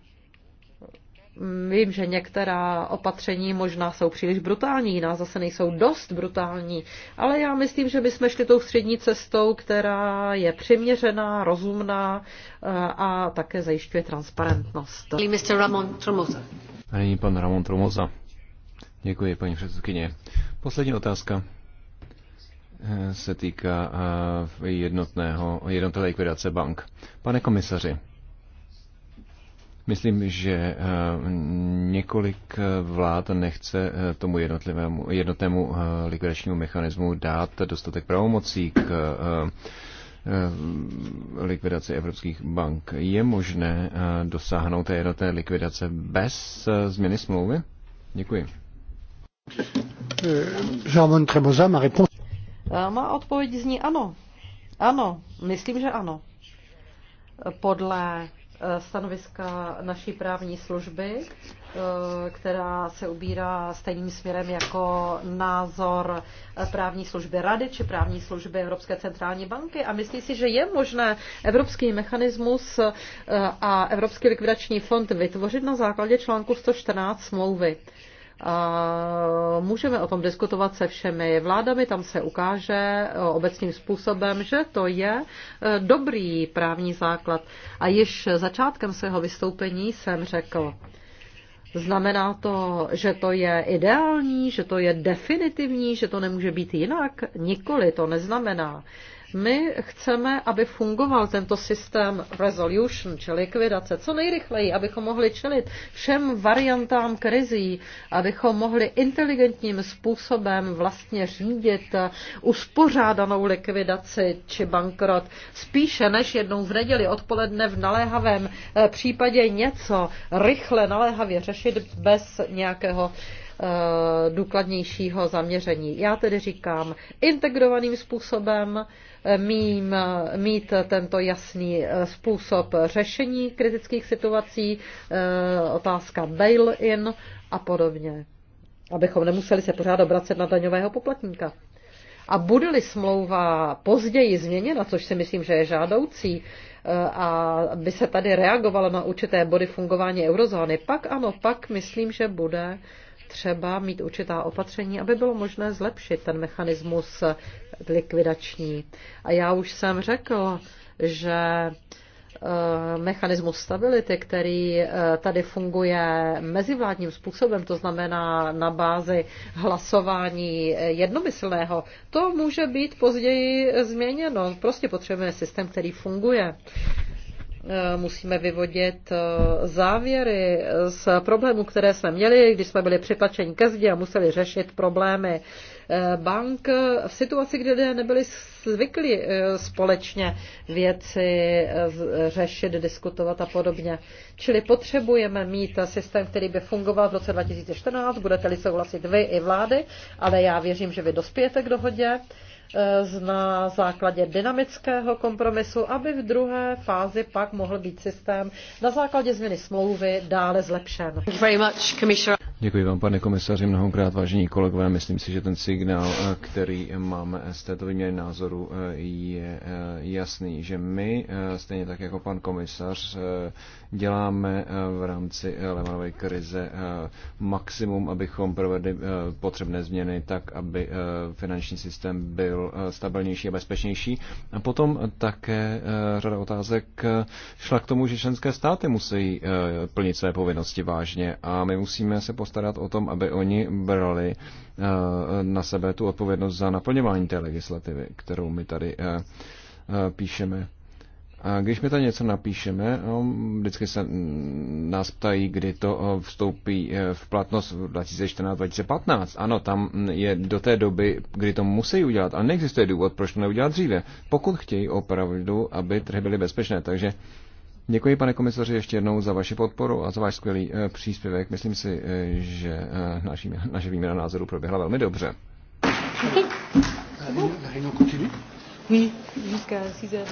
Vím, že některá opatření možná jsou příliš brutální, jiná zase nejsou dost brutální, ale já myslím, že my jsme šli tou střední cestou, která je přiměřená, rozumná eh, a také zajišťuje transparentnost. Mr. Ramon Tromoza. Není pan Ramon Tromoza. Děkuji, paní předsedkyně. Poslední otázka eh, se týká eh, jednotného, jednotné likvidace bank. Pane komisaři, Myslím, že eh, několik eh, vlád nechce eh, tomu jednotlivému, jednotnému likvidačnímu mechanismu dát dostatek pravomocí k likvidaci evropských bank. Je možné dosáhnout té jednotné likvidace bez změny smlouvy? Děkuji. Jean-Mon má Má odpověď zní ano. Ano, myslím, že ano. Podle stanoviska naší právní služby, eh, která se ubírá stejným směrem jako názor právní služby Rady či právní služby Evropské centrální banky. A myslí si, že je možné evropský mechanismus eh, a Evropský likvidační fond vytvořit na základě článku 114 smlouvy. Můžeme o tom diskutovat se všemi vládami, tam se ukáže eh, obecným způsobem, že to je eh, dobrý právní základ. A již začátkem svého vystoupení jsem řekl, Znamená to, že to je ideální, že to je definitivní, že to nemůže být jinak? Nikoli to neznamená. My chceme, aby fungoval tento systém resolution, či likvidace, co nejrychleji, abychom mohli čelit všem variantám krizí, abychom mohli inteligentním způsobem vlastně řídit uspořádanou likvidaci či bankrot, spíše než jednou v neděli odpoledne v naléhavém eh, případě něco rychle naléhavě řešit bez nějakého Eh, důkladnějšího zaměření. Já tedy říkám integrovaným způsobem eh, mým, eh, mít tento jasný způsob řešení kritických situací, otázka bail-in a podobně, abychom nemuseli se pořád obracet na daňového poplatníka. A bude-li smlouva později změněna, což si myslím, že je žádoucí, a by se tady reagovalo na určité body fungování eurozóny, pak ano, pak myslím, že bude třeba mít určitá opatření, aby bylo možné zlepšit ten mechanismus likvidační. A já už jsem řekl, že eh, mechanismus stability, který eh, tady funguje mezivládním způsobem, to znamená na bázi hlasování eh, jednomyslného, to může být později změněno. Prostě potřebujeme systém, který funguje. Eh, musíme vyvodit eh, závěry z problémů, které jsme měli, když jsme byli přitlačeni ke zdi a museli řešit problémy eh, bank v situaci, kdy lidé nebyli zvyklí společně věci řešit, diskutovat a podobně. Čili potřebujeme mít systém, který by fungoval v roce 2014, budete-li souhlasit vy i vlády, ale já věřím, že vy dospějete k dohodě. Eh, na základě dynamického kompromisu, aby v druhé fázi pak mohl být systém na základě změny smlouvy dále zlepšen. Děkuji vám, pane komisaři, mnohokrát, vážení kolegové. Myslím si, že ten signál, eh, který máme z této výměny názoru, eh, je jasný, že my, stejně tak jako pan komisař, Děláme eh, v rámci eh, Lehmanové krize eh, maximum, abychom provedli potřebné změny tak, aby finanční systém byl stabilnější a bezpečnější. A potom také řada otázek šla k tomu, že členské státy musí plnit své povinnosti vážně a my musíme se postarat o tom, aby oni brali na sebe tu odpovědnost za naplňování té legislativy, kterou my tady píšeme. A když my tam něco napíšeme, no, vždycky se mm, nás ptají, kdy to eh, vstoupí eh, v platnost 2014-2015. Ano, tam mm, je do té doby, kdy to musí udělat, ale neexistuje důvod, proč to neudělat dříve, pokud chtějí opravdu, aby trhy byly bezpečné. Takže děkuji, pane komisaři, ještě jednou za vaši podporu a za váš skvělý eh, příspěvek. Myslím si, že naši, naše výměna názoru proběhla velmi dobře. Okay. Oui, jusqu'à 6h30.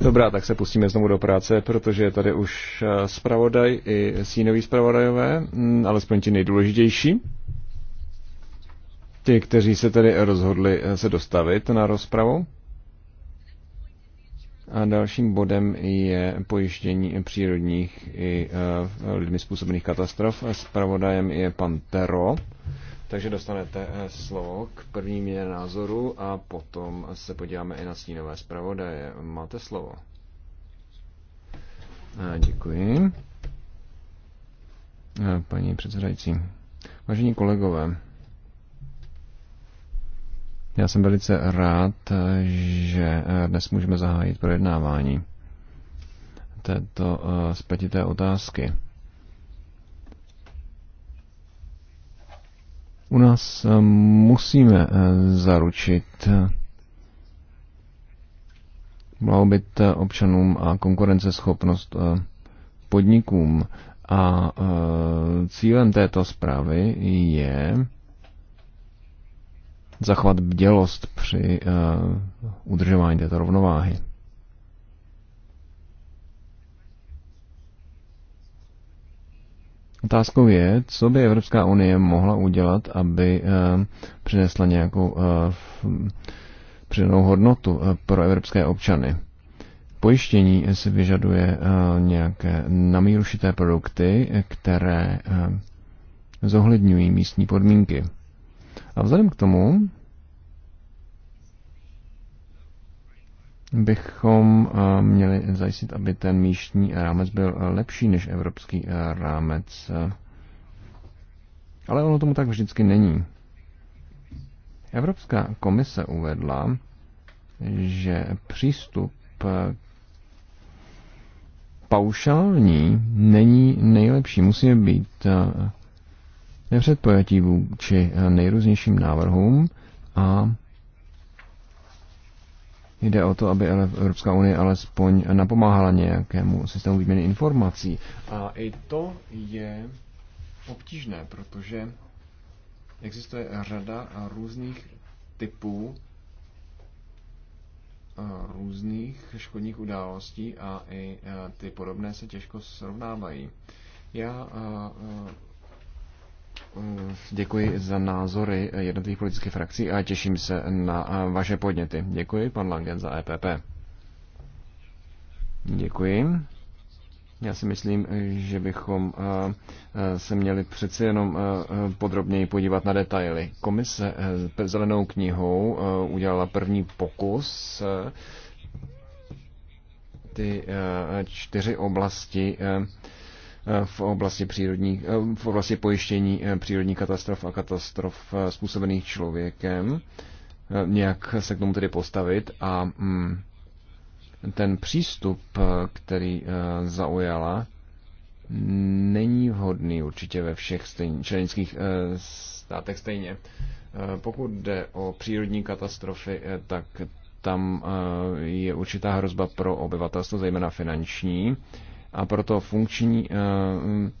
Dobrá, tak se pustíme znovu do práce, protože je tady už eh, zpravodaj i sínový zpravodajové, mm, alespoň ti nejdůležitější. Ti, kteří se tedy rozhodli eh, se dostavit na rozpravu. A dalším bodem je pojištění přírodních i eh, lidmi způsobených katastrof. Spravodajem je pan Tero. Takže dostanete eh, slovo k první je názoru a potom se podíváme i na stínové zpravodaje. Máte slovo. Eh, děkuji. Eh, paní předsedající, vážení kolegové, já jsem velice rád, že dnes můžeme zahájit projednávání této spletité otázky. U nás eh, musíme eh, zaručit eh, blahobyt občanům a konkurenceschopnost podnikům. A cílem této zprávy je zachovat bdělost při udržování této rovnováhy. Otázkou je, co by Evropská unie mohla udělat, aby eh, přinesla nějakou eh, přidanou hodnotu eh, pro evropské občany. Pojištění si vyžaduje nějaké namírušité produkty, které zohledňují místní podmínky. A vzhledem k tomu, bychom eh, měli zajistit, aby ten místní rámec byl eh, lepší než evropský eh, rámec. Ale ono tomu tak vždycky není. Evropská komise uvedla, že přístup paušální není nejlepší. musí být nepředpojatí vůči nejrůznějším návrhům a Jde o to, aby Evropská unie alespoň napomáhala nějakému systému výměny informací. A i to je obtížné, protože existuje řada různých typů eh, různých škodních událostí a i eh, ty podobné se těžko srovnávají. Já eh, Mm, děkuji za názory jednotlivých politických frakcí a těším se na vaše podněty. Děkuji, pan Langen, za EPP. Děkuji. Já si myslím, že bychom se měli přeci jenom podrobněji podívat na detaily. Komise zelenou knihou udělala první pokus ty čtyři oblasti v oblasti, přírodní, v oblasti pojištění eh, přírodních katastrof a katastrof eh, způsobených člověkem, eh, nějak se k tomu tedy postavit a mm, ten přístup, který zaujala, není vhodný určitě ve všech stejn, členských státech stejně. Pokud jde o přírodní katastrofy, tak tam je určitá hrozba pro obyvatelstvo, zejména finanční a proto funkční eh, mm,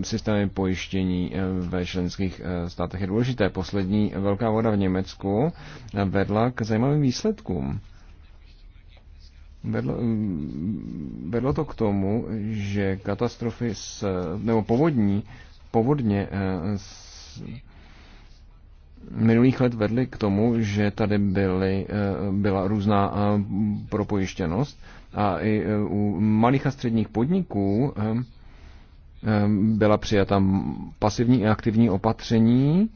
eh, systémy pojištění eh, ve členských státech je důležité. Poslední velká voda v Německu vedla k zajímavým výsledkům. Vedlo, mm, vedlo to k tomu, že katastrofy s, nebo povodní, povodně s, minulých let vedly k tomu, že tady byly, byla různá propojištěnost a i e, u malých a středních podniků e, e, byla přijata pasivní a aktivní opatření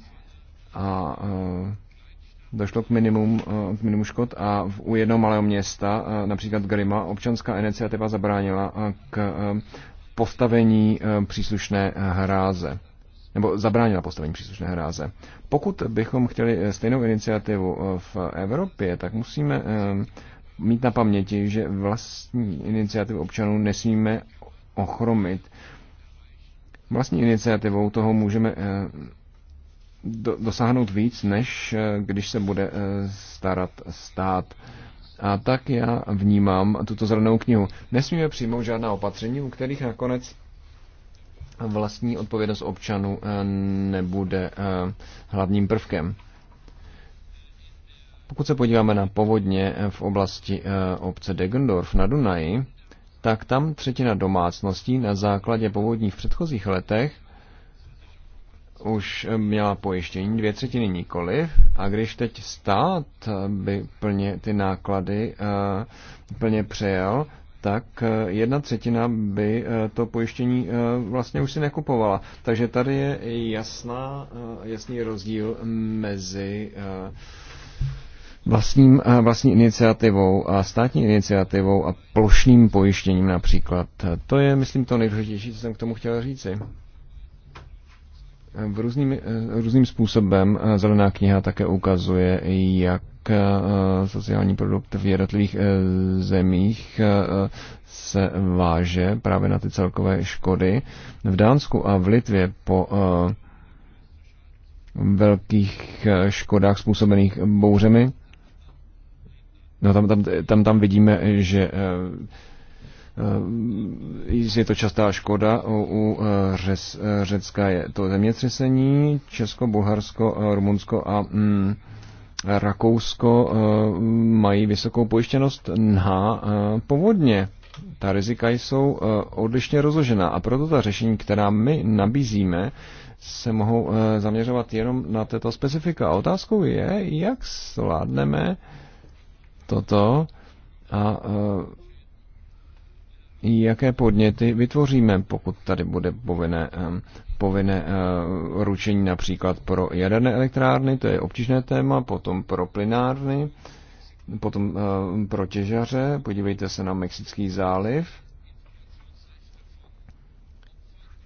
a došlo k minimum, k minimum škod a u jednoho malého města, například Grima, občanská iniciativa zabránila k postavení příslušné hráze nebo zabránila postavení příslušné hráze. Pokud bychom chtěli stejnou iniciativu v Evropě, tak musíme mít na paměti, že vlastní iniciativu občanů nesmíme ochromit. Vlastní iniciativou toho můžeme eh, dosáhnout víc, než eh, když se bude eh, starat stát. A tak já vnímám tuto zelenou knihu. Nesmíme přijmout žádná opatření, u kterých nakonec vlastní odpovědnost občanů nebude hlavním prvkem. Pokud se podíváme na povodně eh, v oblasti eh, obce Degendorf na Dunaji, tak tam třetina domácností na základě povodní v předchozích letech už eh, měla pojištění, dvě třetiny nikoliv. A když teď stát by plně ty náklady plně přejel, tak jedna třetina by to pojištění vlastně už si nekupovala. Takže tady je jasná, jasný rozdíl mezi vlastním, eh, vlastní iniciativou a státní iniciativou a plošným pojištěním například. To je, myslím, to nejdůležitější, co jsem k tomu chtěl říci. Eh, v různým, eh, různým způsobem Zelená kniha také ukazuje, jak sociální produkt v jednotlivých zemích se váže právě na ty celkové škody. V Dánsku a v Litvě po velkých škodách způsobených bouřemi No tam, tam, tam, tam vidíme, že eh, eh, je to častá škoda. U eh, Řez, Řecka je to zemětřesení, Česko, Bulharsko, Rumunsko a mm, Rakousko mají vysokou pojištěnost na povodně. Ta rizika jsou odlišně rozložená a proto ta řešení, která my nabízíme, se mohou zaměřovat jenom na tato specifika. A otázkou je, jak zvládneme toto a e, jaké podněty vytvoříme, pokud tady bude povinné, e, povinné e, ručení například pro jaderné elektrárny, to je obtížné téma, potom pro plynárny, potom pro těžaře, podívejte se na Mexický záliv,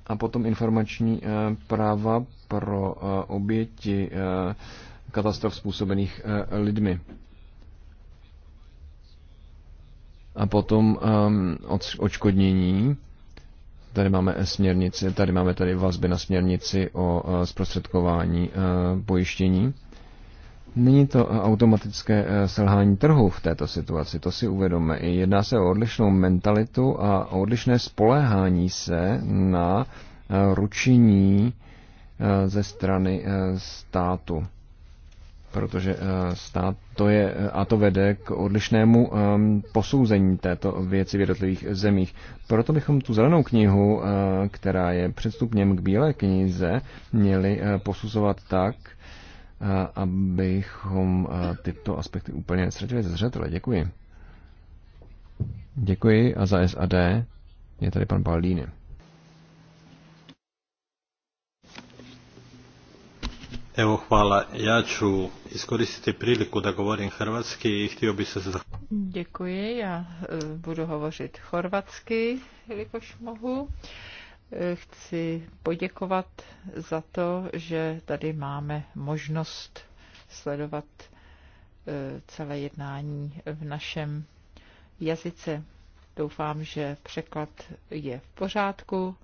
a potom informační práva pro oběti katastrof způsobených lidmi. A potom um, odškodnění. Tady máme směrnici, tady máme tady vazby na směrnici o uh, zprostředkování uh, pojištění. Není to eh, automatické selhání trhu v této situaci, to si uvědomme. Jedná se o odlišnou mentalitu a o odlišné spoléhání se na ručení ze strany státu protože eh, stát to je eh, a to vede k odlišnému ehm, posouzení této věci v jednotlivých zemích. Proto bychom tu zelenou knihu, eh, která je předstupněm k bílé knize, měli posuzovat tak, abychom tyto aspekty úplně ztratili ze zřetele. Děkuji. Děkuji a za SAD je tady pan Paldíny. Evo, hvala. ću iskoristiti priliku da govorim i htio se Děkuji, já e, budu hovořit chorvatsky, jelikož mohu. E, chci poděkovat za to, že tady máme možnost sledovat e, celé jednání v našem jazyce. Doufám, že překlad je v pořádku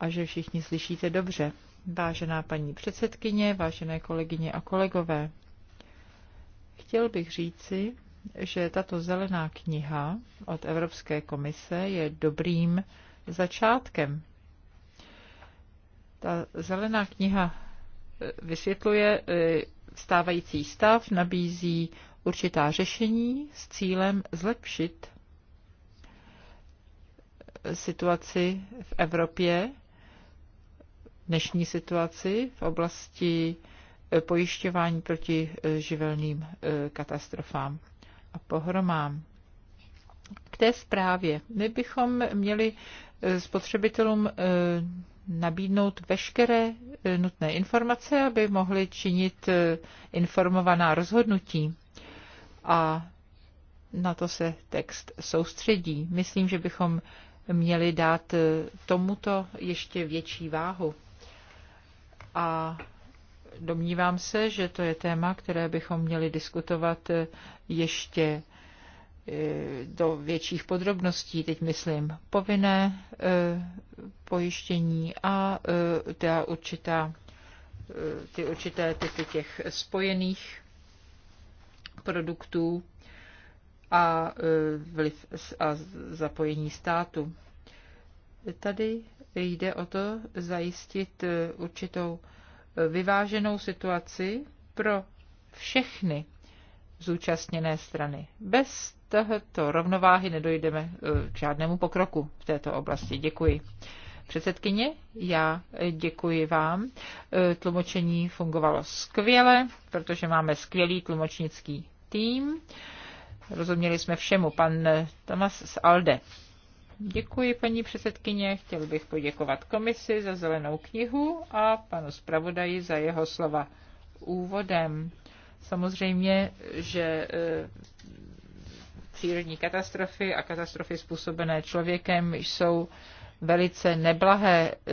a že všichni slyšíte dobře. Vážená paní předsedkyně, vážené kolegyně a kolegové, chtěl bych říci, že tato zelená kniha od Evropské komise je dobrým začátkem. Ta zelená kniha eh, vysvětluje eh, stávající stav, nabízí určitá řešení s cílem zlepšit eh, situaci v Evropě dnešní situaci v oblasti eh, pojišťování proti eh, živelným eh, katastrofám a pohromám. K té zprávě. My bychom měli spotřebitelům nabídnout veškeré nutné informace, aby mohli činit informovaná rozhodnutí. A na to se text soustředí. Myslím, že bychom měli dát tomuto ještě větší váhu a domnívám se, že to je téma, které bychom měli diskutovat eh, ještě eh, do větších podrobností, teď myslím povinné eh, pojištění a ta určitá, ty určité typy těch spojených produktů a, vliv, a zapojení státu. Tady jde o to zajistit eh, určitou eh, vyváženou situaci pro všechny zúčastněné strany. Bez tohoto rovnováhy nedojdeme eh, k žádnému pokroku v této oblasti. Děkuji. Předsedkyně, já děkuji vám. Tlumočení fungovalo skvěle, protože máme skvělý tlumočnický tým. Rozuměli jsme všemu. Pan Tomas z Alde. Děkuji, paní předsedkyně. Chtěl bych poděkovat komisi za zelenou knihu a panu zpravodaji za jeho slova úvodem. Samozřejmě, že eh, přírodní katastrofy a katastrofy způsobené člověkem jsou velice neblahé eh,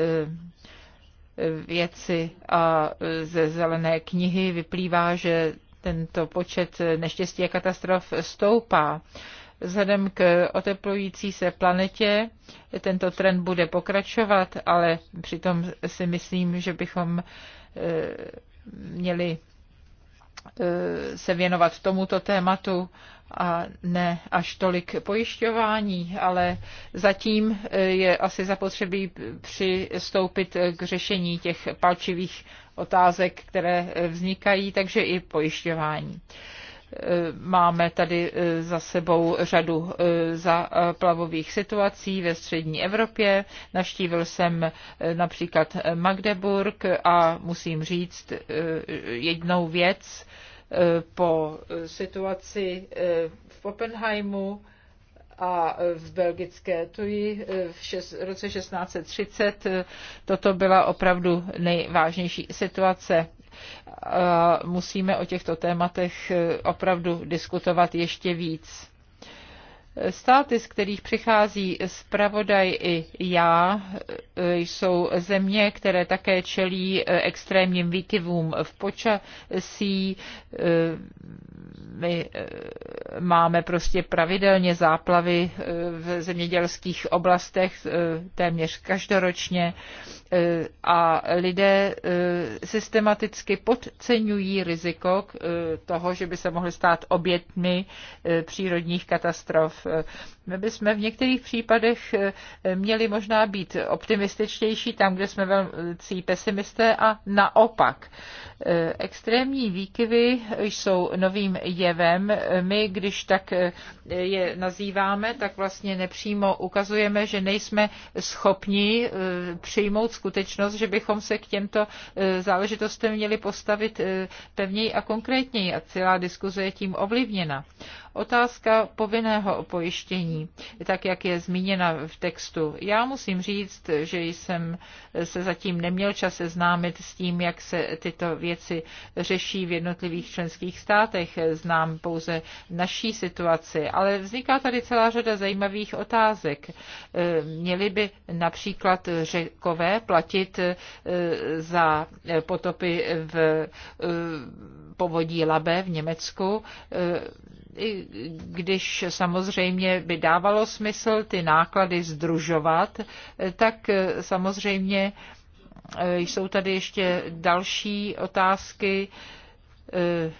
věci a eh, ze zelené knihy vyplývá, že tento počet neštěstí a katastrof stoupá. Vzhledem k oteplující se planetě tento trend bude pokračovat, ale přitom si myslím, že bychom e, měli e, se věnovat tomuto tématu a ne až tolik pojišťování, ale zatím e, je asi zapotřebí přistoupit k řešení těch palčivých otázek, které vznikají, takže i pojišťování. Eh, máme tady eh, za sebou řadu eh, zaplavových situací ve střední Evropě. Naštívil jsem například Magdeburg a musím říct jednou věc po situaci v Oppenheimu a v belgické Tuji v šest, roce 1630. Toto byla opravdu nejvážnější situace a musíme o těchto tématech eh, opravdu diskutovat ještě víc. Státy, z kterých přichází zpravodaj i já, eh, jsou země, které také čelí eh, extrémním výkyvům v počasí. Eh, my máme prostě pravidelně záplavy v zemědělských oblastech téměř každoročně a lidé systematicky podceňují riziko toho, že by se mohly stát obětmi přírodních katastrof my bychom v některých případech eh, měli možná být optimističtější tam, kde jsme velcí pesimisté a naopak. Eh, extrémní výkyvy jsou novým jevem. My, když tak eh, je nazýváme, tak vlastně nepřímo ukazujeme, že nejsme schopni eh, přijmout skutečnost, že bychom se k těmto záležitostem měli postavit pevněji a konkrétněji a celá diskuze je tím ovlivněna. Otázka povinného pojištění, tak jak je zmíněna v textu. Já musím říct, že jsem se zatím neměl čas seznámit s tím, jak se tyto věci věci řeší v jednotlivých členských státech. Znám pouze naší situaci, ale vzniká tady celá řada zajímavých otázek. Eh, měli by například řekové platit eh, za potopy v eh, povodí Labe v Německu, když samozřejmě by dávalo smysl ty náklady združovat, tak samozřejmě Eh, jsou tady ještě další otázky Eh,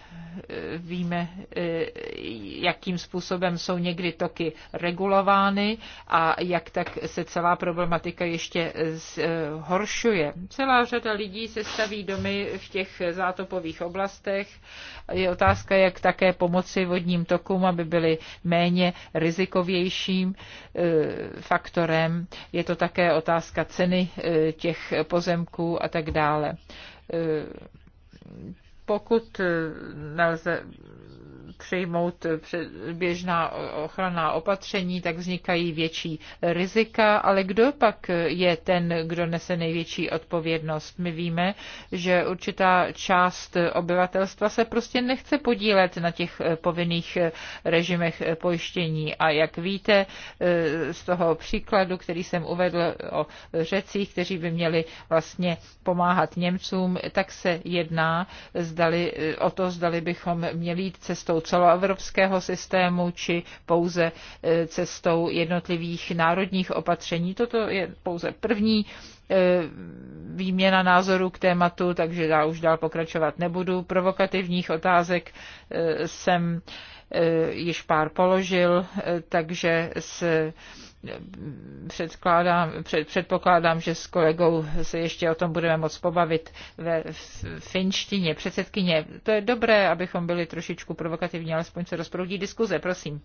eh, víme, eh, jakým způsobem jsou někdy toky regulovány a jak tak se celá problematika ještě zhoršuje. Celá řada lidí se staví domy v těch zátopových oblastech. Je otázka, jak také pomoci vodním tokům, aby byly méně rizikovějším faktorem. Je to také otázka ceny těch pozemků a tak dále pokud eh, nelze přijmout běžná ochranná opatření, tak vznikají větší rizika, ale kdo pak je ten, kdo nese největší odpovědnost? My víme, že určitá část obyvatelstva se prostě nechce podílet na těch povinných režimech pojištění. A jak víte z toho příkladu, který jsem uvedl o řecích, kteří by měli vlastně pomáhat Němcům, tak se jedná zdali, o to, zdali bychom měli jít cestou celoevropského systému či pouze e, cestou jednotlivých národních opatření. Toto je pouze první e, výměna názorů k tématu, takže já už dál pokračovat nebudu. Provokativních otázek e, jsem E, již pár položil, e, takže se e, předkládám, před, předpokládám, že s kolegou se ještě o tom budeme moc pobavit ve finštině. Předsedkyně, to je dobré, abychom byli trošičku provokativní, alespoň se rozproudí diskuze, prosím.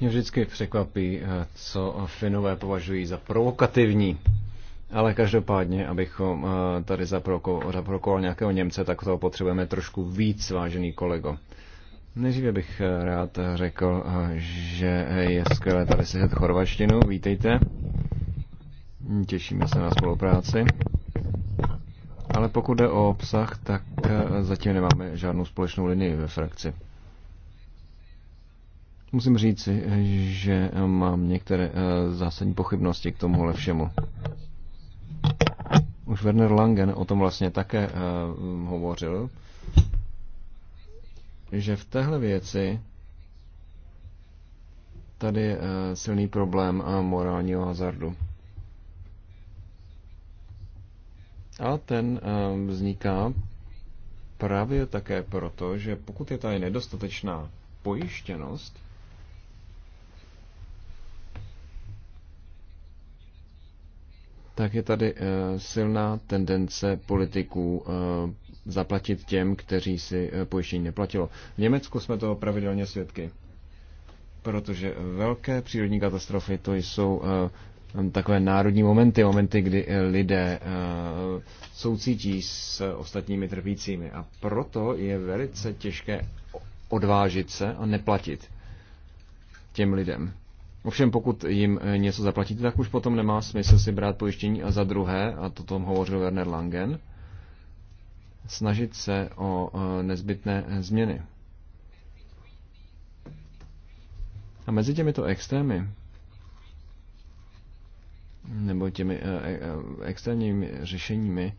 Mě vždycky překvapí, co Finové považují za provokativní. Ale každopádně, abychom eh, tady zaprokoval nějakého Němce, tak toho potřebujeme trošku víc, vážený kolego. Nejdříve bych eh, rád řekl, eh, že je skvělé tady slyšet chorvačtinu. Vítejte. Těšíme se na spolupráci. Ale pokud jde o obsah, tak zatím nemáme žádnou společnou linii ve frakci. Musím říci, že mám některé zásadní pochybnosti k tomuhle všemu. Už Werner Langen o tom vlastně také uh, hovořil, že v téhle věci tady je uh, silný problém uh, morálního hazardu. A ten uh, vzniká právě také proto, že pokud je tady nedostatečná pojištěnost, tak je tady eh, silná tendence politiků eh, zaplatit těm, kteří si eh, pojištění neplatilo. V Německu jsme toho pravidelně svědky, protože velké přírodní katastrofy to jsou takové národní momenty, momenty, kdy lidé soucítí s ostatními trpícími a proto je velice těžké odvážit se a neplatit těm lidem. Ovšem pokud jim eh, něco zaplatíte, tak už potom nemá smysl si brát pojištění a za druhé, a to tom hovořil Werner Langen, snažit se o eh, nezbytné eh, změny. A mezi těmito extrémy, nebo těmi extrémními řešeními,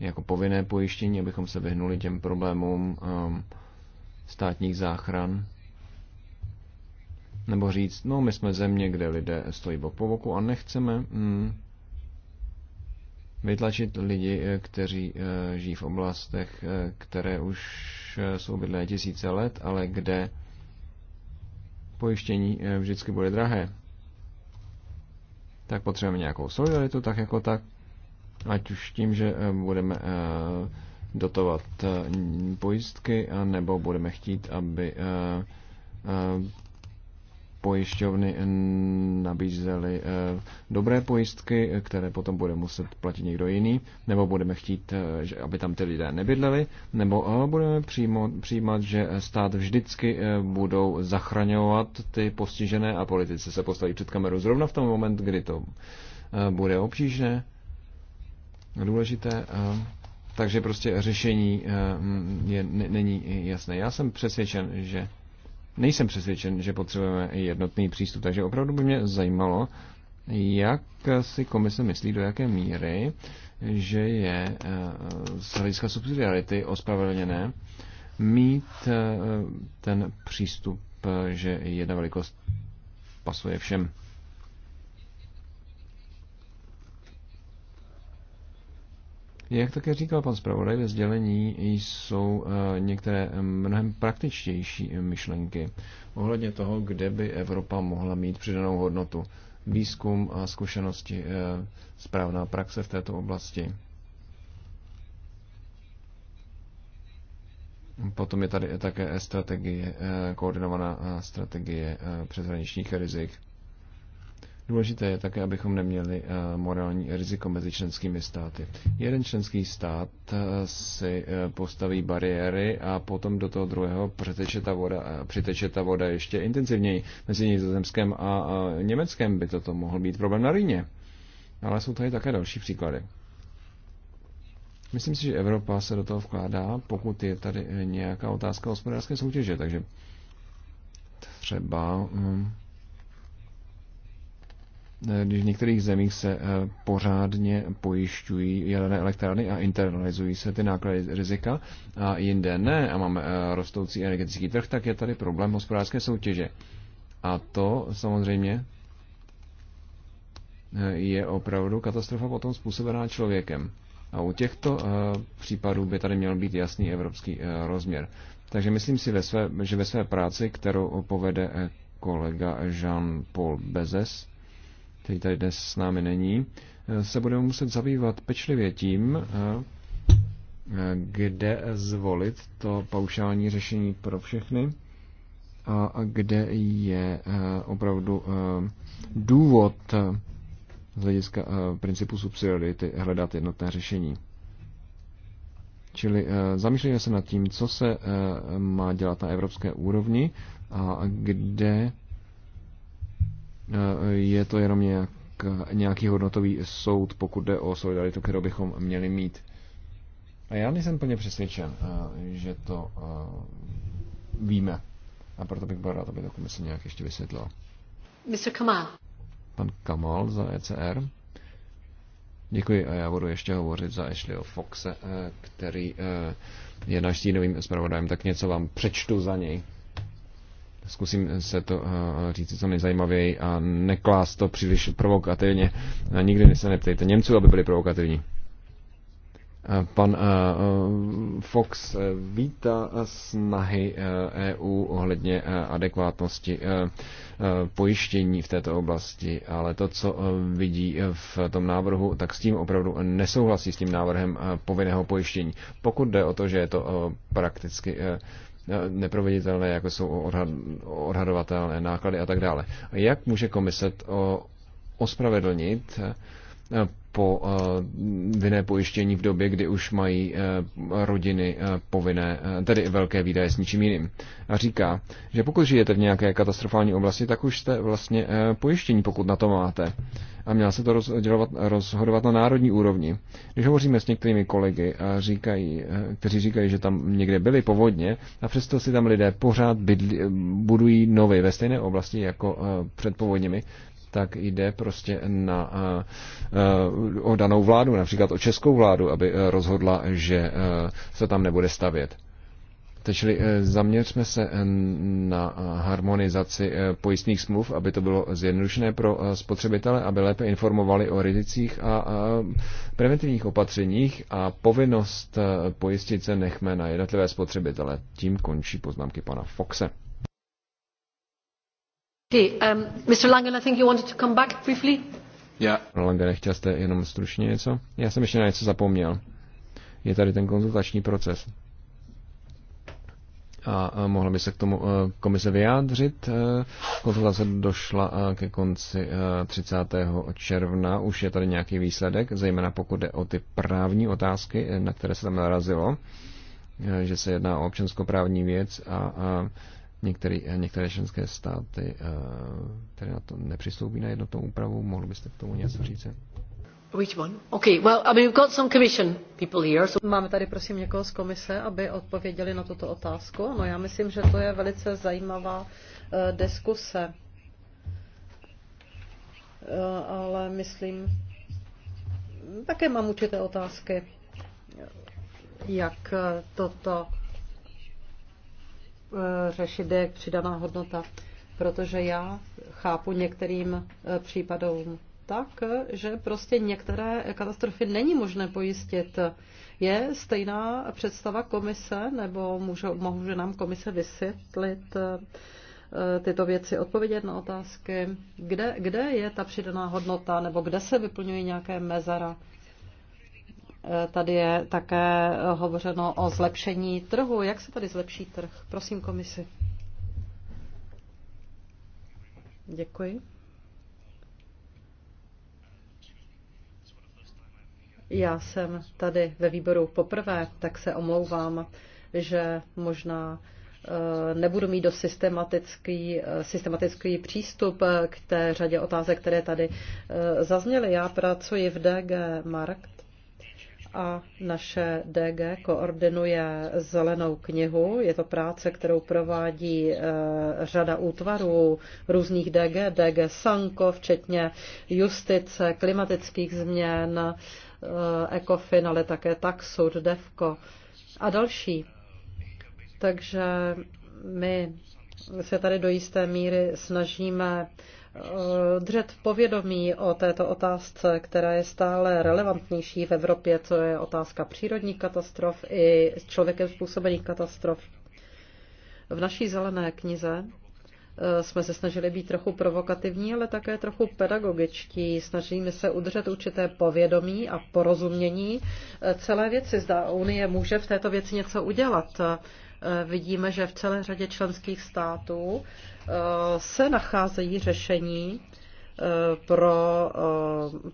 jako povinné pojištění, abychom se vyhnuli těm problémům státních záchran, nebo říct, no my jsme země, kde lidé stojí bok po boku a nechceme mm, vytlačit lidi, eh, kteří eh, žijí v oblastech, eh, které už jsou bydlé tisíce let, ale kde pojištění vždycky bude drahé. Tak potřebujeme nějakou solidaritu, tak jako tak, ať už tím, že budeme dotovat pojistky, nebo budeme chtít, aby pojišťovny nabízely eh, dobré pojistky, které potom bude muset platit někdo jiný, nebo budeme chtít, eh, aby tam ty lidé nebydleli, nebo eh, budeme přijmo, přijímat, že stát vždycky budou zachraňovat ty postižené a politici se postaví před kameru zrovna v tom moment, kdy to bude obtížné, důležité. Takže prostě řešení je, není jasné. Já jsem přesvědčen, že nejsem přesvědčen, že potřebujeme jednotný přístup. Takže opravdu by mě zajímalo, jak si komise myslí, do jaké míry, že je eh, z hlediska subsidiarity ospravedlněné mít eh, ten přístup, eh, že jedna velikost pasuje všem. Jak také říkal pan zpravodaj ve sdělení, jsou eh, některé mnohem praktičtější myšlenky ohledně toho, kde by Evropa mohla mít přidanou hodnotu. Výzkum a zkušenosti, eh, správná praxe v této oblasti. Potom je tady také strategie, eh, koordinovaná strategie přeshraničních rizik Důležité je také, abychom neměli eh, morální riziko mezi členskými státy. Jeden členský stát eh, si eh, postaví bariéry a potom do toho druhého přiteče ta voda, přiteče ta voda ještě intenzivněji. Mezi Nizozemskem a Německem by toto mohl být problém na Rýně. Ale jsou tady také další příklady. Myslím si, že Evropa se do toho vkládá, pokud je tady nějaká otázka hospodářské soutěže, takže třeba... Hm, Eh, když v některých zemích se eh, pořádně pojišťují jaderné elektrárny a internalizují se ty náklady rizika a jinde ne a máme eh, rostoucí energetický trh, tak je tady problém hospodářské soutěže. A to samozřejmě je opravdu katastrofa potom způsobená člověkem. A u těchto případů by tady měl být jasný evropský rozměr. Takže myslím si, ve své, že ve své práci, kterou povede kolega Jean-Paul Bezes, který tady dnes s námi není, eh, se budeme muset zabývat pečlivě tím, eh, kde zvolit to paušální řešení pro všechny a kde je eh, opravdu důvod z hlediska principu subsidiarity hledat jednotné řešení. Čili zamýšlíme se nad tím, co se má dělat na evropské úrovni a kde je to jenom nějak, nějaký hodnotový soud, pokud jde o solidaritu, kterou bychom měli mít. A já nejsem plně přesvědčen, eh, že to eh, víme. A proto bych byl rád, aby to komise nějak ještě vysvětlila. Mr. Kamal. Pan Kamal za ECR. Děkuji a já budu ještě hovořit za Ashleyho Foxe, eh, který je naším novým zpravodajem, tak něco vám přečtu za něj. Zkusím se to eh, říct co nejzajímavěji a neklást to příliš provokativně. Eh, nikdy se neptejte Němců, aby byli provokativní. Eh, pan Fox vítá snahy EU e ohledně adekvátnosti pojištění v této oblasti, ale to, co vidí v tom návrhu, tak s tím opravdu nesouhlasí s tím návrhem povinného pojištění. Pokud jde o to, že je to prakticky Eh, neproveditelné, jako jsou odhad, odhadovatelné náklady a tak dále. Jak může komise ospravedlnit eh, po eh, vinné pojištění v době, kdy už mají rodiny povinné, tedy velké výdaje s ničím jiným. A říká, že pokud žijete v nějaké katastrofální oblasti, tak už jste vlastně pojištění, pokud na to máte a měla se to rozdělovat, rozhodovat na národní úrovni. Když hovoříme s některými kolegy, a říkají, kteří říkají, že tam někde byly povodně, a přesto si tam lidé pořád bydli, budují nové ve stejné oblasti jako eh, před povodněmi, tak jde prostě na, eh, o danou vládu, například o českou vládu, aby eh, rozhodla, že se tam nebude stavět. Čili eh, zaměřme se eh, na harmonizaci eh, pojistných smluv, aby to bylo zjednodušené pro spotřebitele, aby lépe informovali o rizicích a preventivních opatřeních a povinnost pojistit se nechme na jednotlivé spotřebitele. Tím končí poznámky pana Foxe. Okay, um, Mr. jste jenom stručně něco? Já jsem ještě na něco zapomněl. Je tady ten konzultační proces a mohla by se k tomu eh, komise vyjádřit. Eh, konzultace došla eh, ke konci 30. června. Už je tady nějaký výsledek, zejména pokud jde o ty právní otázky, na které se tam narazilo, že se jedná o občanskoprávní věc a, některý, některé členské státy které na to nepřistoupí na jednotnou úpravu. mohli byste k tomu něco říct? Máme tady prosím někoho z komise, aby odpověděli na tuto otázku. No já myslím, že to je velice zajímavá uh, diskuse. Uh, ale myslím, také mám určité otázky, jak eh, toto řešit, kde je přidaná hodnota, protože já chápu některým případům tak, že prostě některé katastrofy není možné pojistit. Je stejná představa komise, nebo může, může nám komise vysvětlit eh, tyto věci, odpovědět na otázky, kde, kde je ta přidaná hodnota, nebo kde se vyplňují nějaké mezera. Eh, tady je také hovořeno o zlepšení trhu. Jak se tady zlepší trh? Prosím komisi. Děkuji. Já jsem tady ve výboru poprvé, tak se omlouvám, že možná eh, nebudu mít dost systematický, eh, systematický přístup eh, k té řadě otázek, které tady zazněly. Já pracuji v DG Markt a naše DG koordinuje zelenou knihu. Je to práce, kterou provádí řada útvarů různých DG, DG Sanko, včetně justice, klimatických změn, Eh, ECOFIN, ale také TAXUD, DEVCO a další. Takže my se tady do jisté míry snažíme eh, držet povědomí o této otázce, která je stále relevantnější v Evropě, co je otázka přírodních katastrof i člověkem způsobených katastrof. V naší zelené knize Eh, jsme se snažili být trochu provokativní, ale také trochu pedagogičtí. Snažíme se udržet určité povědomí a porozumění eh, celé věci. Zda Unie může v této věci něco udělat. Eh, vidíme, že v celé řadě členských států se nacházejí řešení, pro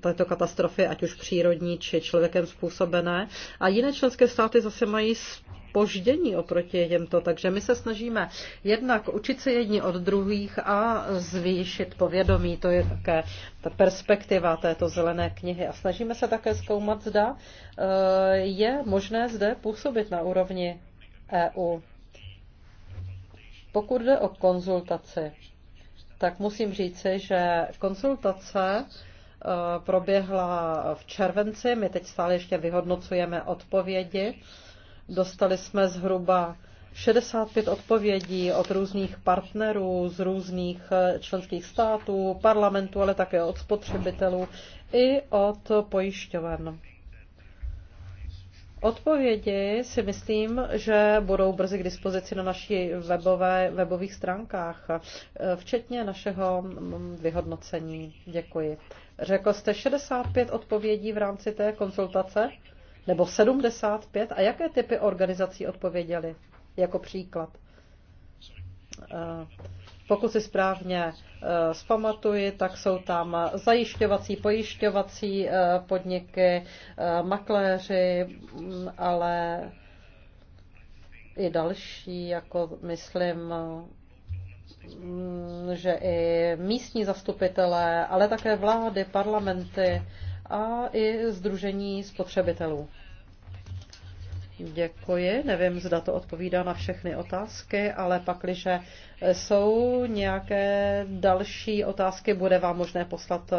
této katastrofy, ať už přírodní či člověkem způsobené. A jiné členské státy zase mají poždění oproti těmto, takže my se snažíme jednak učit se jedni od druhých a zvýšit povědomí, to je také ta perspektiva této zelené knihy a snažíme se také zkoumat, zda eh, je možné zde působit na úrovni EU. Pokud jde o konzultaci, tak musím říci, že konzultace eh, proběhla v červenci. My teď stále ještě vyhodnocujeme odpovědi Dostali jsme zhruba 65 odpovědí od různých partnerů z různých eh, členských států, parlamentu, ale také od spotřebitelů i od pojišťoven. Odpovědi si myslím, že budou brzy k dispozici na naší webové, webových stránkách, eh, včetně našeho mm, vyhodnocení. Děkuji. Řekl jste 65 odpovědí v rámci té konzultace? nebo 75. A jaké typy organizací odpověděly? Jako příklad. Eh, pokud si správně eh, zpamatuji, tak jsou tam zajišťovací, pojišťovací eh, podniky, makléři, mm, ale i další, jako myslím, mm, že i místní zastupitelé, ale také vlády, parlamenty, a i Združení spotřebitelů. Děkuji. Nevím, zda to odpovídá na všechny otázky, ale pakliže jsou nějaké další otázky, bude vám možné poslat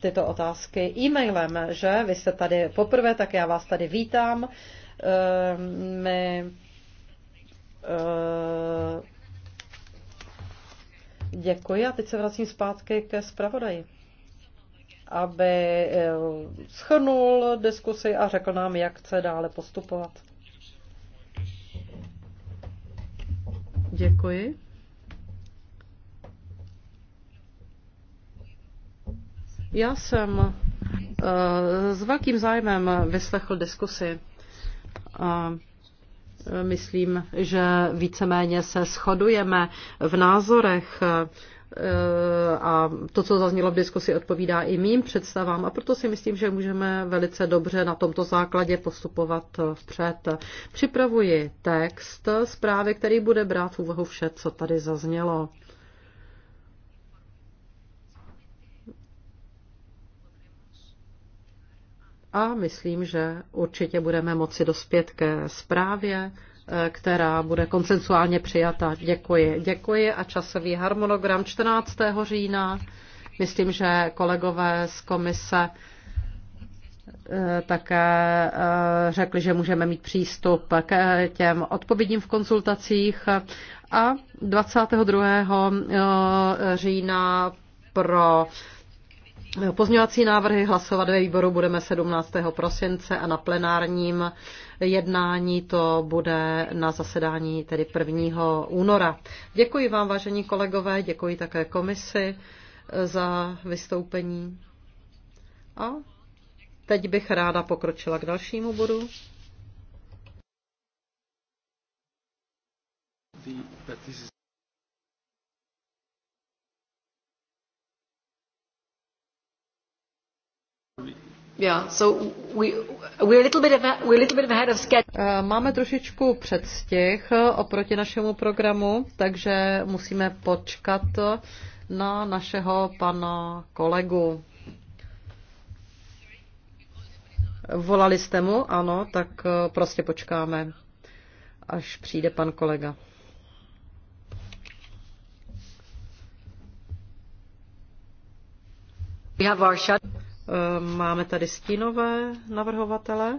tyto otázky e-mailem, že? Vy jste tady poprvé, tak já vás tady vítám. Ehm, my ehm, Děkuji a teď se vracím zpátky ke zpravodaji aby eh, schrnul diskusi a řekl nám, jak chce dále postupovat. Děkuji. Já jsem eh, s velkým zájmem vyslechl diskusi. Eh, myslím, že víceméně se shodujeme v názorech Eh, a to, co zaznělo v diskusi, odpovídá i mým představám a proto si myslím, že můžeme velice dobře na tomto základě postupovat vpřed. Připravuji text zprávy, který bude brát v úvahu vše, co tady zaznělo. A myslím, že určitě budeme moci dospět ke zprávě, Eh, která bude konsensuálně přijata. Děkuji. Děkuji a časový harmonogram 14. října. Myslím, že kolegové z komise eh, také eh, řekli, že můžeme mít přístup k těm odpovědím v konzultacích a 22. října pro pozměňovací návrhy hlasovat ve výboru budeme 17. prosince a na plenárním jednání to bude na zasedání tedy 1. února. Děkuji vám, vážení kolegové, děkuji také komisi za vystoupení. A teď bych ráda pokročila k dalšímu bodu. The, Máme trošičku předstih eh, oproti našemu programu, takže musíme počkat eh, na našeho pana kolegu. Volali jste mu? Ano, tak eh, prostě počkáme, až přijde pan kolega. We have our shut. Ehm, máme tady stínové navrhovatele.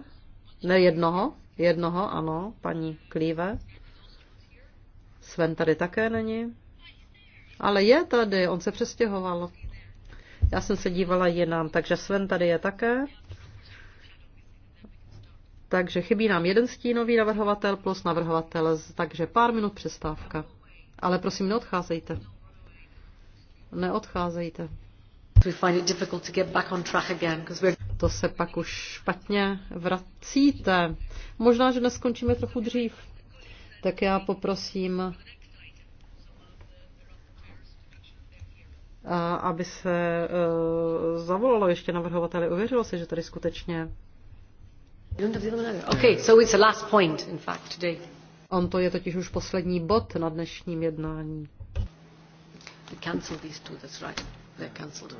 Ne jednoho, jednoho, ano, paní Klíve. Sven tady také není. Ale je tady, on se přestěhoval. Já jsem se dívala jinam, takže Sven tady je také. Takže chybí nám jeden stínový navrhovatel plus navrhovatel, takže pár minut přestávka. Ale prosím, neodcházejte. Neodcházejte. To se pak už špatně vracíte. Možná, že neskončíme trochu dřív. Tak já poprosím, aby se e, zavolalo ještě navrhovateli, uvěřilo, se, že tady skutečně Okay, so it's the last point, in fact, today. On to je totiž už poslední bod na dnešním jednání. We cancel these two, that's right. They're cancelled.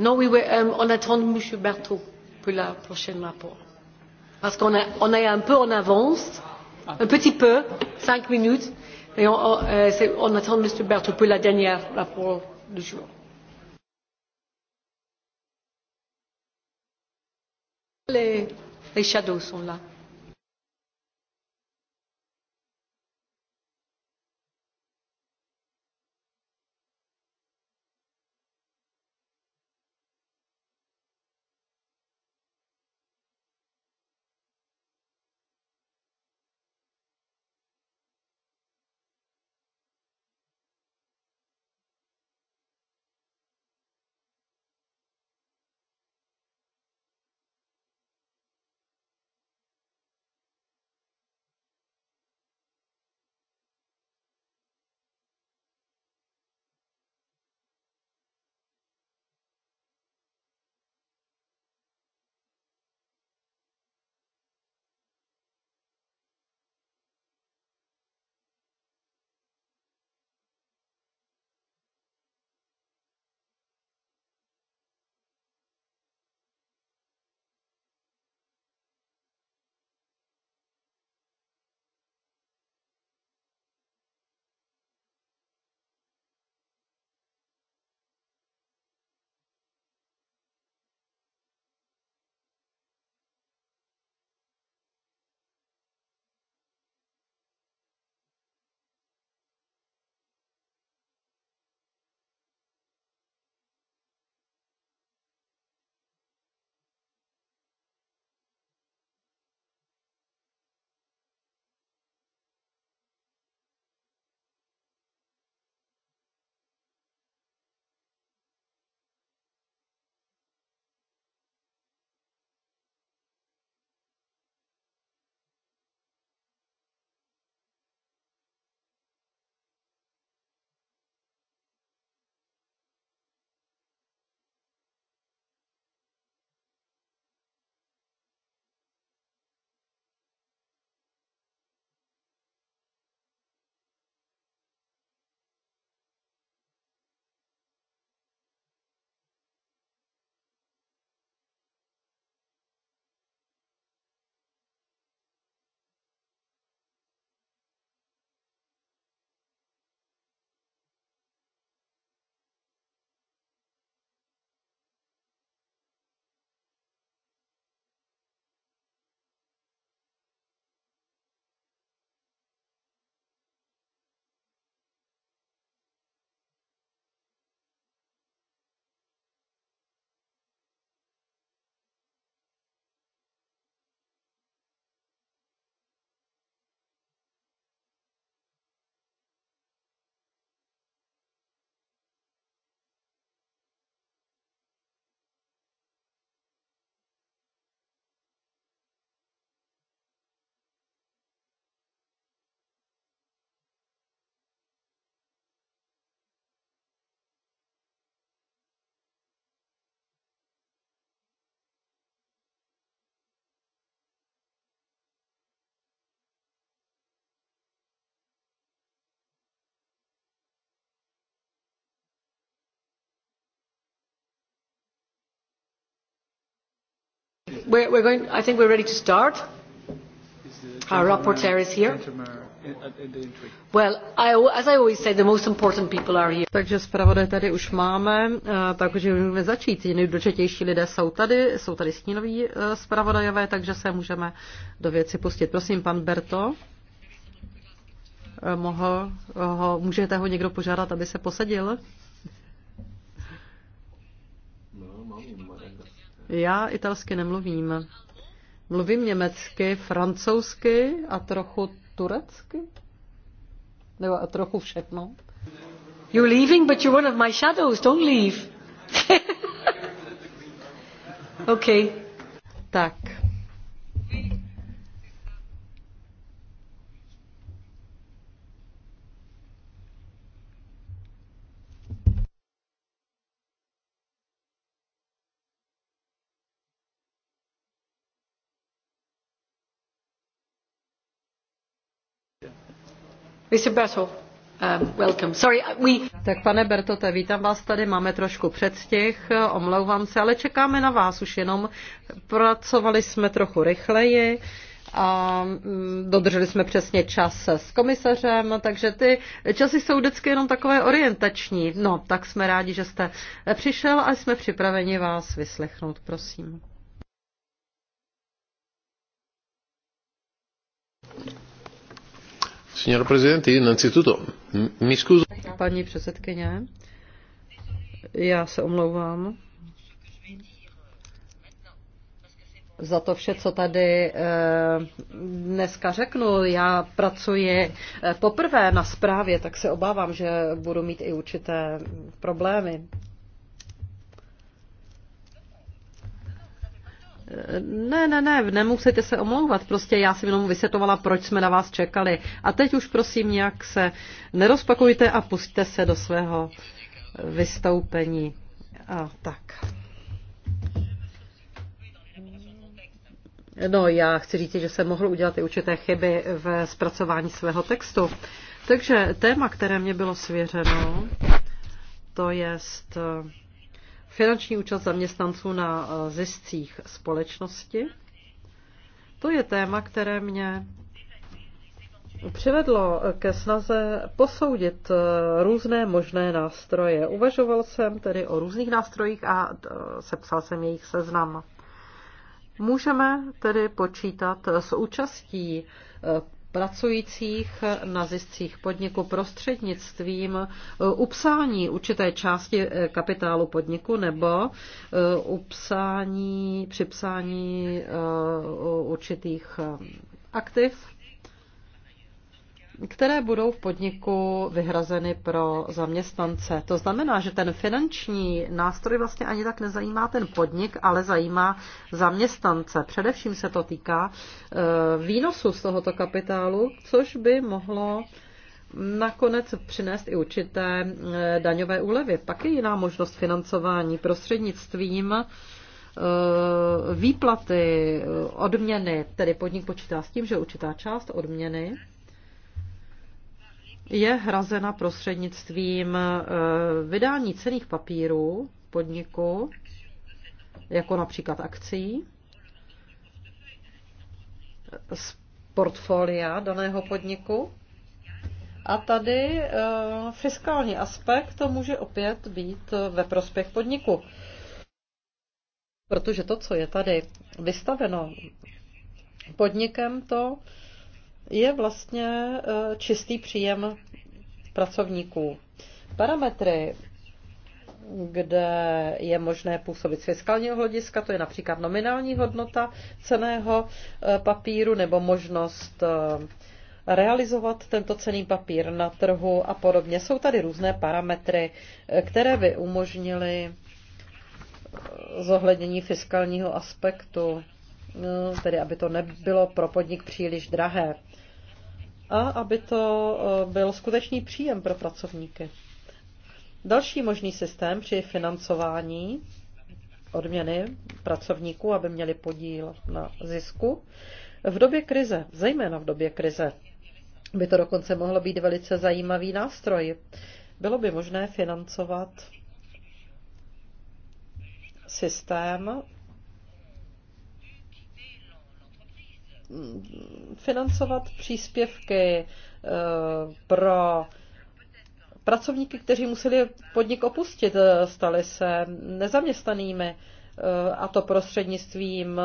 Non, oui, oui, euh, on attend M. Berthaud pour le prochain rapport. Parce qu'on est on un peu en avance un petit peu, cinq minutes, et on, on, euh, on attend M. Berthaud pour la dernière rapport du jour. Les, les shadows sont là. We're, going, I think we're ready to start. Our rapporteur is here. Uh, well, I, as I always say, the most important people are here. Takže zpravodaj tady už máme, uh, takže můžeme začít. Nejdůležitější lidé jsou tady, jsou tady stínoví uh, zpravodajové, takže se můžeme do věci pustit. Prosím, pan Berto, mohl, ho, můžete ho někdo požádat, aby se posadil? Já italsky nemluvím. Mluvím německy, francouzsky a trochu turecky. Nebo a trochu všechno. You're leaving, but you're one of my shadows. Don't leave. okay. Tak. Um, uh, tak pane Bertote, vítám vás tady, máme trošku předstih, omlouvám se, ale čekáme na vás už jenom. Pracovali jsme trochu rychleji a mm, dodrželi jsme přesně čas s komisařem, takže ty časy jsou vždycky jenom takové orientační. No, tak jsme rádi, že jste přišel a jsme připraveni vás vyslechnout, prosím. Paní předsedkyně, já se omlouvám za to vše, co tady eh, dneska řeknu. Já pracuji eh, poprvé na zprávě, tak se obávám, že budu mít i určité problémy. Ne, ne, ne, nemusíte se omlouvat, prostě já jsem jenom vysvětovala, proč jsme na vás čekali. A teď už prosím nějak se nerozpakujte a pustíte se do svého vystoupení. A tak. No, já chci říct, že jsem mohl udělat i určité chyby v zpracování svého textu. Takže téma, které mě bylo svěřeno, to jest finanční účast zaměstnanců na eh, ziscích společnosti. To je téma, které mě přivedlo eh, ke snaze posoudit eh, různé možné nástroje. Uvažoval jsem tedy o různých nástrojích a sepsal jsem jejich seznam. Můžeme tedy počítat s účastí pracujících na ziscích podniku prostřednictvím eh, upsání určité části eh, kapitálu podniku nebo eh, upsání, připsání určitých aktiv které budou v podniku vyhrazeny pro zaměstnance. To znamená, že ten finanční nástroj vlastně ani tak nezajímá ten podnik, ale zajímá zaměstnance. Především se to týká e, výnosu z tohoto kapitálu, což by mohlo nakonec přinést i určité e, daňové úlevy. Pak je jiná možnost financování prostřednictvím e, výplaty, odměny, tedy podnik počítá s tím, že určitá část odměny je hrazena prostřednictvím eh, vydání cených papírů podniku, jako například akcí, z portfolia daného podniku. A tady eh, fiskální aspekt to může opět být eh, ve prospěch podniku. Protože to, co je tady vystaveno podnikem, to je vlastně eh, čistý příjem pracovníků. Parametry, kde je možné působit z fiskálního hlediska, to je například nominální hodnota ceného eh, papíru nebo možnost eh, realizovat tento cený papír na trhu a podobně. Jsou tady různé parametry, které by umožnily zohlednění fiskálního aspektu, tedy aby to nebylo pro podnik příliš drahé a aby to eh, byl skutečný příjem pro pracovníky. Další možný systém při financování odměny pracovníků, aby měli podíl na zisku, v době krize, zejména v době krize, by to dokonce mohlo být velice zajímavý nástroj. Bylo by možné financovat systém financovat příspěvky eh, pro pracovníky, kteří museli podnik opustit, eh, stali se nezaměstnanými eh, a to prostřednictvím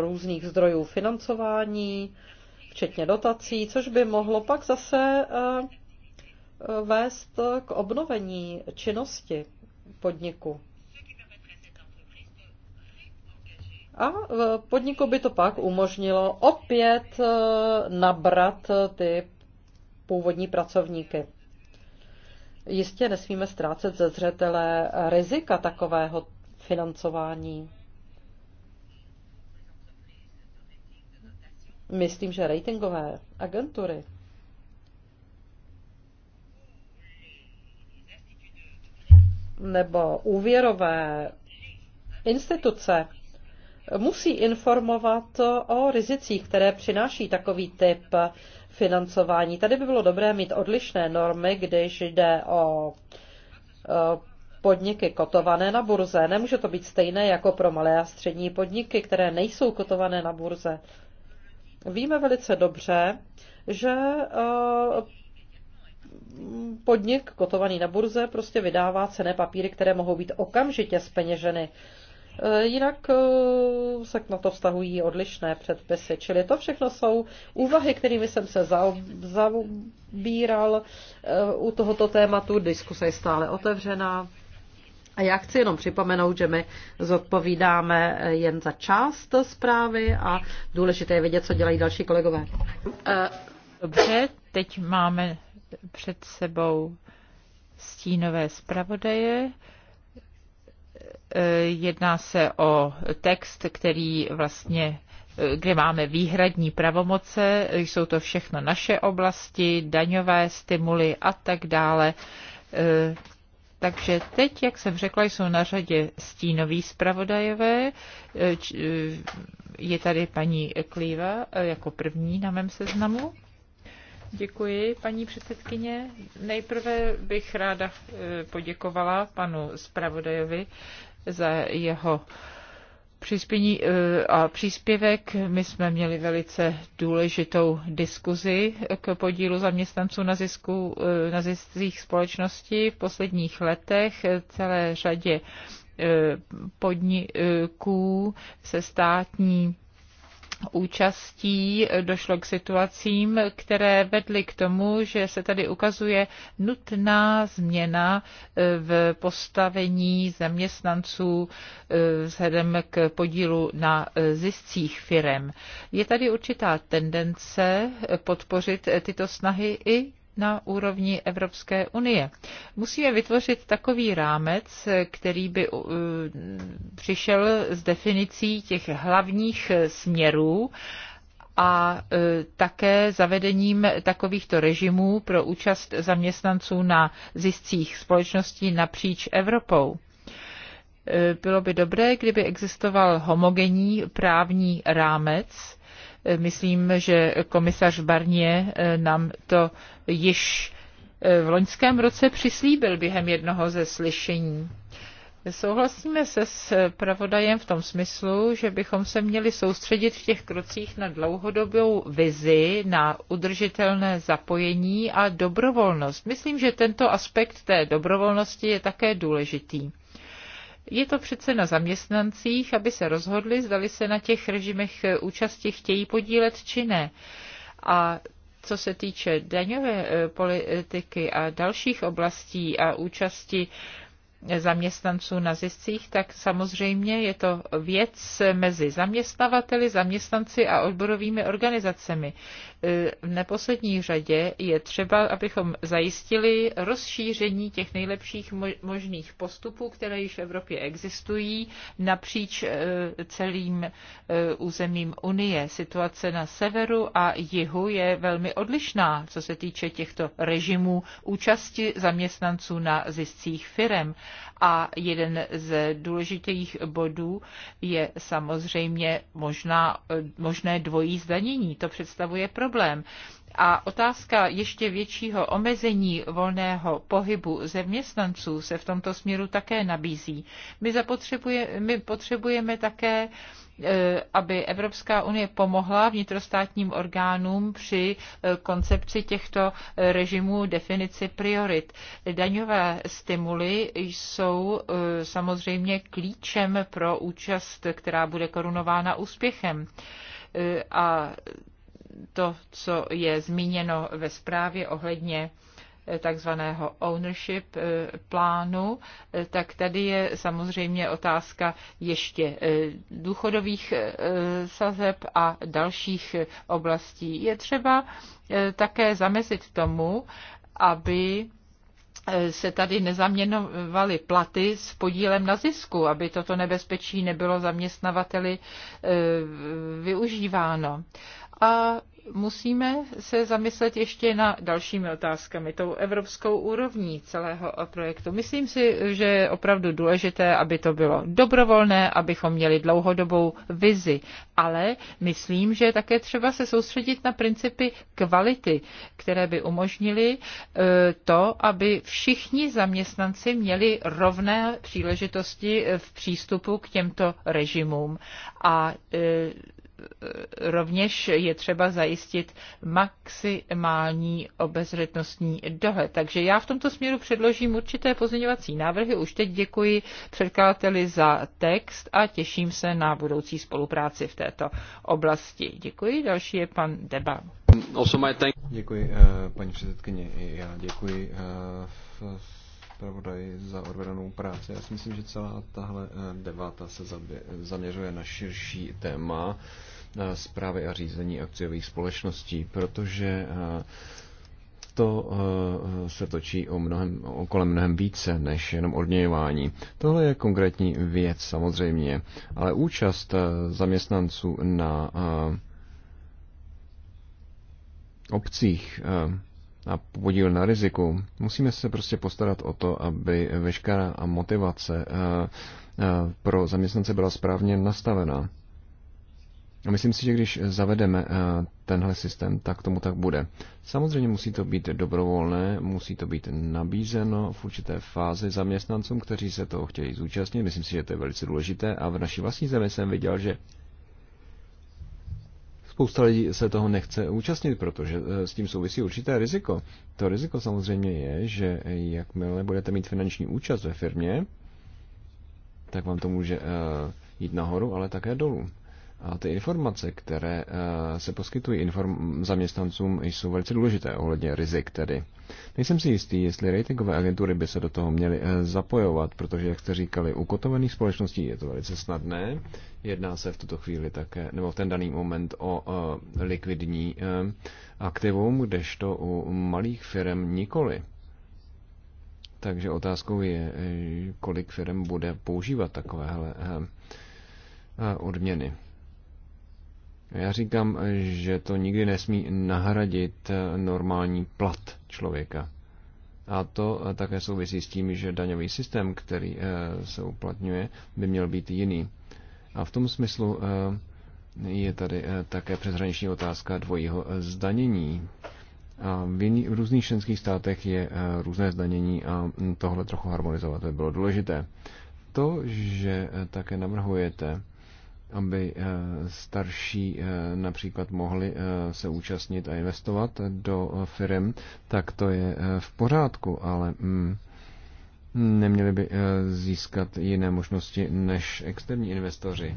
různých zdrojů financování, včetně dotací, což by mohlo pak zase vést k obnovení činnosti podniku. A e, podniku by to pak umožnilo opět e, nabrat e, ty původní pracovníky. Jistě nesmíme ztrácet ze zřetele rizika takového financování. Myslím, že ratingové agentury nebo úvěrové instituce musí informovat o rizicích, které přináší takový typ financování. Tady by bylo dobré mít odlišné normy, když jde o podniky kotované na burze. Nemůže to být stejné jako pro malé a střední podniky, které nejsou kotované na burze. Víme velice dobře, že podnik kotovaný na burze prostě vydává cené papíry, které mohou být okamžitě zpeněženy. Eh, jinak eh, se na to vztahují odlišné předpisy. Čili to všechno jsou úvahy, kterými jsem se zabíral eh, u tohoto tématu. Diskuse je stále otevřená. A já chci jenom připomenout, že my zodpovídáme jen za část zprávy a důležité je vědět, co dělají další kolegové. Dobře, teď máme před sebou stínové zpravodaje. Jedná se o text, který vlastně kde máme výhradní pravomoce, jsou to všechno naše oblasti, daňové stimuly a tak dále. E, takže teď, jak jsem řekla, jsou na řadě stínoví zpravodajové. E, e, je tady paní Klíva jako první na mém seznamu. Děkuji, paní předsedkyně. Nejprve bych ráda poděkovala panu zpravodajovi za jeho přispění eh, a příspěvek. My jsme měli velice důležitou diskuzi k podílu zaměstnanců na, zisku, eh, na ziscích společností v posledních letech celé řadě eh, podniků se státní účastí došlo k situacím, které vedly k tomu, že se tady ukazuje nutná změna e, v postavení zaměstnanců e, vzhledem k podílu na e, ziscích firem. Je tady určitá tendence podpořit tyto snahy i na úrovni Evropské unie. Musíme vytvořit takový rámec, který by uh, přišel s definicí těch hlavních směrů a uh, také zavedením takovýchto režimů pro účast zaměstnanců na ziscích společností napříč Evropou uh, bylo by dobré, kdyby existoval homogenní právní rámec, Myslím, že komisař Barnier eh, nám to již eh, v loňském roce přislíbil během jednoho ze slyšení. Souhlasíme se s eh, pravodajem v tom smyslu, že bychom se měli soustředit v těch krocích na dlouhodobou vizi, na udržitelné zapojení a dobrovolnost. Myslím, že tento aspekt té dobrovolnosti je také důležitý. Je to přece na zaměstnancích, aby se rozhodli, zdali se na těch režimech účasti chtějí podílet či ne. A co se týče daňové eh, politiky a dalších oblastí a účasti zaměstnanců na ziscích, tak samozřejmě je to věc mezi zaměstnavateli, zaměstnanci a odborovými organizacemi. V neposlední řadě je třeba, abychom zajistili rozšíření těch nejlepších možných postupů, které již v Evropě existují, napříč eh, celým eh, územím Unie. Situace na severu a jihu je velmi odlišná, co se týče těchto režimů účasti zaměstnanců na ziscích firem. A jeden z důležitých bodů je samozřejmě možná, eh, možné dvojí zdanění. To představuje problém. A otázka ještě většího omezení volného pohybu zeměstnanců se v tomto směru také nabízí. My, zapotřebuje, my potřebujeme také e, aby Evropská unie pomohla vnitrostátním orgánům při e, koncepci těchto e, režimů definici priorit. Daňové stimuly jsou samozřejmě klíčem pro účast, která bude korunována úspěchem. A to, co je zmíněno ve zprávě ohledně eh, takzvaného ownership eh, plánu, eh, tak tady je samozřejmě otázka ještě důchodových sazeb a dalších oblastí. Je třeba také zamezit tomu, aby se tady nezaměnovaly platy s podílem na zisku, aby toto nebezpečí nebylo zaměstnavateli využíváno a musíme se zamyslet ještě na dalšími otázkami, tou evropskou úrovní celého projektu. Myslím si, že je opravdu důležité, aby to bylo dobrovolné, abychom měli dlouhodobou vizi, ale myslím, že je také třeba se soustředit na principy kvality, které by umožnily e, to, aby všichni zaměstnanci měli rovné příležitosti v přístupu k těmto režimům. A e, rovněž je třeba zajistit maximální obezřetnostní dohled. Takže já v tomto směru předložím určité pozměňovací návrhy. Už teď děkuji předkladateli za text a těším se na budoucí spolupráci v této oblasti. Děkuji. Další je pan Deba. Děkuji, eh, paní předsedkyně. Já děkuji eh, zpravodaji za odvedenou práci. Já si myslím, že celá tahle eh, debata se zaměřuje na širší téma. Eh, zprávy a řízení akciových společností, protože eh, to eh, se točí o mnohem, o kolem mnohem více než jenom odměňování. Tohle je konkrétní věc samozřejmě, ale účast zaměstnanců na obcích a podíl na riziku, musíme se prostě postarat o to, aby veškerá motivace pro zaměstnance byla správně nastavená. Myslím si, že když zavedeme eh, tenhle systém, tak tomu tak bude. Samozřejmě musí to být dobrovolné, musí to být nabízeno v určité fázi zaměstnancům, kteří se toho chtějí zúčastnit. Myslím si, že to je velice důležité a v naší vlastní zemi jsem viděl, že spousta lidí se toho nechce účastnit, protože eh, s tím souvisí určité riziko. To riziko samozřejmě je, že jakmile budete mít finanční účast ve firmě, tak vám to může eh, jít nahoru, ale také dolů. A ty informace, které eh, se poskytují inform- zaměstnancům, jsou velice důležité ohledně rizik tedy. Nejsem si jistý, jestli ratingové agentury by se do toho měly eh, zapojovat, protože, jak jste říkali, u kotovaných společností je to velice snadné. Jedná se v tuto chvíli také, nebo v ten daný moment o eh, likvidní aktivum, kdežto u malých firm nikoli. Takže otázkou je, kolik firm bude používat takovéhle odměny. Já říkám, že to nikdy nesmí nahradit eh, normální plat člověka. A to eh, také souvisí s tím, že daňový systém, který eh, se uplatňuje, by měl být jiný. A v tom smyslu je tady také přeshraniční otázka dvojího zdanění. A v, jiný, v různých členských státech je různé zdanění a hm, tohle trochu harmonizovat by bylo důležité. To, že také navrhujete aby eh, starší eh, například mohli eh, se účastnit a investovat do firm, tak to je v pořádku, ale mm, neměli by získat jiné možnosti než externí investoři.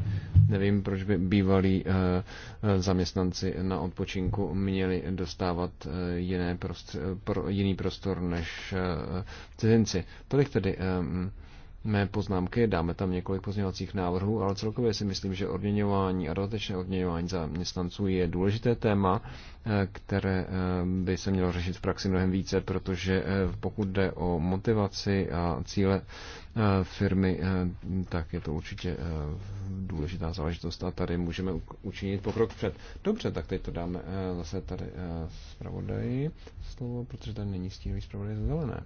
Nevím, proč by bývalí zaměstnanci na odpočinku měli dostávat jiné prostor, jiný prostor než cizinci. Tolik tedy mm, mé poznámky, dáme tam několik pozměňovacích návrhů, ale celkově si myslím, že odměňování a dodatečné odměňování zaměstnanců je důležité téma, eh, které eh, by se mělo řešit v praxi mnohem více, protože eh, pokud jde o motivaci a cíle firmy, tak je to určitě důležitá záležitost a tady můžeme učinit pokrok před. Dobře, tak teď to dáme zase tady zpravodaji slovo, protože tady není stínový zpravodaj zelené.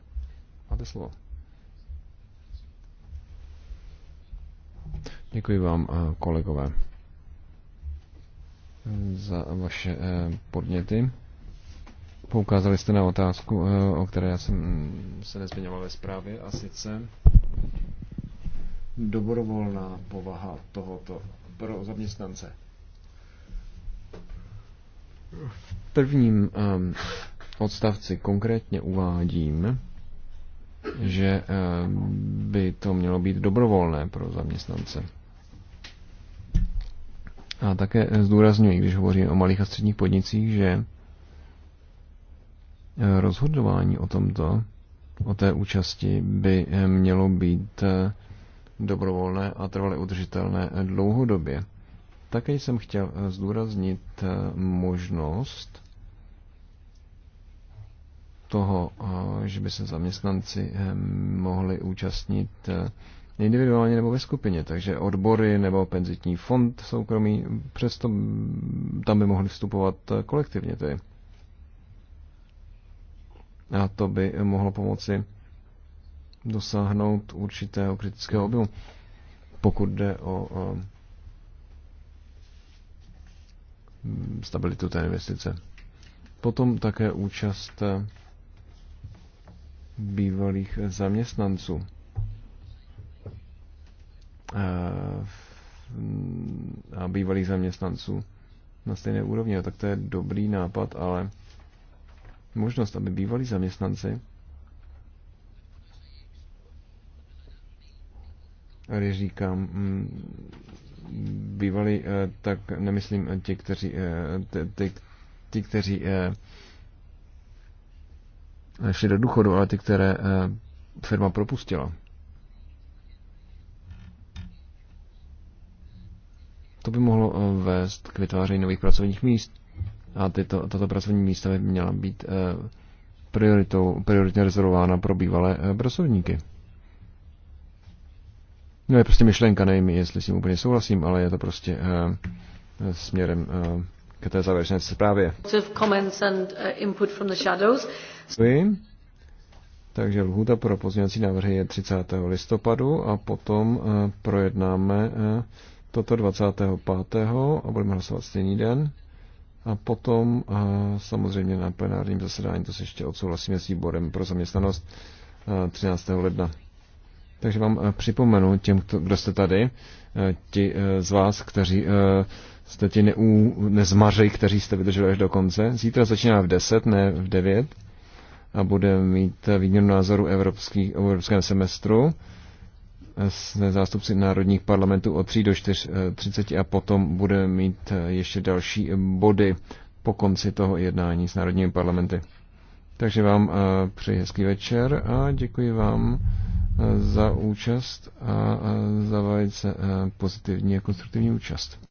Máte slovo. Děkuji vám, eh, kolegové, za vaše eh, podněty. Poukázali jste na otázku, eh, o které já jsem mm, se nezmiňoval ve zprávě, a sice dobrovolná povaha tohoto pro zaměstnance. V prvním ehm, odstavci konkrétně uvádím, že eh, by to mělo být dobrovolné pro zaměstnance. A také eh, zdůrazňuji, když hovořím o malých a středních podnicích, že eh, rozhodování o tomto, o té účasti, by mělo být dobrovolné a trvale udržitelné dlouhodobě. Také jsem chtěl zdůraznit možnost toho, eh, že by se zaměstnanci eh, mohli účastnit eh, individuálně nebo ve skupině, takže odbory nebo penzitní fond soukromý, přesto tam by mohli vstupovat kolektivně tedy. A to by mohlo pomoci dosáhnout určitého kritického objemu, pokud jde o stabilitu té investice. Potom také účast bývalých zaměstnanců. A bývalých zaměstnanců na stejné úrovni. A tak to je dobrý nápad, ale možnost, aby bývalí zaměstnanci když říkám mm, bývali, eh, tak nemyslím eh, ti, kteří, ty, ty, ty, kteří eh, šli do důchodu, ale ty, které eh, firma propustila. To by mohlo eh, vést k vytváření nových pracovních míst. A tyto, tato pracovní místa by měla být eh, prioritou, prioritně rezervována pro bývalé pracovníky. No je prostě myšlenka, nevím, jestli s tím úplně souhlasím, ale je to prostě uh, směrem uh, k té závěrečné zprávě. Děkuji. Takže lhůta pro pozměňovací návrhy je 30. listopadu a potom eh, projednáme eh, toto 25. a budeme hlasovat stejný den. A potom eh, samozřejmě na plenárním zasedání to se ještě odsouhlasíme s výborem pro zaměstnanost 13. ledna. Takže vám připomenu těm, kdo jste tady, ti z vás, kteří jste ti neú, kteří jste vydrželi až do konce. Zítra začíná v 10, ne v 9 a bude mít výměnu názoru evropský, o evropském semestru se zástupci národních parlamentů od 3 do 30 eh, a potom bude mít eh, ještě další body po konci toho jednání s národními parlamenty. Takže vám eh, přeji hezký večer a děkuji vám za účast a za velice pozitivní a konstruktivní účast.